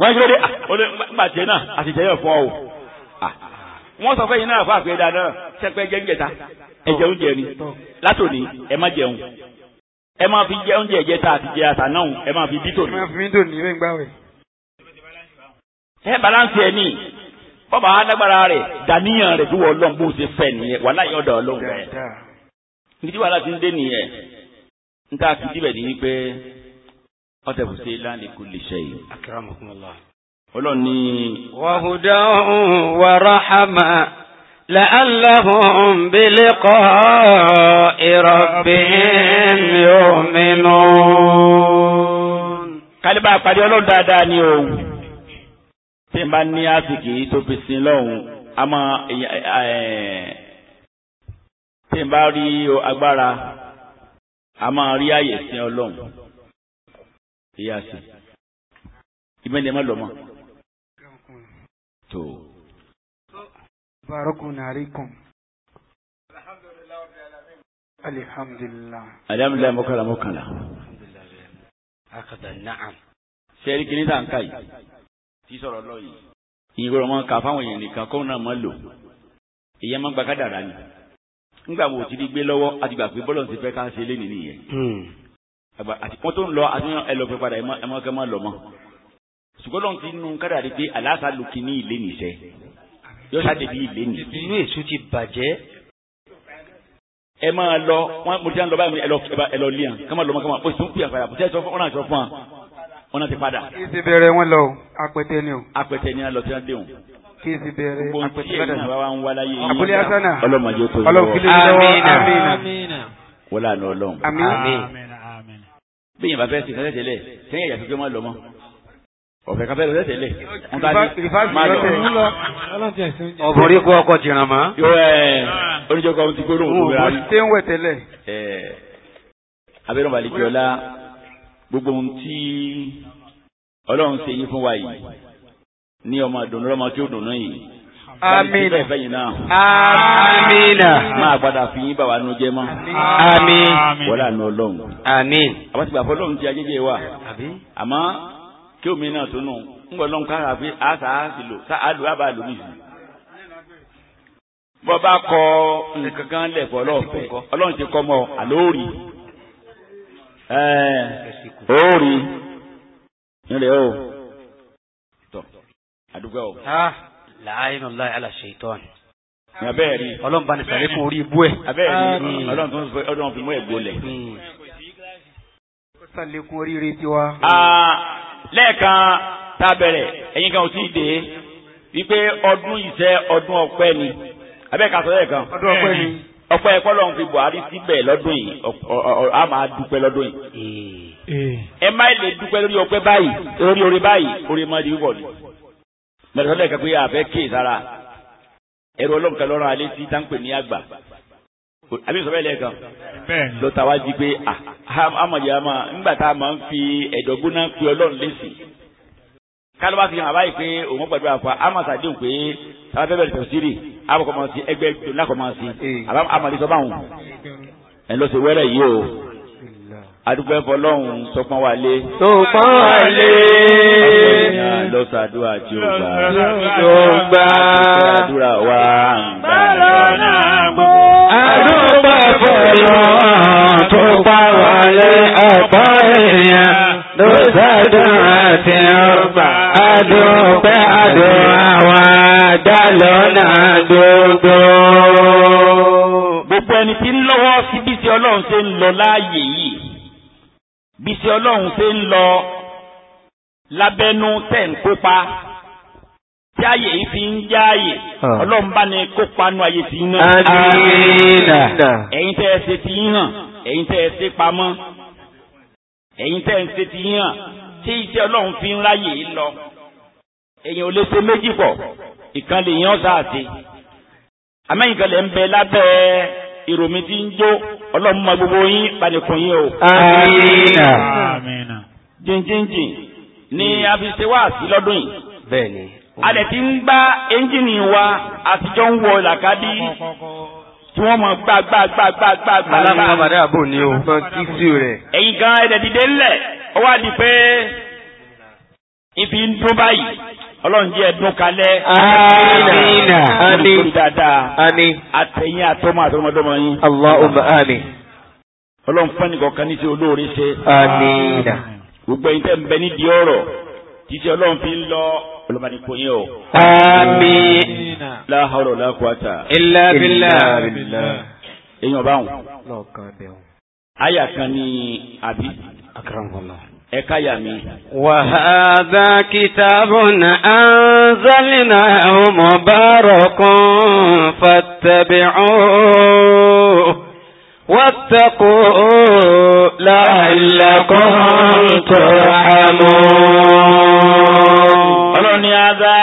ń ṣeré olè gbàjẹ́ náà àtijọ́ yẹn fọ́ o. Ah, wọ́n sọ fẹ́ yín náà fún àpẹẹrẹ dáadáa sẹ́pẹ́ jẹ́ je ta ẹ̀jẹ̀ oúnjẹ ni látòní ẹ má jẹun ẹ má fi jẹ oúnjẹ ẹ̀jẹ̀ je àtà náà ẹ má fi bí fi bí tòní ẹ ń gbà wẹ̀. ẹ balance ẹ ní bọ́bà alágbára rẹ̀ dàníyàn rẹ̀ bí wọ́n lọ́n bó ṣe nìyẹn wàhálà wàhálà ti ń nta fi síbẹ̀ ní wípé ọ̀tẹ̀ kò sí láǹdì kò lè ṣe yìí. ọlọ́run ní. wàhùdà wà ráhàmà la'allahum bi liqa'i rabbihim kálíbà ọlọ́run dáadáa ni o tí n bá ní àsìkò tó fi sin lọ́hùn tí a máa rí àyè sí ọlọ́run ìyá sí ìmẹ́lẹ̀ má lọ́mọ. tó. barakun arikum. alhamdulilah. alhamdulilah mọ́kànlá mọ́kànlá. akada na'am. sẹ́ẹ̀rì kìíní tá à ń ká yìí tí sọ̀rọ̀ lọ yìí. ìyẹn gbọ́dọ̀ máa ń fáwọn èèyàn nìkan kóun máa lò. ìyẹn máa ń gba ni nígbà wo ti di gbé lọ́wọ́ àti gbà pé bọ́lọ̀ ti fẹ́ ká ṣe lé nìyẹn. Hmm. àti wọ́n tó ń lọ àti ẹ lọ fẹ́ padà ẹ mọ́ kẹ́ mọ́ lọ mọ́. ṣùgbọ́n lọ́n ti nu kádà rí pé àlàáfà lùkì ní ilé nìṣẹ́ yóò ṣáde bí ilé nì. inú èso ti bàjẹ́. ẹ máa lọ wọn mo ti ń lọ báyìí ẹ lọ ẹ lọ lé hàn ká máa lọ mọ ká máa pọ̀ sí fún kò sí sọ fún ọ̀nà kéésì bẹ̀rẹ̀ àpẹtẹlẹ àbúlé asana ọlọmọdé tó lọ amina wọlé àná Ọlọ́run bẹyìn bá fẹẹ sìn kẹsẹ tẹ́lẹ̀ sẹ́yìn ẹyà kékeré má lọ mọ ọfẹ káfẹ lọ tẹ́lẹ̀ n ta ni má lọ. ọbọrí kó ọkọ jìnnà ma. yóò ẹ oníjọkọ ohun ti gbóná òkú rẹ. òun ti ń wẹ tẹ́lẹ̀. abẹ́rẹ́ balẹ̀ jọlá gbogbo ohun tí Ọlọ́run ṣe yín fún wa yìí ní ọmọ àdùnnú lọ́mọ tí ó dùnnú yìí. Amina. Amina. Máa padà fi yín bàbá nu jẹ́ mọ́. Amin. Wọ́lá nu ọlọ́run. Amin. Àwọn ti gbà fọ́ ọlọ́run ti ajẹ́jẹ́ wa. Àmọ́ kí omi náà tó nù, ń gbọ́ lọ́run kára fi àṣà àlò àlò àbá àlò nìyí. Bọ́ bá kọ nǹkan kan lẹ̀kọ́ ọlọ́ọ̀fẹ́, ọlọ́run ti kọ́ mọ́ àlóòrì. Ẹ̀ẹ́d òòrì. Nílẹ̀ o àdúgbò o. làáyìn ọ̀la àlà ṣètọ́n. abẹ́ẹ̀ rí. ọlọ́run bá ní sàlékún orí ibú ẹ̀. abẹ́ẹ̀ rí ọlọ́run tó ń fọ ọlọ́run fi mú ẹ̀ gbolẹ̀. sàlékún oríire tiwa. lẹ́ẹ̀kan tá a bẹ̀rẹ̀ ẹ̀yin kan ò tí ì dé wípé ọdún ìṣẹ́ ọdún ọpẹ́ ni abẹ́ẹ̀ ká sọ lẹ́ẹ̀kan. ọdún ọpẹ́ ni. ọpẹ́ ẹ̀kọ́ lọ́run fi Buhari síbẹ̀ lọ́dún yìí a máa dúpẹ́ lọ́dún yìí. ẹ má lè dúpẹ́ lórí ọpẹ́ báyìí lórí oore báyìí oore mọ́ di wíwọ̀ ni mẹtọlẹ kẹkọ yà fẹ kéè sára ẹrù ọlọ́nkà lọ́rùn alẹ́ tí táǹpẹ̀ ní àgbà àbí sọ bẹ́ẹ̀ lẹ́ẹ̀kan ló ta wá di pé amọ̀jẹ̀ àmọ́ ńgbà tá a máa ń fi ẹ̀dọ̀ gbóná pe ọlọ́run lẹ́sì kálọ́bà fi hàn àbáyé pé òun gbàdúrà fún wa amọ̀sàdéhùn pé sábà bẹ́ẹ̀ bẹ̀rẹ̀ tẹ̀síìrì abọ́kọ̀ máa ń sí ẹgbẹ́ ìdùnnà kan máa ń sí àbámọ̀ àmọ̀lẹ́sọ̀ báwọn ẹ̀ lọ́sẹ̀ wẹ́rẹ̀ yìí o adúgbò ẹ̀fọ́ lọ́hùn sọpọ́n wà lé. sọpọ́n wà lé. lọ́sọ̀ àdúrà tí ó gbà. tí ó gbà. àdúrà wa ń gbà. bọ́lọ́nà mú. adúgbò ẹ̀fọ́ lọ́hùn tó pa wà lé ọ̀pọ̀ èèyàn. lọ́sọ̀ àdúrà tí ó gbà. adúgbò àdúrà wa dá lọ́nà gbogbo. gbogbo ẹni tí ń lọ́wọ́ síbi tí ọlọ́run ṣe ń lọ láàyè yìí bí ṣe ọlọ́run ṣe ń lọ lábẹ́nú tẹ̀ ń kópa tí ààyè yìí fi ń jáàyè ah. ọlọ́run bá ní kópa nú ayé ti ń hàn. ẹ̀yin tẹ́ ẹ ṣe ti ń hàn ẹ̀yin tẹ́ ẹ ṣe pamọ́ ẹ̀yin tẹ́ ẹ ṣe ti ń hàn tí iṣẹ́ ọlọ́run fi ń ráyè lọ èyàn ò lè ṣe méjì pọ̀ ìkànnì yẹn ọ̀sà àti àmẹ́yìnkànlẹ̀ ń bẹ lábẹ́ ìròmí tí ń jó ọlọ́mọ gbogbo yín panikun yín o. àmín. jìnjìnjìn ni a fi ṣe wá sí lọ́dún yìí. bẹ́ẹ̀ni. a lè ti ń gbá ẹ́ńjìnì wa àtijọ́ ń wọ ìlàkadì tí wọ́n mọ̀ gbà gbà gbà àbò ni o. mọ kíkí rẹ̀. ẹ̀yin gan ẹ̀dẹ̀ dìde ńlẹ̀ ó wá di ń dún báyìí ọlọ́run jẹ́ ẹ̀dún kalẹ̀. amiina ami ami àtẹ̀yìn àtọ́mọ àtọ́mọdọ́mọ yín. Allahumma ami. ọlọ́run fani kọ̀ọ̀kan ní ti olóore ṣe. amiina. gbogbo ẹ̀yin tẹ́ ń bẹ nídìí ọ̀rọ̀ títí ọlọ́run fi ń lọ olùbàdàn kò yẹ o. amiina. la hawla wala quwwata. èèyàn báwọn. ayà kan ní àbí. akaramola ẹ̀ka yà mí. Wàhádá kìtàbùn àǹzálìnà mubarakun fattabi'uhu wattaquhu la'allakum turhamun. Ọlọ́ni Adá,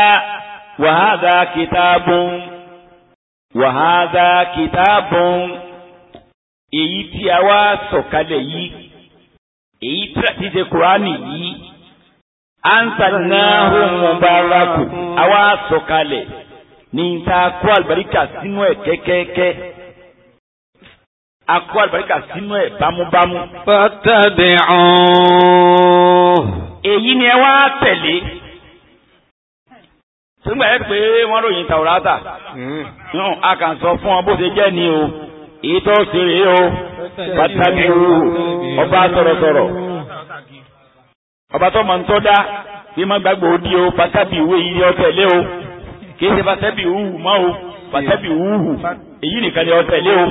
wàhádá kìtàbùn, wàhádá kìtàbùn, èyí tí a wá sọ̀kalẹ̀ yìí èyí tí ṣe kúránì yìí ansanahu mubaraku àwa sọ̀kalẹ̀ ní ta kó àlùbáríkà sínú ẹ̀ kẹ́kẹ́kẹ́ akó àlùbáríkà sínú ẹ̀ bámúbámú. fattabi'uhu. èyí ni ẹ wá tẹ̀lé sígbà ẹ pé wọ́n ròyìn tàwùrátà. Hmm. Hmm, a kàn sọ fún ọ bó ṣe jẹ́ ni o èyí tó ṣe rèé o pàtàkì ọba sọ̀rọ̀sọ̀rọ̀ ọba tó mọ̀ ń tọ́ dá bí má gbàgbọ́ òdi o pàtàkì ìwé yìí ọ̀tẹ̀lé o kì í ṣe pàtàkì ìwúhù mọ́ o pàtàkì ìwúhù èyí nìkan ni ọ̀tẹ̀lé o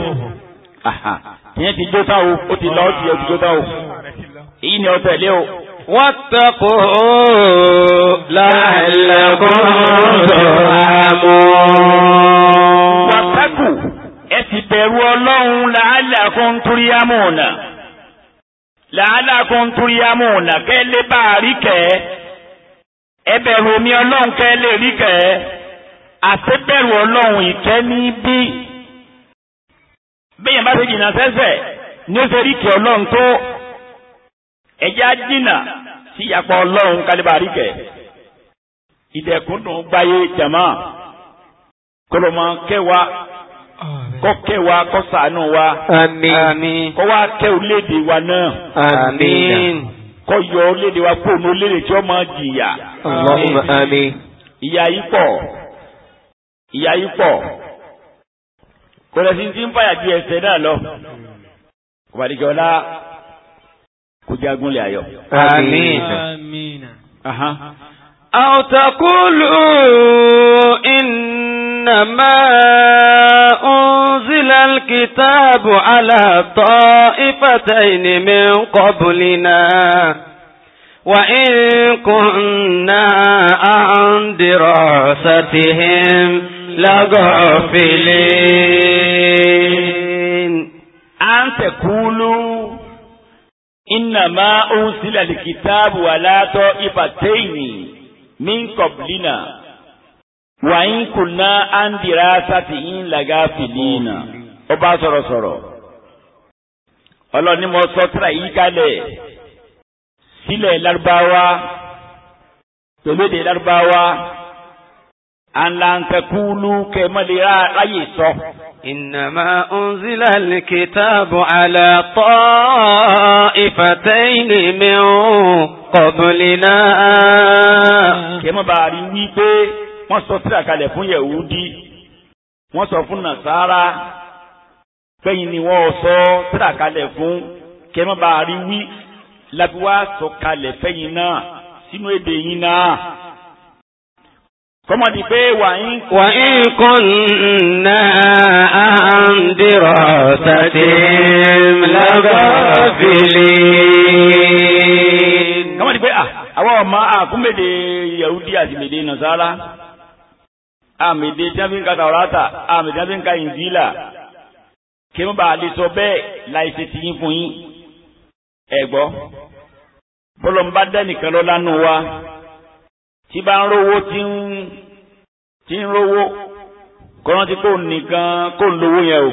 ìyẹn ti jó tán o ó ti lọ ó ti yẹ ti jó tán o èyí ni ọ̀tẹ̀lé o. واتقوا لعلكم ترحمون ẹ sì bẹ̀rù ọlọ́run làálàkùn túríyámùnà làálàkùn túríyámùnà kẹ́ lé bá a rí kẹ́ ẹ bẹ̀rù omi ọlọ́run kẹ́ lè rí kẹ́ àti bẹ̀rù ọlọ́run ìkẹ́ ní bí bẹ́yẹn bá ṣe jìnnà sẹ́sẹ̀ ní ó ṣe rí kẹ́ ọlọ́run tó ẹ̀jẹ̀ jìnnà sí ìyàpọ̀ ọlọ́run kálíbà rí kẹ́ ìdẹ̀kùn dùn gbáyé jàmá kọlọ́mọ kẹwàá kó kẹ́ wa kó ṣàánú wa. àmín. kó wá kẹ́ orílẹ̀-èdè wa náà. àmín. kó yọ orílẹ̀-èdè wa kó ní orílẹ̀-èdè tí wọ́n máa jìyà. Allahumma àmín. ìyà yìí pọ̀ ìyà yìí pọ̀ kò lè sin tí fàyà ju ẹsẹ̀ náà lọ. kòbàdìjọ́lá kò jagunlé ayọ̀. àmín. àmín. àhán. أو تقولوا إنما أنزل الكتاب على طائفتين من قبلنا وإن كنا عن دراستهم لغافلين أن تقولوا إنما أنزل الكتاب على طائفتين من قبلنا wàyín kùnà àǹdìrà sátìyìn làgá fìdíìnà ọba sọ̀rọ̀sọ̀rọ̀ ọlọ́ni mo sọ tíra yìí kalẹ̀ sílẹ̀ lárúbáwá pẹ̀lú èdè lárúbáwá àlàǹtẹ̀kùnú kẹmọ́lẹ̀ ráyè sọ. ìnàmà ònzílà lìkìtàbù àlàtọ́ ìfàtẹ́yìn mìíràn kọ̀bùnlélá. kẹmọ́ bàárí wí pé wọ́n sọ tírà kalẹ̀ fún yẹ̀wúdí wọ́n sọ fún nàṣàrà pẹ́yìn ni wọ́n sọ tírà kalẹ̀ fún kẹ́mọ́bà rí wí láti wá sọ kalẹ̀ fẹ́yìn náà sínú èdè yín náà kọ́mọ̀dé pé wàyín. wàyín kùnà àǹdírọ̀ tàbí lábàbílì. kọ́mọ̀dé pé àwọn ọmọ àkúmèdè yahudi àti mèdè nasara àmìdé jábínká tàwọ́rátà àmì jábínká ìnjílà kí wọ́n bá lè sọ bẹ́ẹ̀ láìsí ti yín fún yín ẹ̀gbọ́ bọ́lọ̀ ń bá dẹ́nìkan lọ́lá nù wa tí bá ń rówó tí ń tí ń rówó kọ́rántí kò nìkan kò ń lówó yẹn o.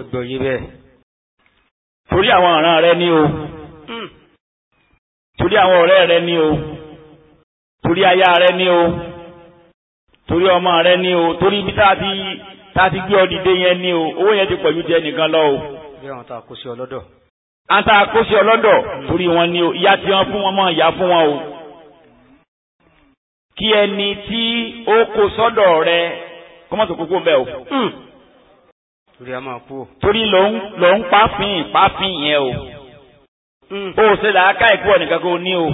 ọgbọ̀n yìí bẹ́ẹ̀. torí àwọn ọ̀ràn rẹ ni o hmm. torí àwọn ọ̀rẹ́ rẹ ni o torí aya rẹ ni o torí ọmọ rẹ ni o torí ibi tá a ti tá a ti gbé ọ dìde yẹn ni o owó yẹn ti pọ̀ ju tiẹ̀ nìkan lọ o. bí àwọn tá a kó sí ọ lọ́dọ̀. a tá a kó sí ọ torí wọn ni o ìyá tí wọn fún wọn mọ ìyá fún wọn o. kí ẹni tí ó kó sọ́dọ̀ rẹ kọ́mọ́tò kókó bẹ́ẹ̀ o hmm. torí a máa kú o. torí ló ń pàfin pàfin yẹn o. Hmm. o ò ṣe làákà ìkú ọ̀nìkan kò ní o.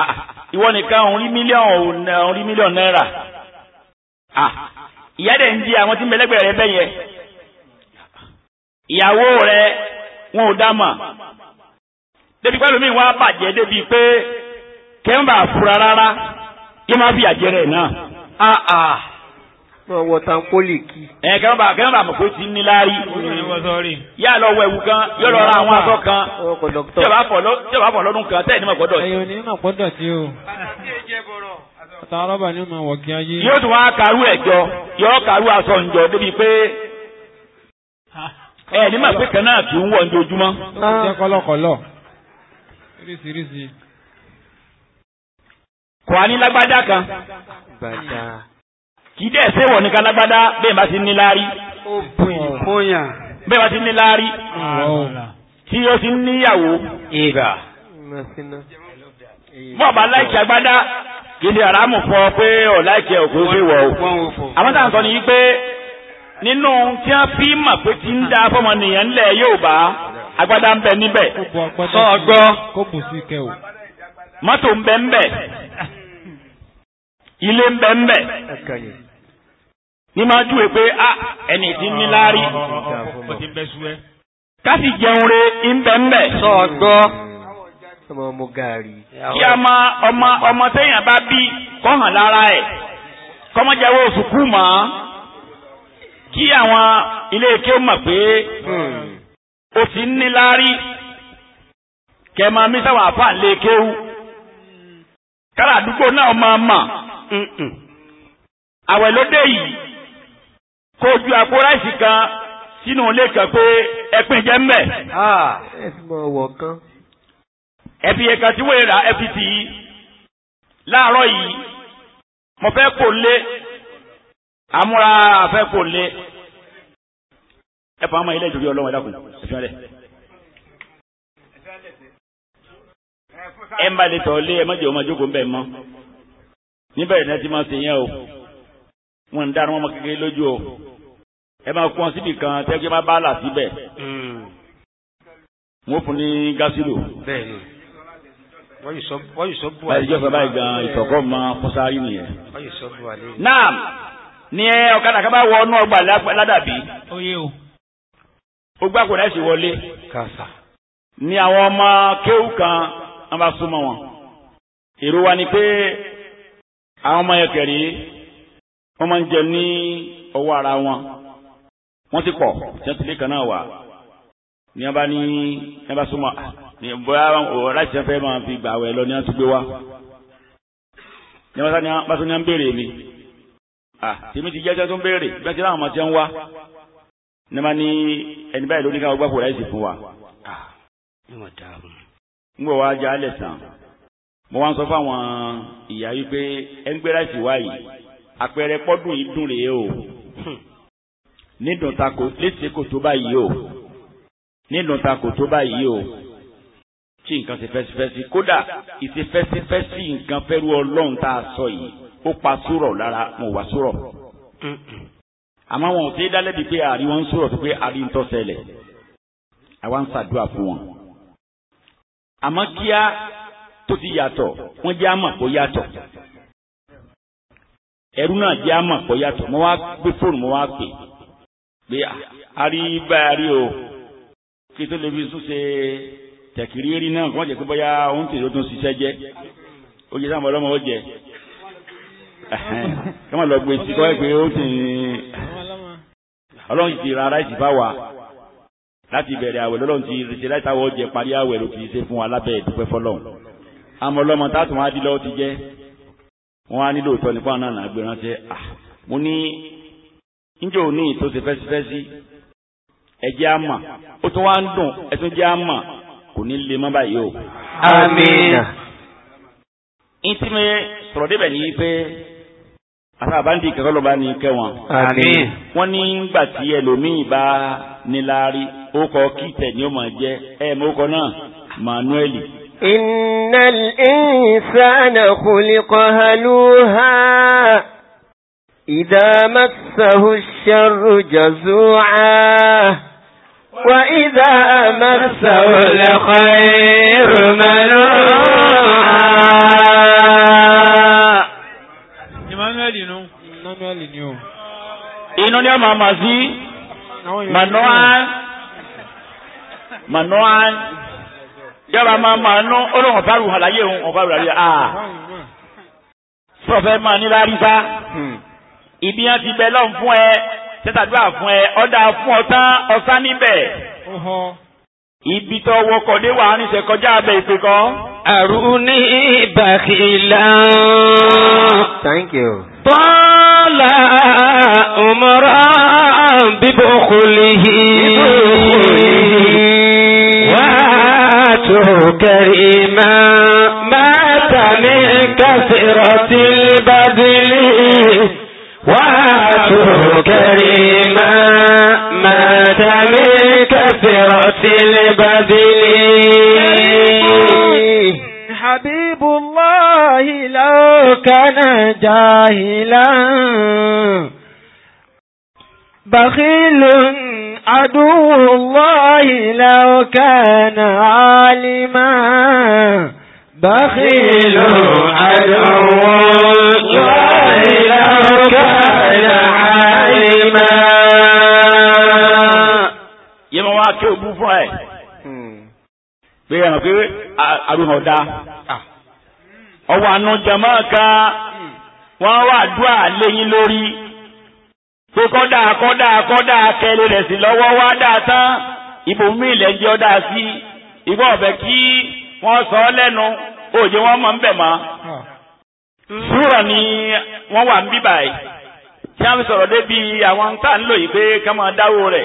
ìwọ nìkan òun rí mílíọ̀nù òun rí mílíọ̀nù náírà ìyá dẹ̀ ń di àwọn tí mẹlẹ́gbẹ̀ rẹ bẹ́yẹ ìyàwó rẹ wọn ò dá mọ̀ débi pẹ́ lómi wọn á bàjẹ́ débi pé kẹ́ńbà fura rárá yóò máa fi àjẹrẹ náà wọ́n wọ tankólìkì. ẹ kẹ́rọ bá kẹ́rọ bá mọ̀ pé ti ní láárí. yà lọ wọ ẹ̀wù kan yọ lọ ra àwọn aṣọ kan tí o bá fọ lọ́dún kan tẹ́ ẹ̀ ní ma gbọ́dọ̀ sí. ẹ̀yin ò ní ma gbọ́dọ̀ sí o. ọ̀tá rọ́bà ni ó máa wọ̀ kí ayé. yóò tún wá karú ẹ̀ jọ yọ karú aṣọ ǹjọ débi pé ẹ̀ ní ma pé kan náà kì í wọ̀ ojoojúmọ́. ó jẹ́ kọ́lọ́kọ́lọ́ kò á ní lágbájá kan kì í dẹ̀ ṣéwọ̀ ní kálágbádá bẹ́ẹ̀ bá ti ní láárí. bẹ́ẹ̀ bá ti ní láárí. tí ó ti níyàwó. ìgbà. bọ́ọ̀ bá láìkí agbádá gidi aramu fọ pé ọ̀ láìkí ẹ̀ òkú ṣéwọ̀ o. àwọn táwọn sọ ni pé nínú tí wọ́n fi mà pé ti ń da fọmọnìyàn ńlẹ̀ yóò bá agbádá ń bẹ níbẹ̀. sọ ọgbọ́. mọ́tò ń bẹ ń bẹ ilé ń bẹ ń bẹ ní máa júwe pé a ah, ẹni tí ń níláárí ó ti bẹ́ sú ẹ. kásì jẹun re ńbẹ̀ńbẹ̀. sọ̀gbọ́. ọmọ ọmọ gàrí. kí a máa ọmọ ọmọ téèyàn bá bí kọ́ hàn lára ẹ̀ kọ́mọ́jáwó òsùnkú mọ́ kí àwọn ilé ike mọ̀ pé ó ti ń níláárí kẹ máa mí sáwọn àfáà lè kéwú kára àdúgbò náà máa mà àwẹ̀ yìí kó ju àpò ráìsì kan sínú ilé kan pé ẹpin jẹ mbẹ. ẹ fi mọ ọwọ kan. ẹbí ẹ̀ka tí wọ́n ra ẹbí ti yí láàárọ̀ yìí mo fẹ́ kó lé amúra fẹ́ kó lé ẹ fà á mọ ilé ìjòyè ọlọ́wọ́ ẹ̀dá kù ẹ̀fí ọ̀lẹ̀. ẹ ń bá lè tọ̀ lé ẹ má jẹ́ ọmọ jókòó ń bẹ̀ mọ́ níbẹ̀rẹ̀ náà ti máa ń ṣe o wọn ń dáná wọn kékeré lójú o ẹ máa kún ọ síbi kan tẹ́gbẹ́ máa bá là síbẹ̀ hmm. wọ́n fún ní gásílò. báyìí jọ́fà báyìí gan ìtọ̀kọ́ máa fọ́sárì yìí sọ náà eh. ni ẹ ọ̀kadà kan bá wọ ọnú ọgbà ládàbí. oyè o. ó gbá kò náà ṣe wọlé. ni àwọn ọmọ kéwù kan wọ́n bá súnmọ́ wọn. èrò wa ni pé àwọn ọmọ yẹn kẹrì wọ́n máa ń jẹ ní ọwọ́ ara wọn wọ́n ti pọ̀ tẹ́tìlẹ́ kan náà wà ní abá ní ní súnmọ́ ah, bóyá ọ̀rá ìṣẹ́ fẹ́ máa fi gbà wẹ̀ lọ ní àtúgbé wa ní abá sani abá sani ń béèrè mi à ah, tèmi ti jẹ́ ẹjọ́ tó ń béèrè bí wọ́n ti láwọn ọmọ ti ń wá ní abá ní ẹni báyìí ló ní káwọn gbàgbọ́ láìsí fún wa. ń ah. bọ̀ wá ajá alẹ̀ sàn mo wá ń sọ fáwọn ìyá yìí pé ẹ ń gbé láìsí wá yìí àpẹẹrẹ pọ́dún yìí dùn rèé o nídùn ta kò léṣe kò tó báyìí o nídùn ta kò tó báyìí o tí nǹkan ṣe fẹsifẹsi kódà ìṣe fẹsifẹsi nǹkan fẹ́rù ọlọ́run tá a sọ yìí ó pa sùrọ̀ lára wọn ò wá sùrọ̀ àmọ́ wọn ò sí dálẹ́bi pé àrí wọn ń sùrọ̀ tó pé àrí ń tọ́ àwa ń ṣàdúrà fún wọn àmọ́ kíá tó ti yàtọ̀ wọ́n jẹ́ àmọ̀ kó yàtọ̀ ẹrú náà jẹ́ àmọ̀ pọ̀ yàtọ̀ mo wá gbé fóònù mo wá pè pé àrí báyà rí o kí tó lè fi tún ṣe tẹ̀kìrì rí náà kọ́ jẹ́ pé bóyá òun tèèrè tó ń ṣiṣẹ́ jẹ́ ó jẹ́ sáà ọlọ́mọ ó jẹ kí wọ́n lọ gbé sí kọ́ ẹ pé ó ti ọlọ́run ti ra aráàlú bá wa láti bẹ̀rẹ̀ àwẹ̀ lọ́lọ́run ti ṣe láti àwọ̀ jẹ parí àwẹ̀ ló fi ṣe fún wa lábẹ́ ìdúpẹ́ fọlọ́run àmọ́ ọlọ́mọ táàtùn di lọ́wọ́ ti wọ́n á nílò ìtọ́ nípa náà lágbè ránṣẹ́ à mo ní níjọ́ òní tó ṣe fẹ́sífẹ́sí ẹ̀jẹ̀ á mà ó tún wá ń dùn ẹ̀tún jẹ́ á mà kò ní lè má báyìí o. àmín. ìtìmẹ̀ sọ̀rọ̀ débẹ̀ ní pé àtàbáńdì kẹ́kọ̀ọ́ ní kẹwọn. ni ó jẹ́ ẹ̀ إن الإنسان خلق هلوها إذا مسه الشر جزوعا وإذا مسه الخير منوعا Inú ni ọmọ àmàzí, Manoan, Manoan, yàrá máa máa ná ọlọ́run ọ̀bárù àlàyé òun ọ̀bárù àlàyé àà ah. sọfẹ́ máa ní lárísá ibi hmm. yẹn ti bẹ lọ́n fún ẹ tẹ́tàdúrà fún ẹ ọ̀dà fún ọ̀tán ọ̀sán níbẹ̀ ibi tó wọkọ̀ dé wà á ní ṣe abẹ ìpè kan. àrùní bàkìlá. thank you. tọ́lá òmùrán bíbó kò lè hí. bíbó kò lè hí. نفسه كريما مات من كثرة البذل وعاته كريما مات من كثرة البذل حبيب الله لو كان جاهلا بخيل عدو الله لو كان عالما بخيل عدو الله لو كان عالما yẹ́mọ̀ wá kí o bú fún ẹ̀ pé ẹ̀nà pé àrùn ọ̀dá ọwọ́ àna jàmáà ká hmm. wọ́n wà dúà léyìn lórí pé kọ́dà kọ́dà kọ́dà kẹlẹ́ rẹ̀ sí lọ́wọ́ wá dáa tán ibòmí ilẹ̀ ń jẹ́ ọ́ dáa sí ìwọ ọ̀bẹ kí wọ́n sọ ọ́ lẹ́nu òjò wọn mọ̀ ń bẹ̀ mọ́. Ah. súrà ni wọ́n wà ń bí báyìí tí a ń sọ̀rọ̀ débi àwọn ń tà ń lò yìí pé ká máa dáwó rẹ̀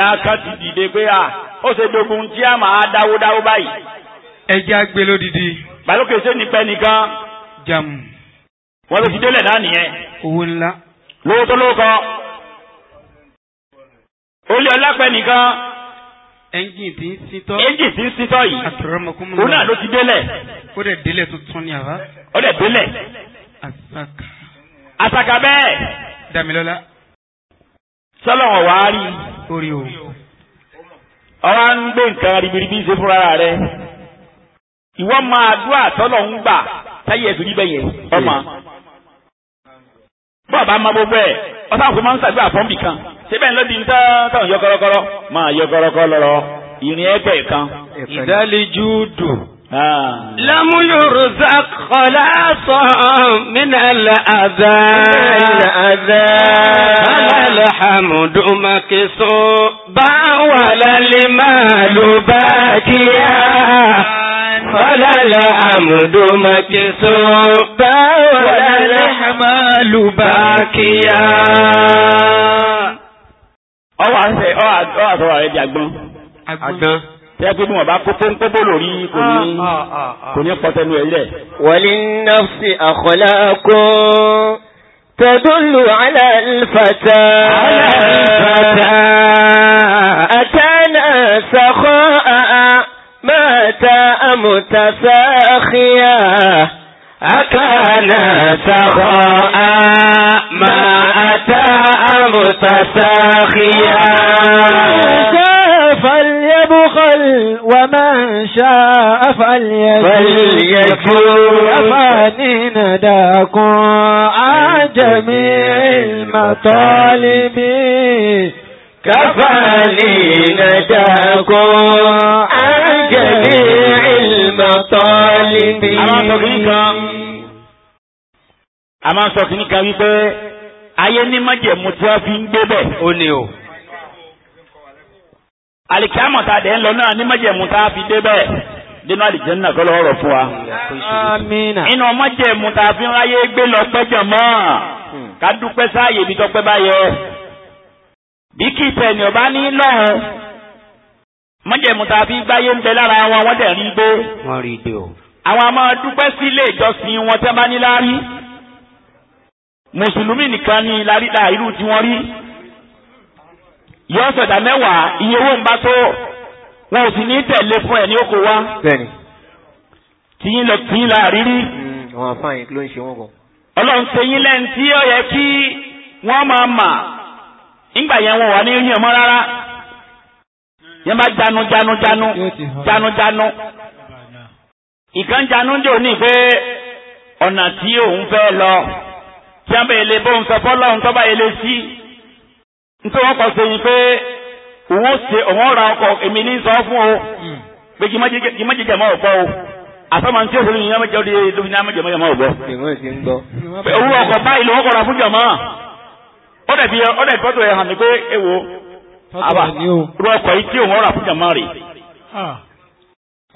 láàká ti dìde pé à ó ṣe dogun tí a máa dáwó dáwó báyìí. ẹ jẹ́ àgbè lódìdí. balókè ṣe nípẹ́ nìkan. jam. wọ́n ló ti délẹ̀ náà nìyẹn. owó ńlá lóòótọ́ ló kọ olè ọlápẹ nìkan ẹnjìn tí ń sitọ́ ẹnjìn tí ń sitọ́ yìí àtúrọ̀mọkúnmọ́ òun náà ló ti délẹ̀ ó dẹ̀ délẹ̀ tuntun ni àbá ó dẹ̀ délẹ̀ àsàkà àsàkà bẹ́ẹ̀ Dàmílọ́lá sọlọ́wọ̀n wá rí orí o ọwọ́ ń gbé nǹkan ribiribi ṣe fúnra rẹ̀ ìwọ́n máa dúà tọ́lọ̀ ń gbà táyé ẹ̀sùn níbẹ̀ yẹn ọmọ bọ́ọ̀bá má gbogbo ẹ̀ ọ̀sán àkókò máa ń sàgbé àfọ́nbì kan síbẹ̀ ńlọ di nǹkan táwọn yọ kọ́rọ́kọ́rọ́ máa yọ kọ́rọ́kọ́rọ́ ìrìn ẹgbẹ́ kan. ìdálẹ́jú dù. Ah. lámúyòrò sàkọlá sọ mínàlá àdá. mínàlá àdá. alàlẹ́ hàmùdù màkìsùn báwa lálẹ́ máa lò bá kíá. Ọlọ́lá àmùdó máa ké só. Báwo lálẹ́ àmàlù bá kíyà? Ọwọ́ àṣẹ ọwọ́ àtọwọ́ rẹ̀ di àgbọn. Àgbọn. Tẹ́ pé bí wọ́n bá kó pónpóbó lórí kò ní kò ní pọtẹnu ẹ̀ lẹ̀. Wọ́lí nọ́ọ̀sì àkọlá kó. تدل على الفتى على الفتى أتانا سخاء أتى متساخيا أكان سخاء ما أتى متساخيا فليبخل ومن شاء فليجور أفاني نداكم عن جميع المطالب كفاني نداكم عن جميع المطالب a máa sọ kìíní kan wípé ayé ní májèmú tí wọ́n fi ń gbé bẹ̀ ó ní o àlìkámọ̀ tá a dẹ̀ ń lọ náà ní májèmú tá a fi dé bẹ̀ nínú àlìjẹ́nà kọ́ lọ́rọ̀ fún wa nínú májèmú tá a fi ń ráyé gbé lọ pẹ́jọ mọ́ hmm. ká dúpẹ́ sáàyè ibi tọ́pẹ́ bá yẹ bí kí ìtẹ̀ ni ọba ní lọ́hùn mọ́jẹ̀mú tá a fi gbáyé ń bẹ lára wọn wọ́n dẹ̀ rí gbé. wọ́n rí gbé o. àwọn ọmọ dúpẹ́ sí ilé ìjọsìn wọn tẹ́ bá ní láárí mùsùlùmí nìkan ní lárídà irú tí wọ́n rí yọ sọ̀dà mẹ́wàá iye owó ń bá tó wọn ò sì ní tẹ̀lé fún ẹ̀ ní oko wa. bẹ́ẹ̀ni. tiyín lọ tiyín la àrírí. àwọn àfáàyàn ló ń ṣe wọn gan. ọlọ́run ṣe yín lẹ́nu tí ó yẹ kí wọ́n máa mà ńgbà yẹn wọn wà ní yíyan mọ́ rárá yẹn bá janu janu janu janu janu ìkan janu jò ní pé ọ̀nà tí òun fẹ́ lọ tí wọ́n bá yẹlẹ bó ń fẹ́ fọ́lọ́run tó bá yẹlẹ sí nítorí wọn kọ sẹ́yìn pé òun ó ṣe òun ra ọkọ̀ èmi ní sọ fún o hmm. pé kí n má jẹjẹ mọ́ ọ̀pọ̀ o àfẹ́mọ̀ tí òfin yìí ní ọmọ jẹ́ òde lóbi ní ọmọ jẹ́ mọ́ ọ̀pọ̀. òun ọkọ̀ báyìí ló ń kọ̀ra fún jọ̀mọ́. Ọ dẹ̀bi ó dẹ̀bi pọ́tò ẹ̀ hàn mí pé èwo àbá ru ọkọ̀ yìí tí òun ọ̀rọ̀ àfúnjà máa rè.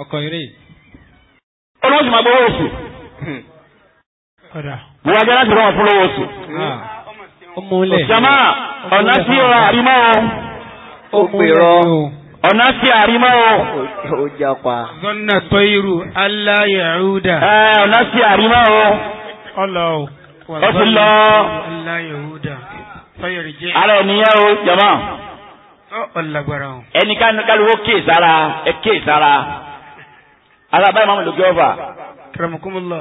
ọkọ̀ yìí olówó sì máa gbowó oṣù. láti rán fún o. ó pè rọ. ọ̀nà o. ó jà pa. zọ́nà tó irú aláyàúdà. ọ̀nà tí àrímọ́ o. ọlọ́ ọ̀sùn lọ. ara ènìyàn o jọmọ. ẹnikẹ́ni kálukó kéè sára ẹ kéè sára ara báyìí máa ń lò kí ọ̀fà. kàràmùkúmùlọ.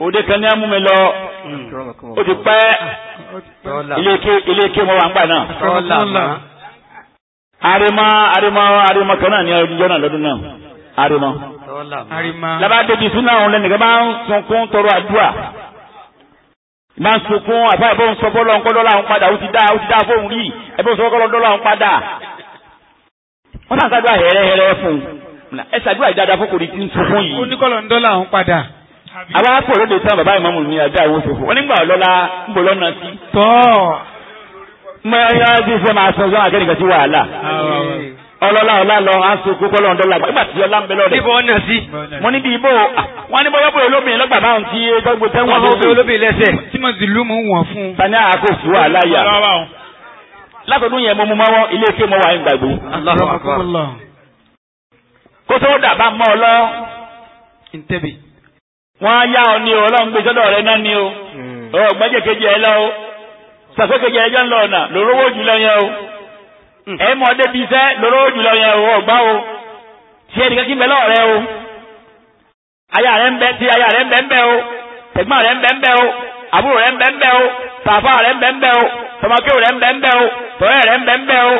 òde kan ní amú mi lọ ó ti pẹ́ ilé ike mo wà ń gbà náà. arima arima arima kan náà ní ọjọ́ náà lọ́dún náà arima. labade bisu náà òun lẹ́nu kan bá ń sunkún tọrọ àdúrà ìbá ń sunkún àbá ìbá ń sọ bọ́lọ̀ ńkọ́ dọ́là ń padà ó ti dá ó ti dá fóun rí ẹbí ń sọ bọ́lọ̀ dọ́là ń padà. wọ́n sàn sàdúrà hẹ́rẹ́hẹ́rẹ́ fún un ẹ sàdúrà ìdáadáa fún kòrí tí ń sunkún yìí. oníkọ́lọ̀ ń dọ́là ń padà. àbá pọ̀ lóde tán bàbá ìmọ̀mù ní àdá àwọn òṣòfò wọ́n nígbà ọlọ́lá ń bọ̀ lọ́nà sí. tọ́ ọlọ́lá ọlá lọ á so kókó lọ́run dọ́là nígbà tí ọlá ń bẹ lọ́rẹ̀. níbo ọ̀nà sí. mo níbi ìbò wọn ní bọ́yọ́ ah, bóyá olóbìnrin lọ́gbà báwọn ti gbogbo tẹ́wọ̀n lóṣù. wọn bóyá olóbìnrin lẹ́sẹ̀. tí mo sì lù mú wọn fún. tani àákò fún wa láyà. látọ̀dún yẹn mo mú mọ́wọ́ ilé ike mo wà ń gbàgbó. kó tó dàbá mọ́ ọ lọ. wọ́n á yá ọ ní o ọlọ́run gbé sọ́dọ̀ rẹ náà ní o. Hmm. ọ̀gbọ́n ẹ mọ̀ débi iṣẹ́ lóró jùlọ yẹn o tí bẹ o aya rẹ̀ ń bẹ tí aya rẹ̀ ń bẹ o tẹ̀gbọ́n rẹ̀ ń bẹ o àbúrò rẹ ń bẹ o tàfà rẹ ń bẹ o tọmọkéwò rẹ ń bẹ o tọ̀rẹ́ rẹ ń bẹ o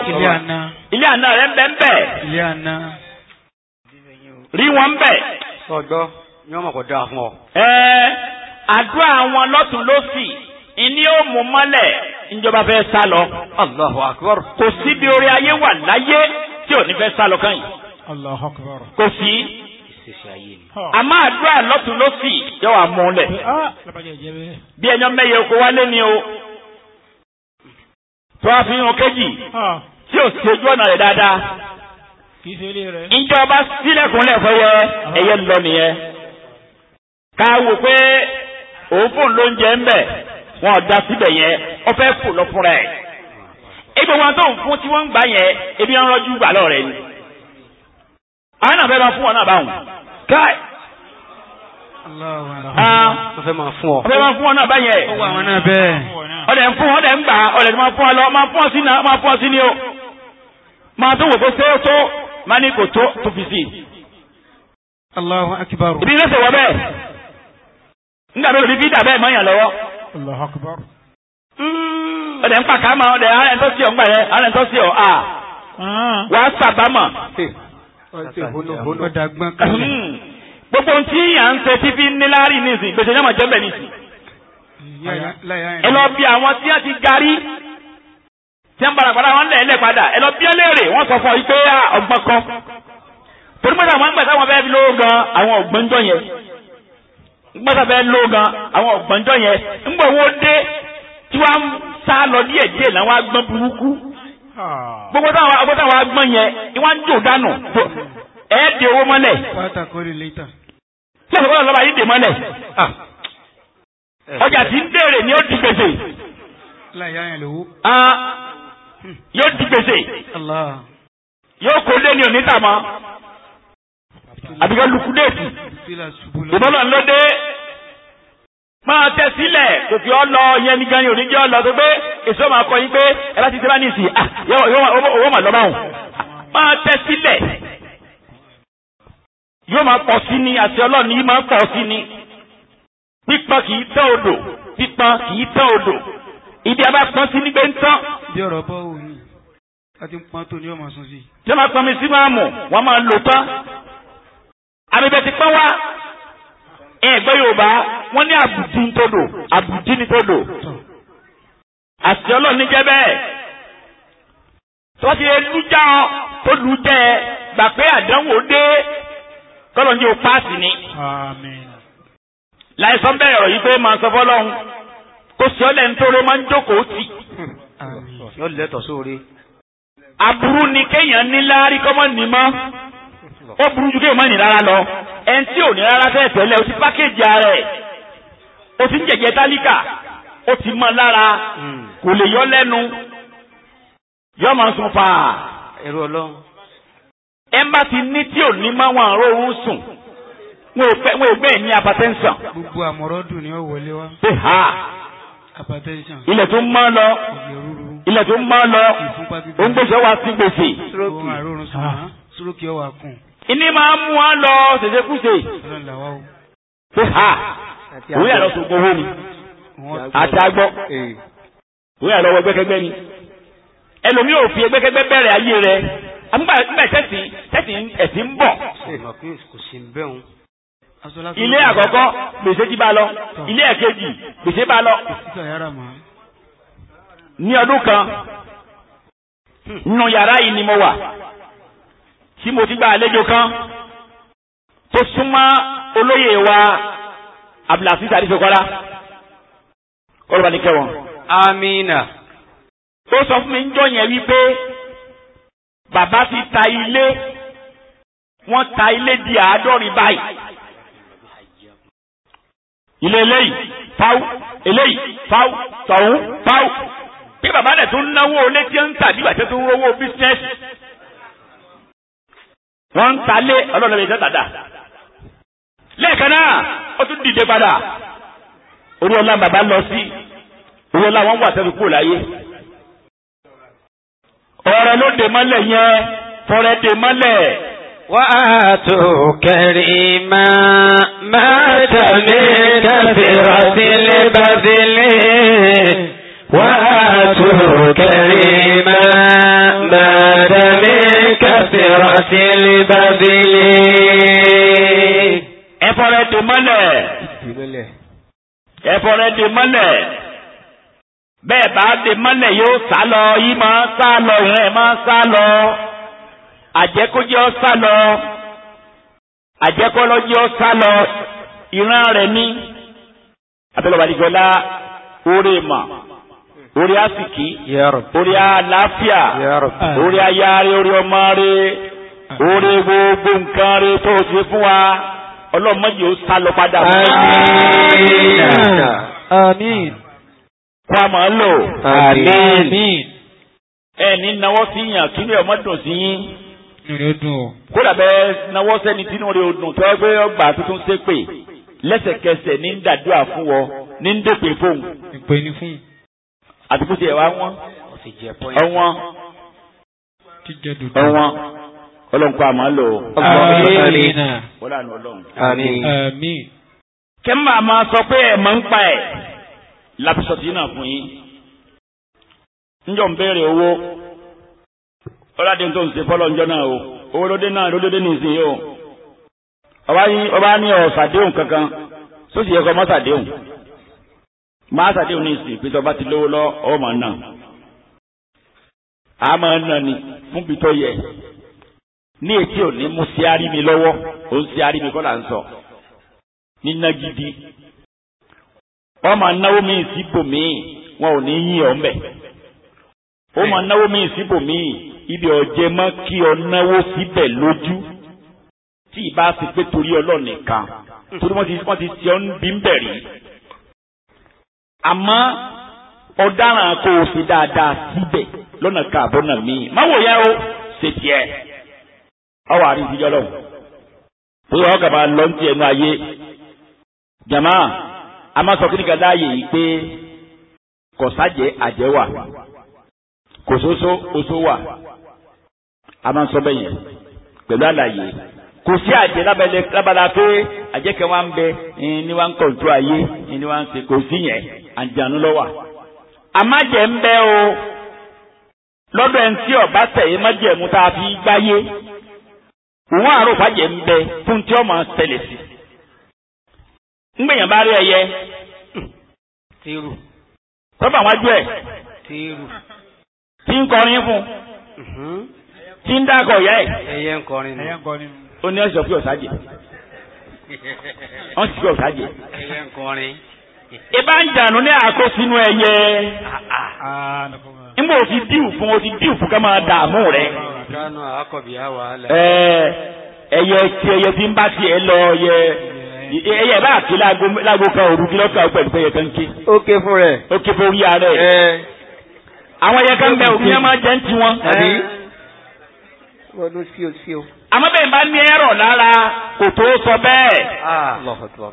ilé àná ń bẹ ń bẹ rí wọn ń bẹ. ẹ àdúrà wọn ìní ó mú mọlẹ. njọba fẹ́ sá lọ Allahu Akbar kò sí bí orí ayé wà láyé tí ò ní fẹ́ sá lọ kàn yìí Allahu Akbar kò sí àmọ́ àdúrà lọ́tún ló sì yọ wà mú lẹ̀ bí ẹ̀yàn mẹ́yẹ oko wálé ni o tó a fi hàn kéjì tí ò sí ọ̀nà rẹ̀ dáadáa ìjọba sílẹ̀kùnlẹ̀ fọyẹ ẹ̀yẹ lọ nìyẹn ká wò pé òun fún lóúnjẹ ń bẹ̀ wọn ọ̀dà síbẹ̀ yẹn ọ̀fẹ́ kò lọ fúnra ẹ̀ ebi wọn tó ń fún tí wọ́n ń gbà yẹn ebi ń rọ́jú gbà lọ́ọ̀ rẹ̀ ni àwọn náà fẹ́ máa fún wọn náà báwọn káì. ọ̀fẹ́ ah. máa fún ọ. ọ̀fẹ́ máa fún ọ náà báyẹn. ó wà wọn náà bẹ́ẹ̀. ọ̀dẹ̀ ń fún ọ̀dẹ̀ ń gbà ọ̀dẹ̀ máa fún ọ lọ máa fún ọ sí náà máa fún ọ sí ni o máa tó wò pé ṣé ó tó máa ní kò tó tó fi sí. akbar. ibi ní ṣe wọ bẹ́ẹ̀ nígbà tó lè fi dà bẹ́ẹ̀ mọ́yàn lọ́wọ́. Allahu Akbar. Mm. ọ̀dẹ̀ ń pàkà máa ọ̀dẹ̀ ara ẹ̀ tó sí ọ̀ gbà yẹn ara ẹ̀ tó sí ọ̀ à ah. wà á sàbámọ̀. Hmm. gbogbo ohun tí à ń ṣe fífi níláàrí nìsín gbèsè náà mà jẹ́ bẹ̀ nìsín. ẹ lọ bí àwọn tí wọ́n ti garí tí wọ́n padà padà wọ́n lẹ̀ lẹ̀ padà ẹ lọ bí ẹ léèrè wọ́n sọ fún ọ yìí pé ọgbọ́n kan torí pé àwọn àgbà táwọn fẹ́ẹ́ fi lówó gan àwọn ọ̀gbọ́n jọ yẹn gbọ́dọ̀ bẹ́ẹ̀ ló gan àwọn ọ̀gbọ́njọ́ yẹn ńgbà wo dé tí wọ́n á sá lọ díẹ̀ díẹ̀ làwọn agbọ́n burúkú ah. gbogbo táwọn agbọ́n yẹn ìwọ́n ń jò dànù ẹ̀ẹ́dì owó mọ́lẹ̀. lọ́sọ̀kọ́ lọ́sọ̀ bá yí dè mọ́lẹ̀. Ah. ọjà tí ń dèrè ni ó di gbèsè. Ah. yóò di gbèsè. yóò kó lé ní onítàmọ́ àbíká lukudeeti ìbọ́lọ̀ ńlọ́dé máa tẹ sílẹ̀ kò kí ọ lọ yẹn ní gan yóò ní jẹ́ ọ lọ tó pé èso máa kọ yín pé ẹ bá ti tẹ́ bá ní ìsìn owó mà lọ́bàá hùn máa tẹ sílẹ̀ yóò máa pọ̀ sí ni àti ọlọ́ọ̀ni yìí máa pọ̀ sí ni pípọ́n kì í tẹ́ odò pípọ́n kì í tẹ́ odò ibi a bá pọ́n sí nígbẹ́ ń tán. bí ọ̀rọ̀ bọ́ òun ni a ti ń pọ́n tó ní ọmọ sùn sí. tí wọ́n máa pọ́n mi sí máa mọ̀ wọ́n máa lò tán àbẹ̀bẹ̀ ti pẹ́ wá ẹ̀gbẹ́ yorùbá wọ́n ní àbùdí ní tòdò àbùdí ní tòdò àti ọlọ́ọ̀ni jẹ́ bẹ́ẹ̀ tó ti lújà ọ tó lújẹ gbà pé àdánwò dé kọ́lọ̀ ní o paasi ni láìsàn bẹ́ẹ̀ ọ̀rọ̀ yìí pé màá sọ fọlọ́hún kó sọ́lẹ̀ ń tóró máa ń jókòó tì yóò aburú ni kéèyàn ní láárí kọ́mọ́ ní ó burú ju kéèmọ́ ìnira lọ ẹni tí ò ní rárá fẹ́ tẹ́lẹ̀ o ti pákéjì ara o ti ń jẹ̀jẹ̀ tálíkà o ti mọ́ lára hmm. kò lè yọ lẹ́nu yọ máa sùn fà á. ẹ̀rọ ọlọ́run. ẹ bá ti ní tí ò ní máa wọn àrò òun sùn wọn ò gbẹ́ ní apatẹ́ńsàn. gbogbo àmọ̀rọ̀ dùn ni ó wọlé ṣé ha apatẹ́ńsàn. ilẹ̀ tó ń mọ́ lọ ilẹ̀ tó ń mọ́ lọ òun gbèsè wá sí gbèsè ìní máa mú wa lọ ṣèṣekúṣe ṣe ha òun yàrá tó gbowó ni àti agbọ́ òun yàrá ọwọ́ gbẹ́kẹ́gbẹ́ ni ẹlòmí ò fi gbẹ́kẹ́gbẹ́ bẹ̀rẹ̀ ayé rẹ nígbà tẹ̀sí tẹ̀sí ẹ̀sìn ń bọ̀. ilé àkọ́kọ́ gbèsè ti bá lọ ilé ẹ̀kejì gbèsè bá lọ ní ọdún kan nínú yàrá yìí ni mo wà tí mo ti gba àlejò kan tó súnmọ́ olóyè wa abdulaziz adisokola kọlọba ní amina. ó sọ fún mi ń yẹn wípé bàbá ti ta ilé wọ́n ta ilé di àádọ́rin báyìí. ilé eléyìí fáwù eléyìí fáwù tọ̀hún fáwù. pé bàbá rẹ̀ tó ń náwó létí ń tà nígbà tó ń rówó bísíǹsì wọ́n ń talé ọlọ́run lọ́wọ́ ìjọba dà lẹ́ẹ̀kan náà ó tún dìde padà orí ọlá bàbá lọ sí orí ọlá wọn wà sẹ́fù kúrò láyé ọ̀rẹ́ ló dè mọ́lẹ̀ yẹn fọ̀rẹ́ dè mọ́lẹ̀. wà á tó kẹrin máa máa tẹ̀lé kẹfìrọ̀ sílé bá wà á tó kẹrin máa máa. برأس البذل ẹ̀fọ́rẹ́ di mọ́lẹ̀ ẹ̀fọ́rẹ́ di mọ́lẹ̀ bẹ́ẹ̀ bá di mọ́lẹ̀ yóò sá lọ yìí máa sá lọ ìrìn ẹ̀ máa sá lọ àjẹkójẹ́ ọ sá lọ àjẹkọ́lọ́jẹ́ ọ sá lọ ìran rẹ̀ ní abẹ́lẹ́wàdìgbọ́lá orí mà orí àsìkí orí àlàáfíà orí ayáre orí ọmọ rẹ orí gbogbo nǹkan rẹ tó o ṣe fún wa ọlọ́mọdé ó sá lọ padà. àmín. kó a máa lò. àmín. ẹ ní nawọ́ sí yàn kí ni ọmọ dùn sí yín. ìrè dùn o. kódà bẹ́ẹ̀ nawọ́ rẹ̀ ò dùn tó ẹ gbé ọgbà tuntun ṣépè lẹ́sẹ̀kẹsẹ̀ ní dàdúrà fún ọ ní dèpè fóun. ìpè ni fún un àti kó tiẹ̀ wá wọ́n ọ̀wọ́n ọ̀wọ́n ọlọ́run kó a máa lò ó. àmín. kẹ́mbà máa sọ pé ẹ̀ máa ń pa ẹ̀ lápísọ̀tì náà fún yín. njọ́ ń béèrè owó ọlọ́dẹ tó ń ṣe fọ́lọ́ njọ́ náà o owó lóde náà lóde ní ìsìn yìí o ọba ní ọ̀sàdéhùn kankan sósì yẹ kọ́ mọ́sàdéhùn máa ṣàdéhùn ní ìsìn pé tọba ti lówó lọ ọmọ náà a máa nà ní fún bitọ yẹ ní etí òní mú síárì mi lọ́wọ́ òun síárì mi kọ́ là ń sọ nínà gidi ọmọ náwó mi síbò mi wọn ò ní yín ọ mbẹ ọmọ náwó mi síbò mi ibi ọjẹ mọ kí ọ náwó síbẹ̀ lójú tí ì bá ti pé torí Ọlọ́run nìkan torí wọ́n ti wọ́n ti ṣe ọ́ ń bí ń bẹ̀rẹ̀ àmọ́ ọ̀daràn kò fi dáadáa síbẹ̀ lọ́nà káàbọ̀ náà míì má wò yẹ o ṣe tiẹ̀ ọwọ́ àrídí jọlọ tó yọ ọkà máa lọ ti ẹnu ayé jama a máa sọ kí nìkan láàyè yìí pé kọ̀sájẹ́ àjẹ́ wà kòsóso oṣó wà a máa ń sọ bẹ́yẹn pẹ̀lú àlàyé kò sí àjẹ́ lábala pé àjẹ́ kan ń bẹ ni wá ń kọ̀ọ̀tù ayé ni wá ń ṣe kò sí yẹn àjànú lọ́wà àmájẹ ń bẹ o lọ́dọ̀ ẹni tí ọba tẹ̀yẹ májẹ̀mú tá a fi gbáyé òun àròfàjẹ ń bẹ fún tí ọmọ tẹlẹ sí ngbẹ̀yìn bá rí ẹyẹ tìrù tọ́ba wájú ẹ̀ tìrù tí ń kọrin fún tí ń dákọ̀ ọ̀yá ẹ̀ ẹyẹ ń kọrin nù ó ní ẹ̀sọ́ fún ọ̀sájẹ wọ́n sì fún ọ̀sájẹ ẹyẹ ń kọrin ìbá ń jànú ní àkó sínú ẹyẹ nígbà ó ti díù fún ó ti díù fún ká máa dààmú rẹ. ẹyẹ tí ẹyẹ tí ń bá tiẹ̀ lọ yẹ ẹyẹ bá kí láago kan òru kí lọ́kàn pẹ̀lú ẹyẹ kan ké. ó ké fún rẹ. ó ké fún orí ara rẹ. àwọn ẹyẹ kan bẹ òkú yẹn máa jẹ́ ń tiwọn. Well, no skill, skill. Àmọ́ bẹ́ẹ̀ bá ní ẹ̀rọ lára kò tó sọ bẹ́ẹ̀. Ah.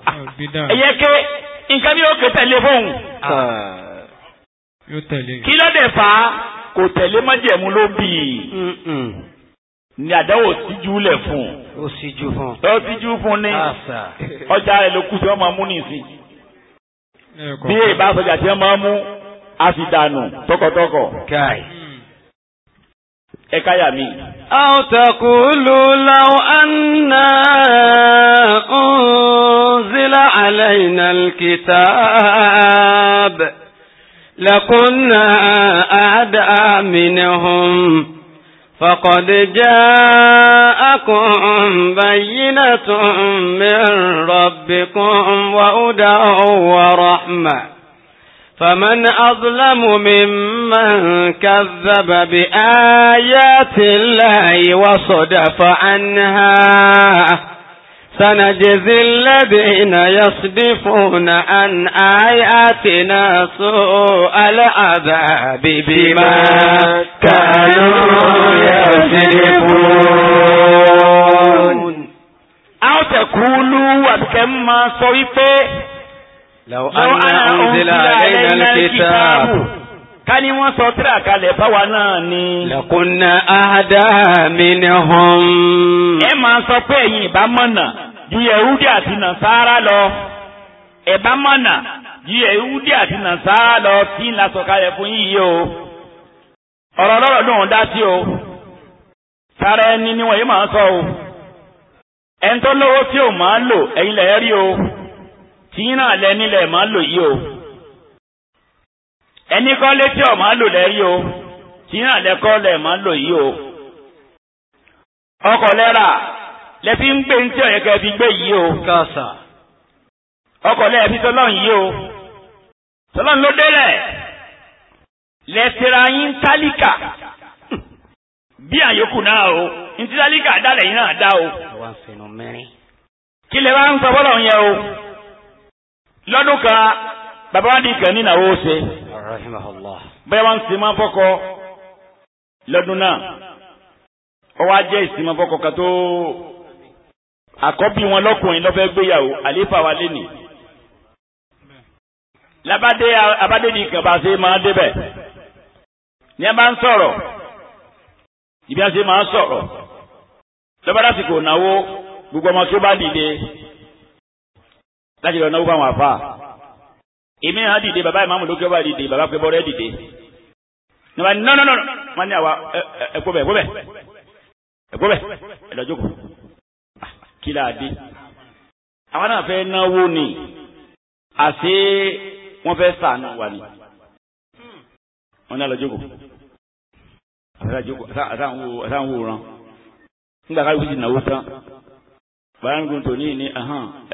Ah, Ẹyẹ ké nǹkan bí yóò ké tẹ̀lé fóun. Ah. Kí ló dé fà á? Kò tẹ̀lé májẹ̀mú ló bì í. Ní àdáwò síjú lẹ̀ fún. Ó síjú fún. Ó síjú fún ní. Ọjà rẹ̀ ló kù sí mú nìsín. Bí èyí bá tí wọ́n máa mú, a fi dànù tọkọtọkọ. Káì. ẹ̀ka yà mí. a ò tẹ̀kù lù láwọn لكنا أعداء منهم فقد جاءكم بينة من ربكم وهدى ورحمة فمن أظلم ممن كذب بآيات الله وصدف عنها سنجزي الذين يصدفون عن آياتنا سوء العذاب بما كانوا يصدفون أو تقولوا وكما صيفه لو أن أنزل علينا الكتاب ká ní wọ́n sọ tírà kalẹ̀ báwa náà ni. lakunna ahda minhum. ẹ máa sọ pé ẹ̀yin ìbá mọ̀nà ju yehudi àti nasara lọ. ẹ̀bá mọ̀nà ju yehudi àti nasara lọ tí ń la sọ̀kalẹ̀ fún yìí o. ọ̀rọ̀ lọ́rọ̀ dùn dá sí o. sára ẹni ni wọ́n yìí máa sọ o. ẹni tó lówó tí ò máa lò ẹ̀yin lẹ̀ rí o. tinyere náà máa lò yí o ẹni kọ́ létí ọ̀ máa lò lẹ́rí o tíyín náà lẹ́kọ́ lẹ̀ máa lò yí o ọkọ̀ lẹ́ra fi ń gbé ntí fi o ọkọ̀ lẹ́yẹ fi tọ́lọ́n yí o tọ́lọ́n ló délẹ̀ tálíkà o ntí tálíkà dálẹ̀ náà dá o kí lè sọ o. lọ́dún kan bàbá wa di kan ní ìnáwó ṣe. bẹ́ẹ̀ wá ń sin máa fọ́kọ lọ́dún náà ó wá jẹ́ ìsinmi fọ́kọ kan tó àkọ́bí wọn lọ́kùnrin lọ́fẹ́ gbéyàwó àlééfà wa lé nìí labade abade di kan ba se ma débẹ̀ ní a bá ń sọ̀rọ̀ ibi a se ma sọ̀rọ̀ lọ́bàdà sì gbogbo ọmọ tó bá dìde láti lọ náwó fáwọn àfa èmi náà dìde bàbá ìmáàmù lókè wà dìde bàbá pé bọ́rẹ́ dìde nígbà nọ́nọ́nọ́ wọn ní àwa ẹ̀kọ́ bẹ̀ ẹ̀kọ́ bẹ̀ ẹ̀kọ́ bẹ̀ ẹ̀dọ́jọ́kù ah, kí dé àwọn náà fẹ́ náwó ni àti wọ́n fẹ́ sàánù wà ní wọn ní àlọ́jọ́kù àtàwọn wo ràn nígbà káyọ̀ fi ti náwó tán bàbá mi kò tó ní ní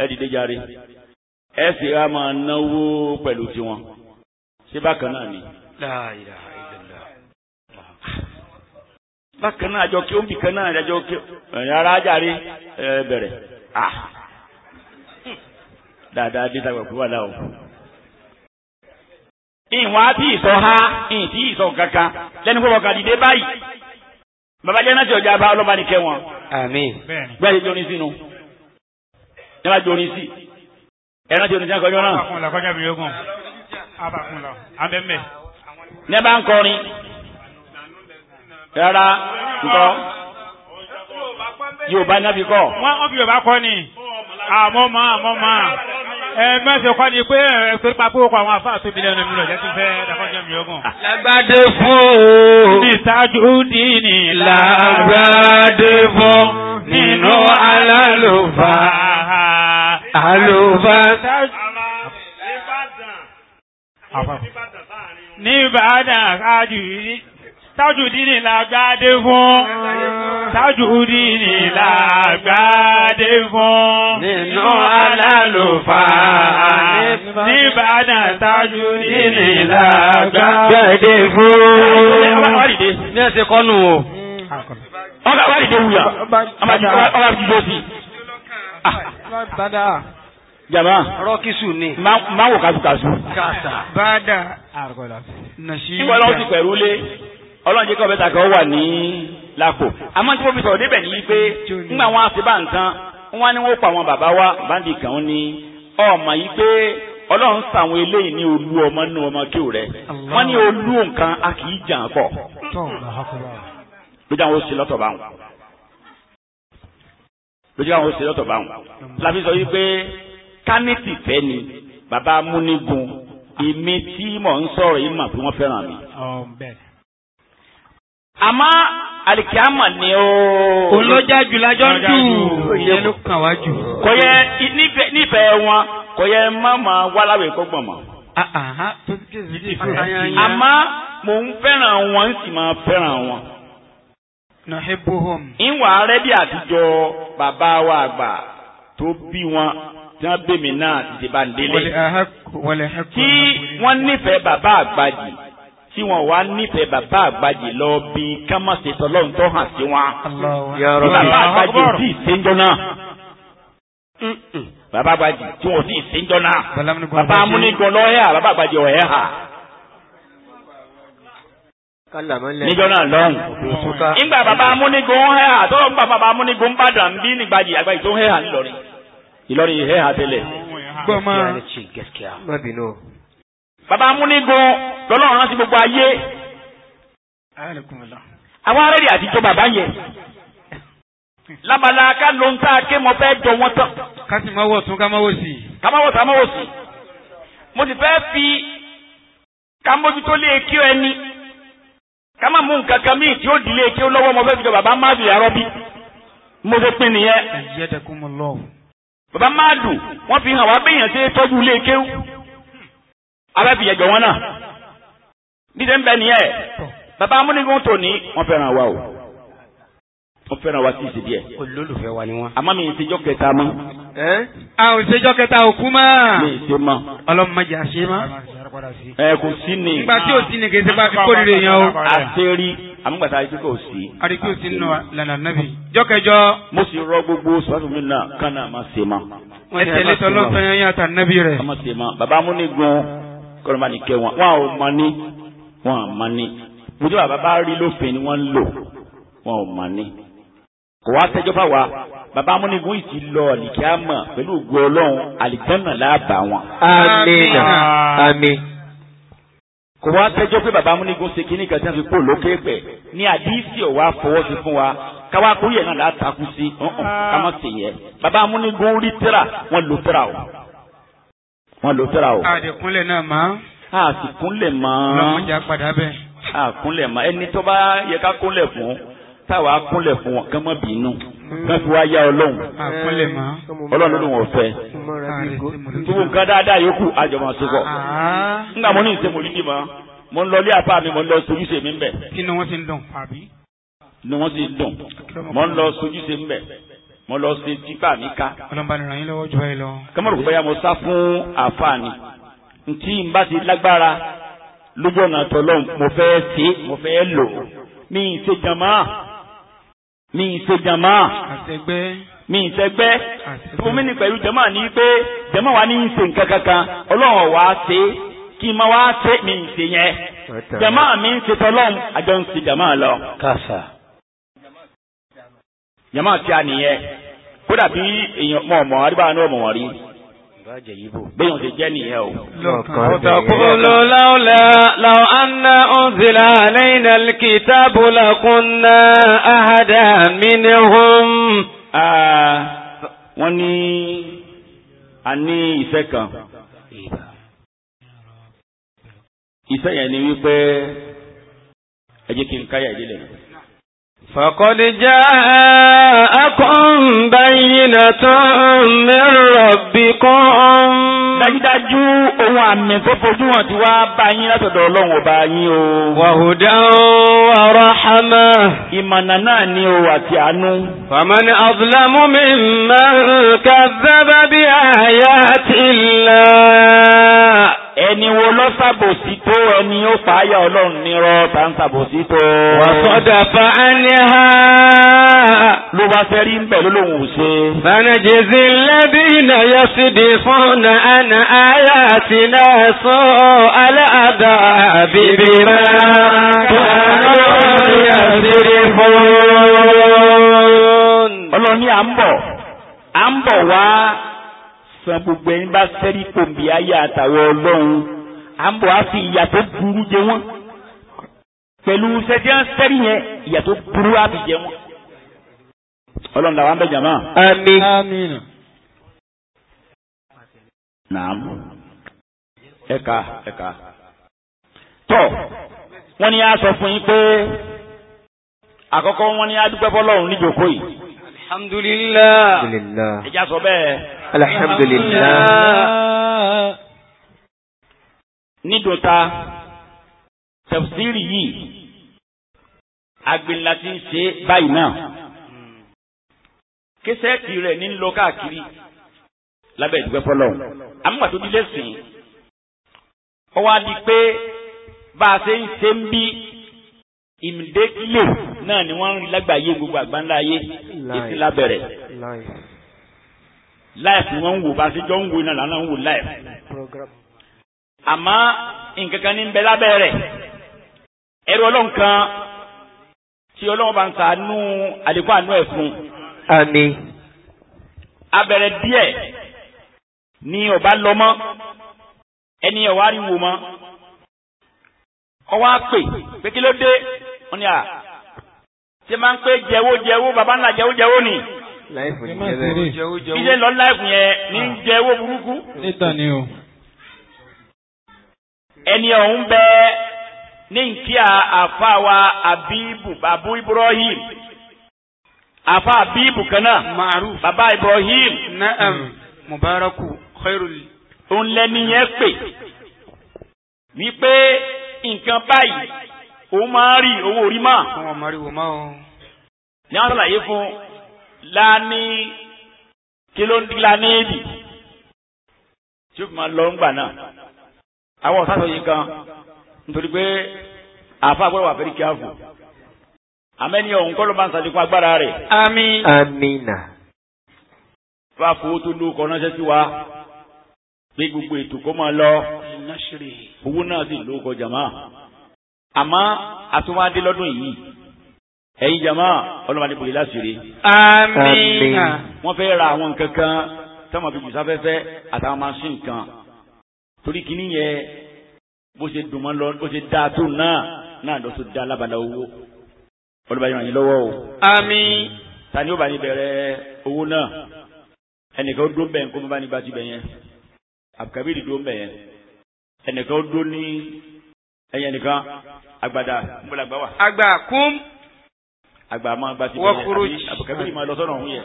ẹ̀ dìde járe. ẹ sì ra máa náwó pẹ̀lú wọn. ṣé bákan náà ni. La ilaha illallah. bákan náà àjọ kí ó ń bì kan náà àjọ kí rárá jàre ẹ bẹ̀rẹ̀ à dáadáa dé tàgbà pé wà láwọn. ìwọ̀n àti ìsọ ha ìtì ìsọ kankan lẹ́nu kó wọ́n dìde báyìí bàbá jẹ́ náà ti ọjà bá ọlọ́ba kẹwọn. àmín. bẹ́ẹ̀ ni jọrin sínú. ní wàá jọrin sí ẹ̀rọ ti oníjà náà. abakun la kọjá mi yókùn abakun la abẹ́mẹ́. ní bá ń kọrin rárá nkọ yóò bá kọ. wọn ọbí yorùbá kọ ni àmọ́ mọ́ àmọ́ mọ́ ẹ mẹ́sẹ̀ kọ́ ni pé ẹ pé papé okò àwọn afá tó mílíọ̀nù ẹ̀mí lọ jẹ́ fẹ́ dàkọ́jọ́ mi yókùn. lágbádé fún o. ní ìtajú dínì lágbádé fún nínú alálùfáà àlùbásà. Níbàdàn kájú yìí tájù dínì làgbádé fún tájù dínì làgbádé fún nínú alálùfà níbàdàn tájù dínì làgbádé fún. ní ẹsẹ̀ kọ́nù o ọba wàlìdé wuyà ọba jíjọ́ sí bada. jaba. rọkisu ni. máa wò kásùkásù. kàtà. bada. àrùkọ̀lá. nàṣí. ìwọ ọlọ́run ti pẹ̀lú lé ọlọ́run jẹ́ kí ọbẹ̀ tàkà ó wà ní lápò. àmọ́ tí mo fi sọ̀rọ̀ débẹ̀ ni pé ńgbà wọn àti bá nǹkan wọn ni wọn pa àwọn bàbá wa báńdì kan ní ọmọ yìí pé ọlọ́run sàwọn eléyìí ní olú ọmọ nínú ọmọ kí o rẹ wọn ní olú nǹkan a kì í jà ń pọ̀. lójà wọn ó ṣe lọ́tọ̀ báwọn lójú àwọn oṣù lọ́tọ̀ báwọn. láfi sọ wípé kánítì fẹ́ ni bàbá amúnigun èmi tí mò ń sọ̀rọ̀ yìí mà pé wọ́n fẹ́ràn mi. àmọ́ alikiyama ni o. olójà julajọ ń dùn ìyẹn ló kàn wá jù. kò yẹ nífẹ̀ẹ́ wọn kò yẹ má máa wáláwé kó gbọ̀n mọ́. Ah, ah, ah. àmọ́ mò ń fẹ́ràn wọn sì máa fẹ́ràn wọn. Nuhibbuhum. Ìwà rẹ̀ bí àtijọ́ bàbá wa àgbà tó bí wọn tí wọ́n bèmí náà ti ti bá ń délé. Tí wọ́n nífẹ̀ẹ́ bàbá àgbàjì tí wọ́n wá nífẹ̀ẹ́ bàbá àgbàjì lọ bí kámọ̀sí tọ́lọ́run tó hàn sí wọn. Tí bàbá àgbàjì sì séjọ́ náà. Bàbá àgbàjì tí wọ́n sì séjọ́ náà. Bàbá amúnigan lọ́ọ́ yà bàbá àgbàjì ọ̀hẹ́ hà níjọ́ náà lọ́hùn. nígbà bàbá amúnigun ń hẹ́ àtọ́ nígbà bàbá amúnigun ń bàdàn bí nígbàjì àgbà ìtò ń hẹ́ à ńlọrin ìlọrin ìhẹ́ àtẹlẹ̀. bàbá amúnigun lọ́lọ́run rántí gbogbo ayé. àwọn arẹ́rì àtijọ́ bàbá yẹn labala ká ló ń tá a ké mo fẹ́ jọ wọn tán. ká sì máa wọ̀ tún ká máa wọ̀ sí. ká máa wọ̀ tún ká máa wọ̀ sí. mo sì fẹ́ fi ká mójútó lé kí ẹni. Kama má mú nǹkan kan míì tí ó dìlé kí ó lọ́wọ́ mo fẹ́ fi jọ bàbá máàdù yàrá bí mo fi pin nìyẹn. bàbá máàdù wọ́n fi hàn wá béèyàn ṣe tọ́jú ilé kéwú alábìyẹn jọ wọn náà níṣẹ́ ń bẹ nìyẹn bàbá amúnigun tó ní wọ́n fẹ́ràn wa o wọ́n fẹ́ràn wa sí ìṣe díẹ̀. olólùfẹ́ wa ni wọ́n. àmọ́ mi ìṣèjọ́ kẹta mọ́. ẹ àwọn ìṣèjọ́ kẹta òkú mọ́. mi ìṣe mọ́. ọlọ́mọ ẹ kò sí ni. ìgbà tí ò sí ni kìí ṣe bá fi kórìíre yẹn o. àṣírí àmúgbàtà àti kò sí. àríkí ò sí nù lànà nàbì. jọ́kẹjọ́. mo sì rọ gbogbo sọ́ọ́sì mi náà kán náà máa ṣe ma. wọ́n ti tẹ̀lé tọ́lọ́ fẹ́yàn yẹn àtà nàbì rẹ̀. a máa ṣe ma bàbá amúnigun kọ́lọ́mà ní kẹ́ wọn wọn ò mọ ní wọn à mọ ní. mo jẹ́ bàbá bá rí lófin ni wọ́n ń lò wọn ò mọ ní kò wá sẹ́jọ́ fáwa bàbá amúnigun yìí ti lọ àlìkíámà pẹ̀lú ògo ọlọ́run àlìjánà láàbà wọn. àmín àmín. kò wá sẹ́jọ́ pé bàbá amúnigun ṣe kínní kan tí wọ́n fi kó lókè pẹ̀ ní àdísì ọ̀wá fọwọ́ sí fún wa káwá kúrò yẹn náà látàkú sí ọ̀hún ká má sì yẹ. bàbá amúnigun rí tẹ́ra wọ́n lò tẹ́ra o. wọ́n lò tẹ́ra o. àdìkúnlẹ̀ náà máa. àsìkúnlẹ̀ máa. lọ́mọdé apàdá bẹ́ẹ̀. àkúnlẹ̀ máa ẹni tó bá yẹ ká kúnlẹ̀ fún táwa kúnlẹ̀ fún wọn kán mọ́ bínú hmm. kán fi wá yá ọlọ́run ọlọ́run ló wọ́n fẹ́ gbogbo nǹkan dáadáa yòókù àjọmọ̀ sọ́kọ̀ ah. nígbà mo ní ìsẹ́mo lídì mọ́ mo ń lọ ilé àpá mi mo ń lọ sojúṣe mi ń bẹ̀. kí ni wọ́n ti ń dùn àbí. ni wọ́n ti ń dùn mo ń lọ sojúṣe mi ń bẹ̀ mo lọ sí tipa mi ká. ọlọ́mọbìnrin yín lọ́wọ́ jù báyìí lọ. kọ́mọ̀rù kò báyà mo sá fún àǹfààní ntí n bá ti lágbára lójú ọ̀nà àtọ̀lọ́hún mo fẹ́ ṣe mo fẹ́ lò mí ìṣèjàmá mi ì ṣe jàmá. àtẹgbẹ́. mi ì ṣẹgbẹ́. àtẹgbẹ́. fún mi ní pẹ̀lú jàmá ní pé jàmá wa ní í nǹkan kankan ọlọ́run wa ṣe é kí n máa wá ṣe mi ì ṣe yẹn. jàmá mi ń ṣe tọ́lọ́run àjọ ń ṣe jàmá lọ. kàṣà. jàmá tí a nìyẹn kódà bí èèyàn mọ̀ ọ̀mọ̀ àdìbà náà mọ̀ wọ́n rí bẹ́ẹ̀ ṣe jẹ́ nìyẹn o. ọ̀tọ̀kùnlò láwùlá láwù anna unzila alayna alkitabu lakunna ahada minhum. wọ́n ní a ní ìfẹ́ kan. ìfẹ́ yẹn ni wípé ẹ jẹ́ kí n káyà ìdílé rẹ̀. فقد جاءكم بينة من ربكم dájúdájú ohun àmì tó fojú hàn ti wá bá yín látọ̀dọ̀ ọlọ́run ọba yín o. wàhùdá wa rahama. ìmọ̀nà náà ni o àti àánú. faman azlamu mimman kadhaba bi ayati Allah ẹni wo lọ ṣàbòsí tó ẹni ó pààyà ọlọ́run nírọ́ tá ń ṣàbòsí tó. wàsọdà fa ánìhà. ló bá fẹ́ rí nbẹ̀ ló lòun ò ṣe. fanajìzì lẹ́bí ìnáyà sídi fún àná àyà àti náà sọ aláàdá bíbí máa tó ọlọ́ni à ń bọ̀ à ń bọ̀ wá san gbogbo ẹ̀yin bá sẹ́rí kòmbi ayé àtàwọn ọlọ́run à ń bọ̀ á fi ìyà tó burú jẹ wọ́n pẹ̀lú sẹ́díà sẹ́rí yẹn ìyà tó burú á fi jẹ wọ́n. ọlọ́run làwọn bẹ̀ jàmá. àmín. naam ẹ̀ka ẹ̀ka tọ́ wọ́n ní a sọ fún yín pé àkọ́kọ́ wọ́n ní a dúpẹ́ fọlọ́run níjókòó yìí. alhamdulillah. alhamdulillah. ẹ já sọ bẹ́ẹ̀ alhamdulillah. nídòta tafsiri yìí agbèlà ti ń ṣe báyìí náà késẹ́ẹ̀tì rẹ̀ ní lọ káàkiri lábẹ́ ìdúpẹ́ fọlọ́ àmúgbà tó dílé sìn ọ wá di pé bá a ṣe ń ṣe ń bí ìmùdékìlè náà ni wọ́n ń rí lágbàáyé gbogbo àgbáńlá ayé ìsìn lábẹ́rẹ̀. Life wọn ń wò bá ṣe jọ ń wò iná lànà ń wò láìpù. àmọ́ nǹkan kan ní bẹ lábẹ́ rẹ̀ ẹ̀rọ ọlọ́run kan tí ọlọ́run bá ń sàánú àlékún àánú ẹ̀ fún. àmín. abẹ̀rẹ̀ díẹ̀ ni ọba lọ mọ́ ẹni ọ̀wá rí wò mọ́ ọwọ́ á pè pé kí ló dé wọ́n ní à ṣe máa ń pé jẹ́wó jẹ́wó baba ńlá jẹ́wó jẹ́wó ni láìfù ní kẹsẹ̀ rẹ̀. iṣẹ́ lọ láìfù yẹn ní jẹ owó burúkú. níta ni o. ẹni ọ̀hún bẹ ní nkí àfa wa abibu abu ibrahim àfa abibu kan náà. maruf baba ibrahim. na'am mubaraku khairul. òun lẹni yẹn pè wípé nǹkan báyìí òun máa rí owó orí máa. àwọn ọmọ rí wò máa o. ní àwọn sọ̀rọ̀ àyè fún lani kilondi lanidi tí o fi máa lọ ńgbà náà àwọn ọ̀sán sọ̀yìn kan nítorí pé àfa gbọ́dọ̀ wà fẹ́rí kíáfù àmẹ́ni ọ̀hún kọ́ ló máa ń sàdékún agbára rẹ̀. àmín. amina. fa fowó tó ló kọ ránṣẹ́ sí wa pé gbogbo ètò kó máa lọ owó náà sì ló kọjá máa àmọ́ àtúwádé lọ́dún yìí ẹ̀yin jama ọlọ́mọ àdìpọ̀ yìí láṣìírí. àmín. wọ́n fẹ́ ra àwọn nǹkan kan táwọn àfijù sáfẹ́fẹ́ àtàwọn machine kan torí kìíní yẹn bó ṣe dùn mọ́ lọ bó ṣe dáa tó náà náà lọ tó dáa lábàdà owó ọlọ́mọ àdìpọ̀ yìí lọ́wọ́ o. àmín. ta ni ó bá ní bẹ̀rẹ̀ owó náà ẹnìkan ó dúró bẹ́ẹ̀ kó bá ní bá ti bẹ̀ yẹn àbùkàbíyì dúró bẹ̀ ẹnìkan ó dúró ní ẹ̀yẹnìkan àgbàdà àgbà kún àgbà máa gba ti bẹ̀rẹ̀ àbùkẹ́bí máa lọ sọ́nà òun yẹ.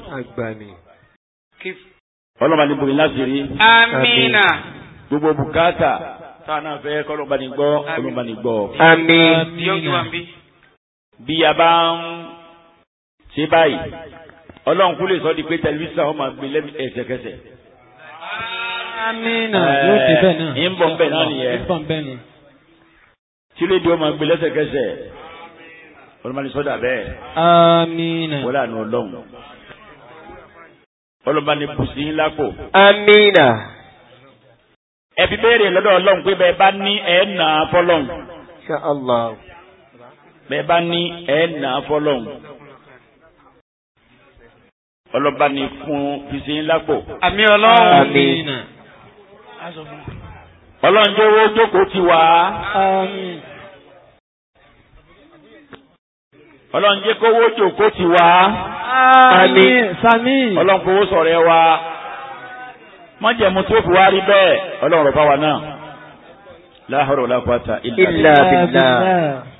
ọlọ́mọ ní bòmí láti rí. amina. gbogbo bùkátà táwọn náà fẹ́ kọ́ lọ́ba ní gbọ́ olóba ní gbọ́. amina. bí a bá ń ṣe báyìí ọlọ́run kú lè sọ di pé tẹlifíṣàn ọmọ gbé lẹ́bi ẹ̀sẹ̀kẹsẹ̀. amina yóò ti bẹ́ẹ̀ náà. ń bọ̀ bọ̀ ń náà. tí rédíò máa gbé lẹ́sẹ̀kẹsẹ̀ olùmọ̀lẹ́ sọ́dà bẹ́ẹ̀. amiina. wọ́n lànà ọlọ́run. olùmọ̀lẹ́ bùsí ńlá kò. amiina. ẹbí béèrè lọ́dọ̀ ọlọ́run pé bẹ́ẹ̀ bá ní ẹ̀ nà á fọlọ́run. bẹ́ẹ̀ bá ní ẹ̀ nà á fọlọ́run. ọlọ́ba ni fún bùsí ńlá kò. àmì ọlọ́run. amiina. ọlọ́run jẹ́ owó jókòó ti wá. amiina. ọlọ́run jẹ́ kówó jòkó ti wá. àmín sàmín. ọlọ́run kówó buwari bẹ. wá. mọ́jẹ̀mú tó fi wá rí bẹ́ẹ̀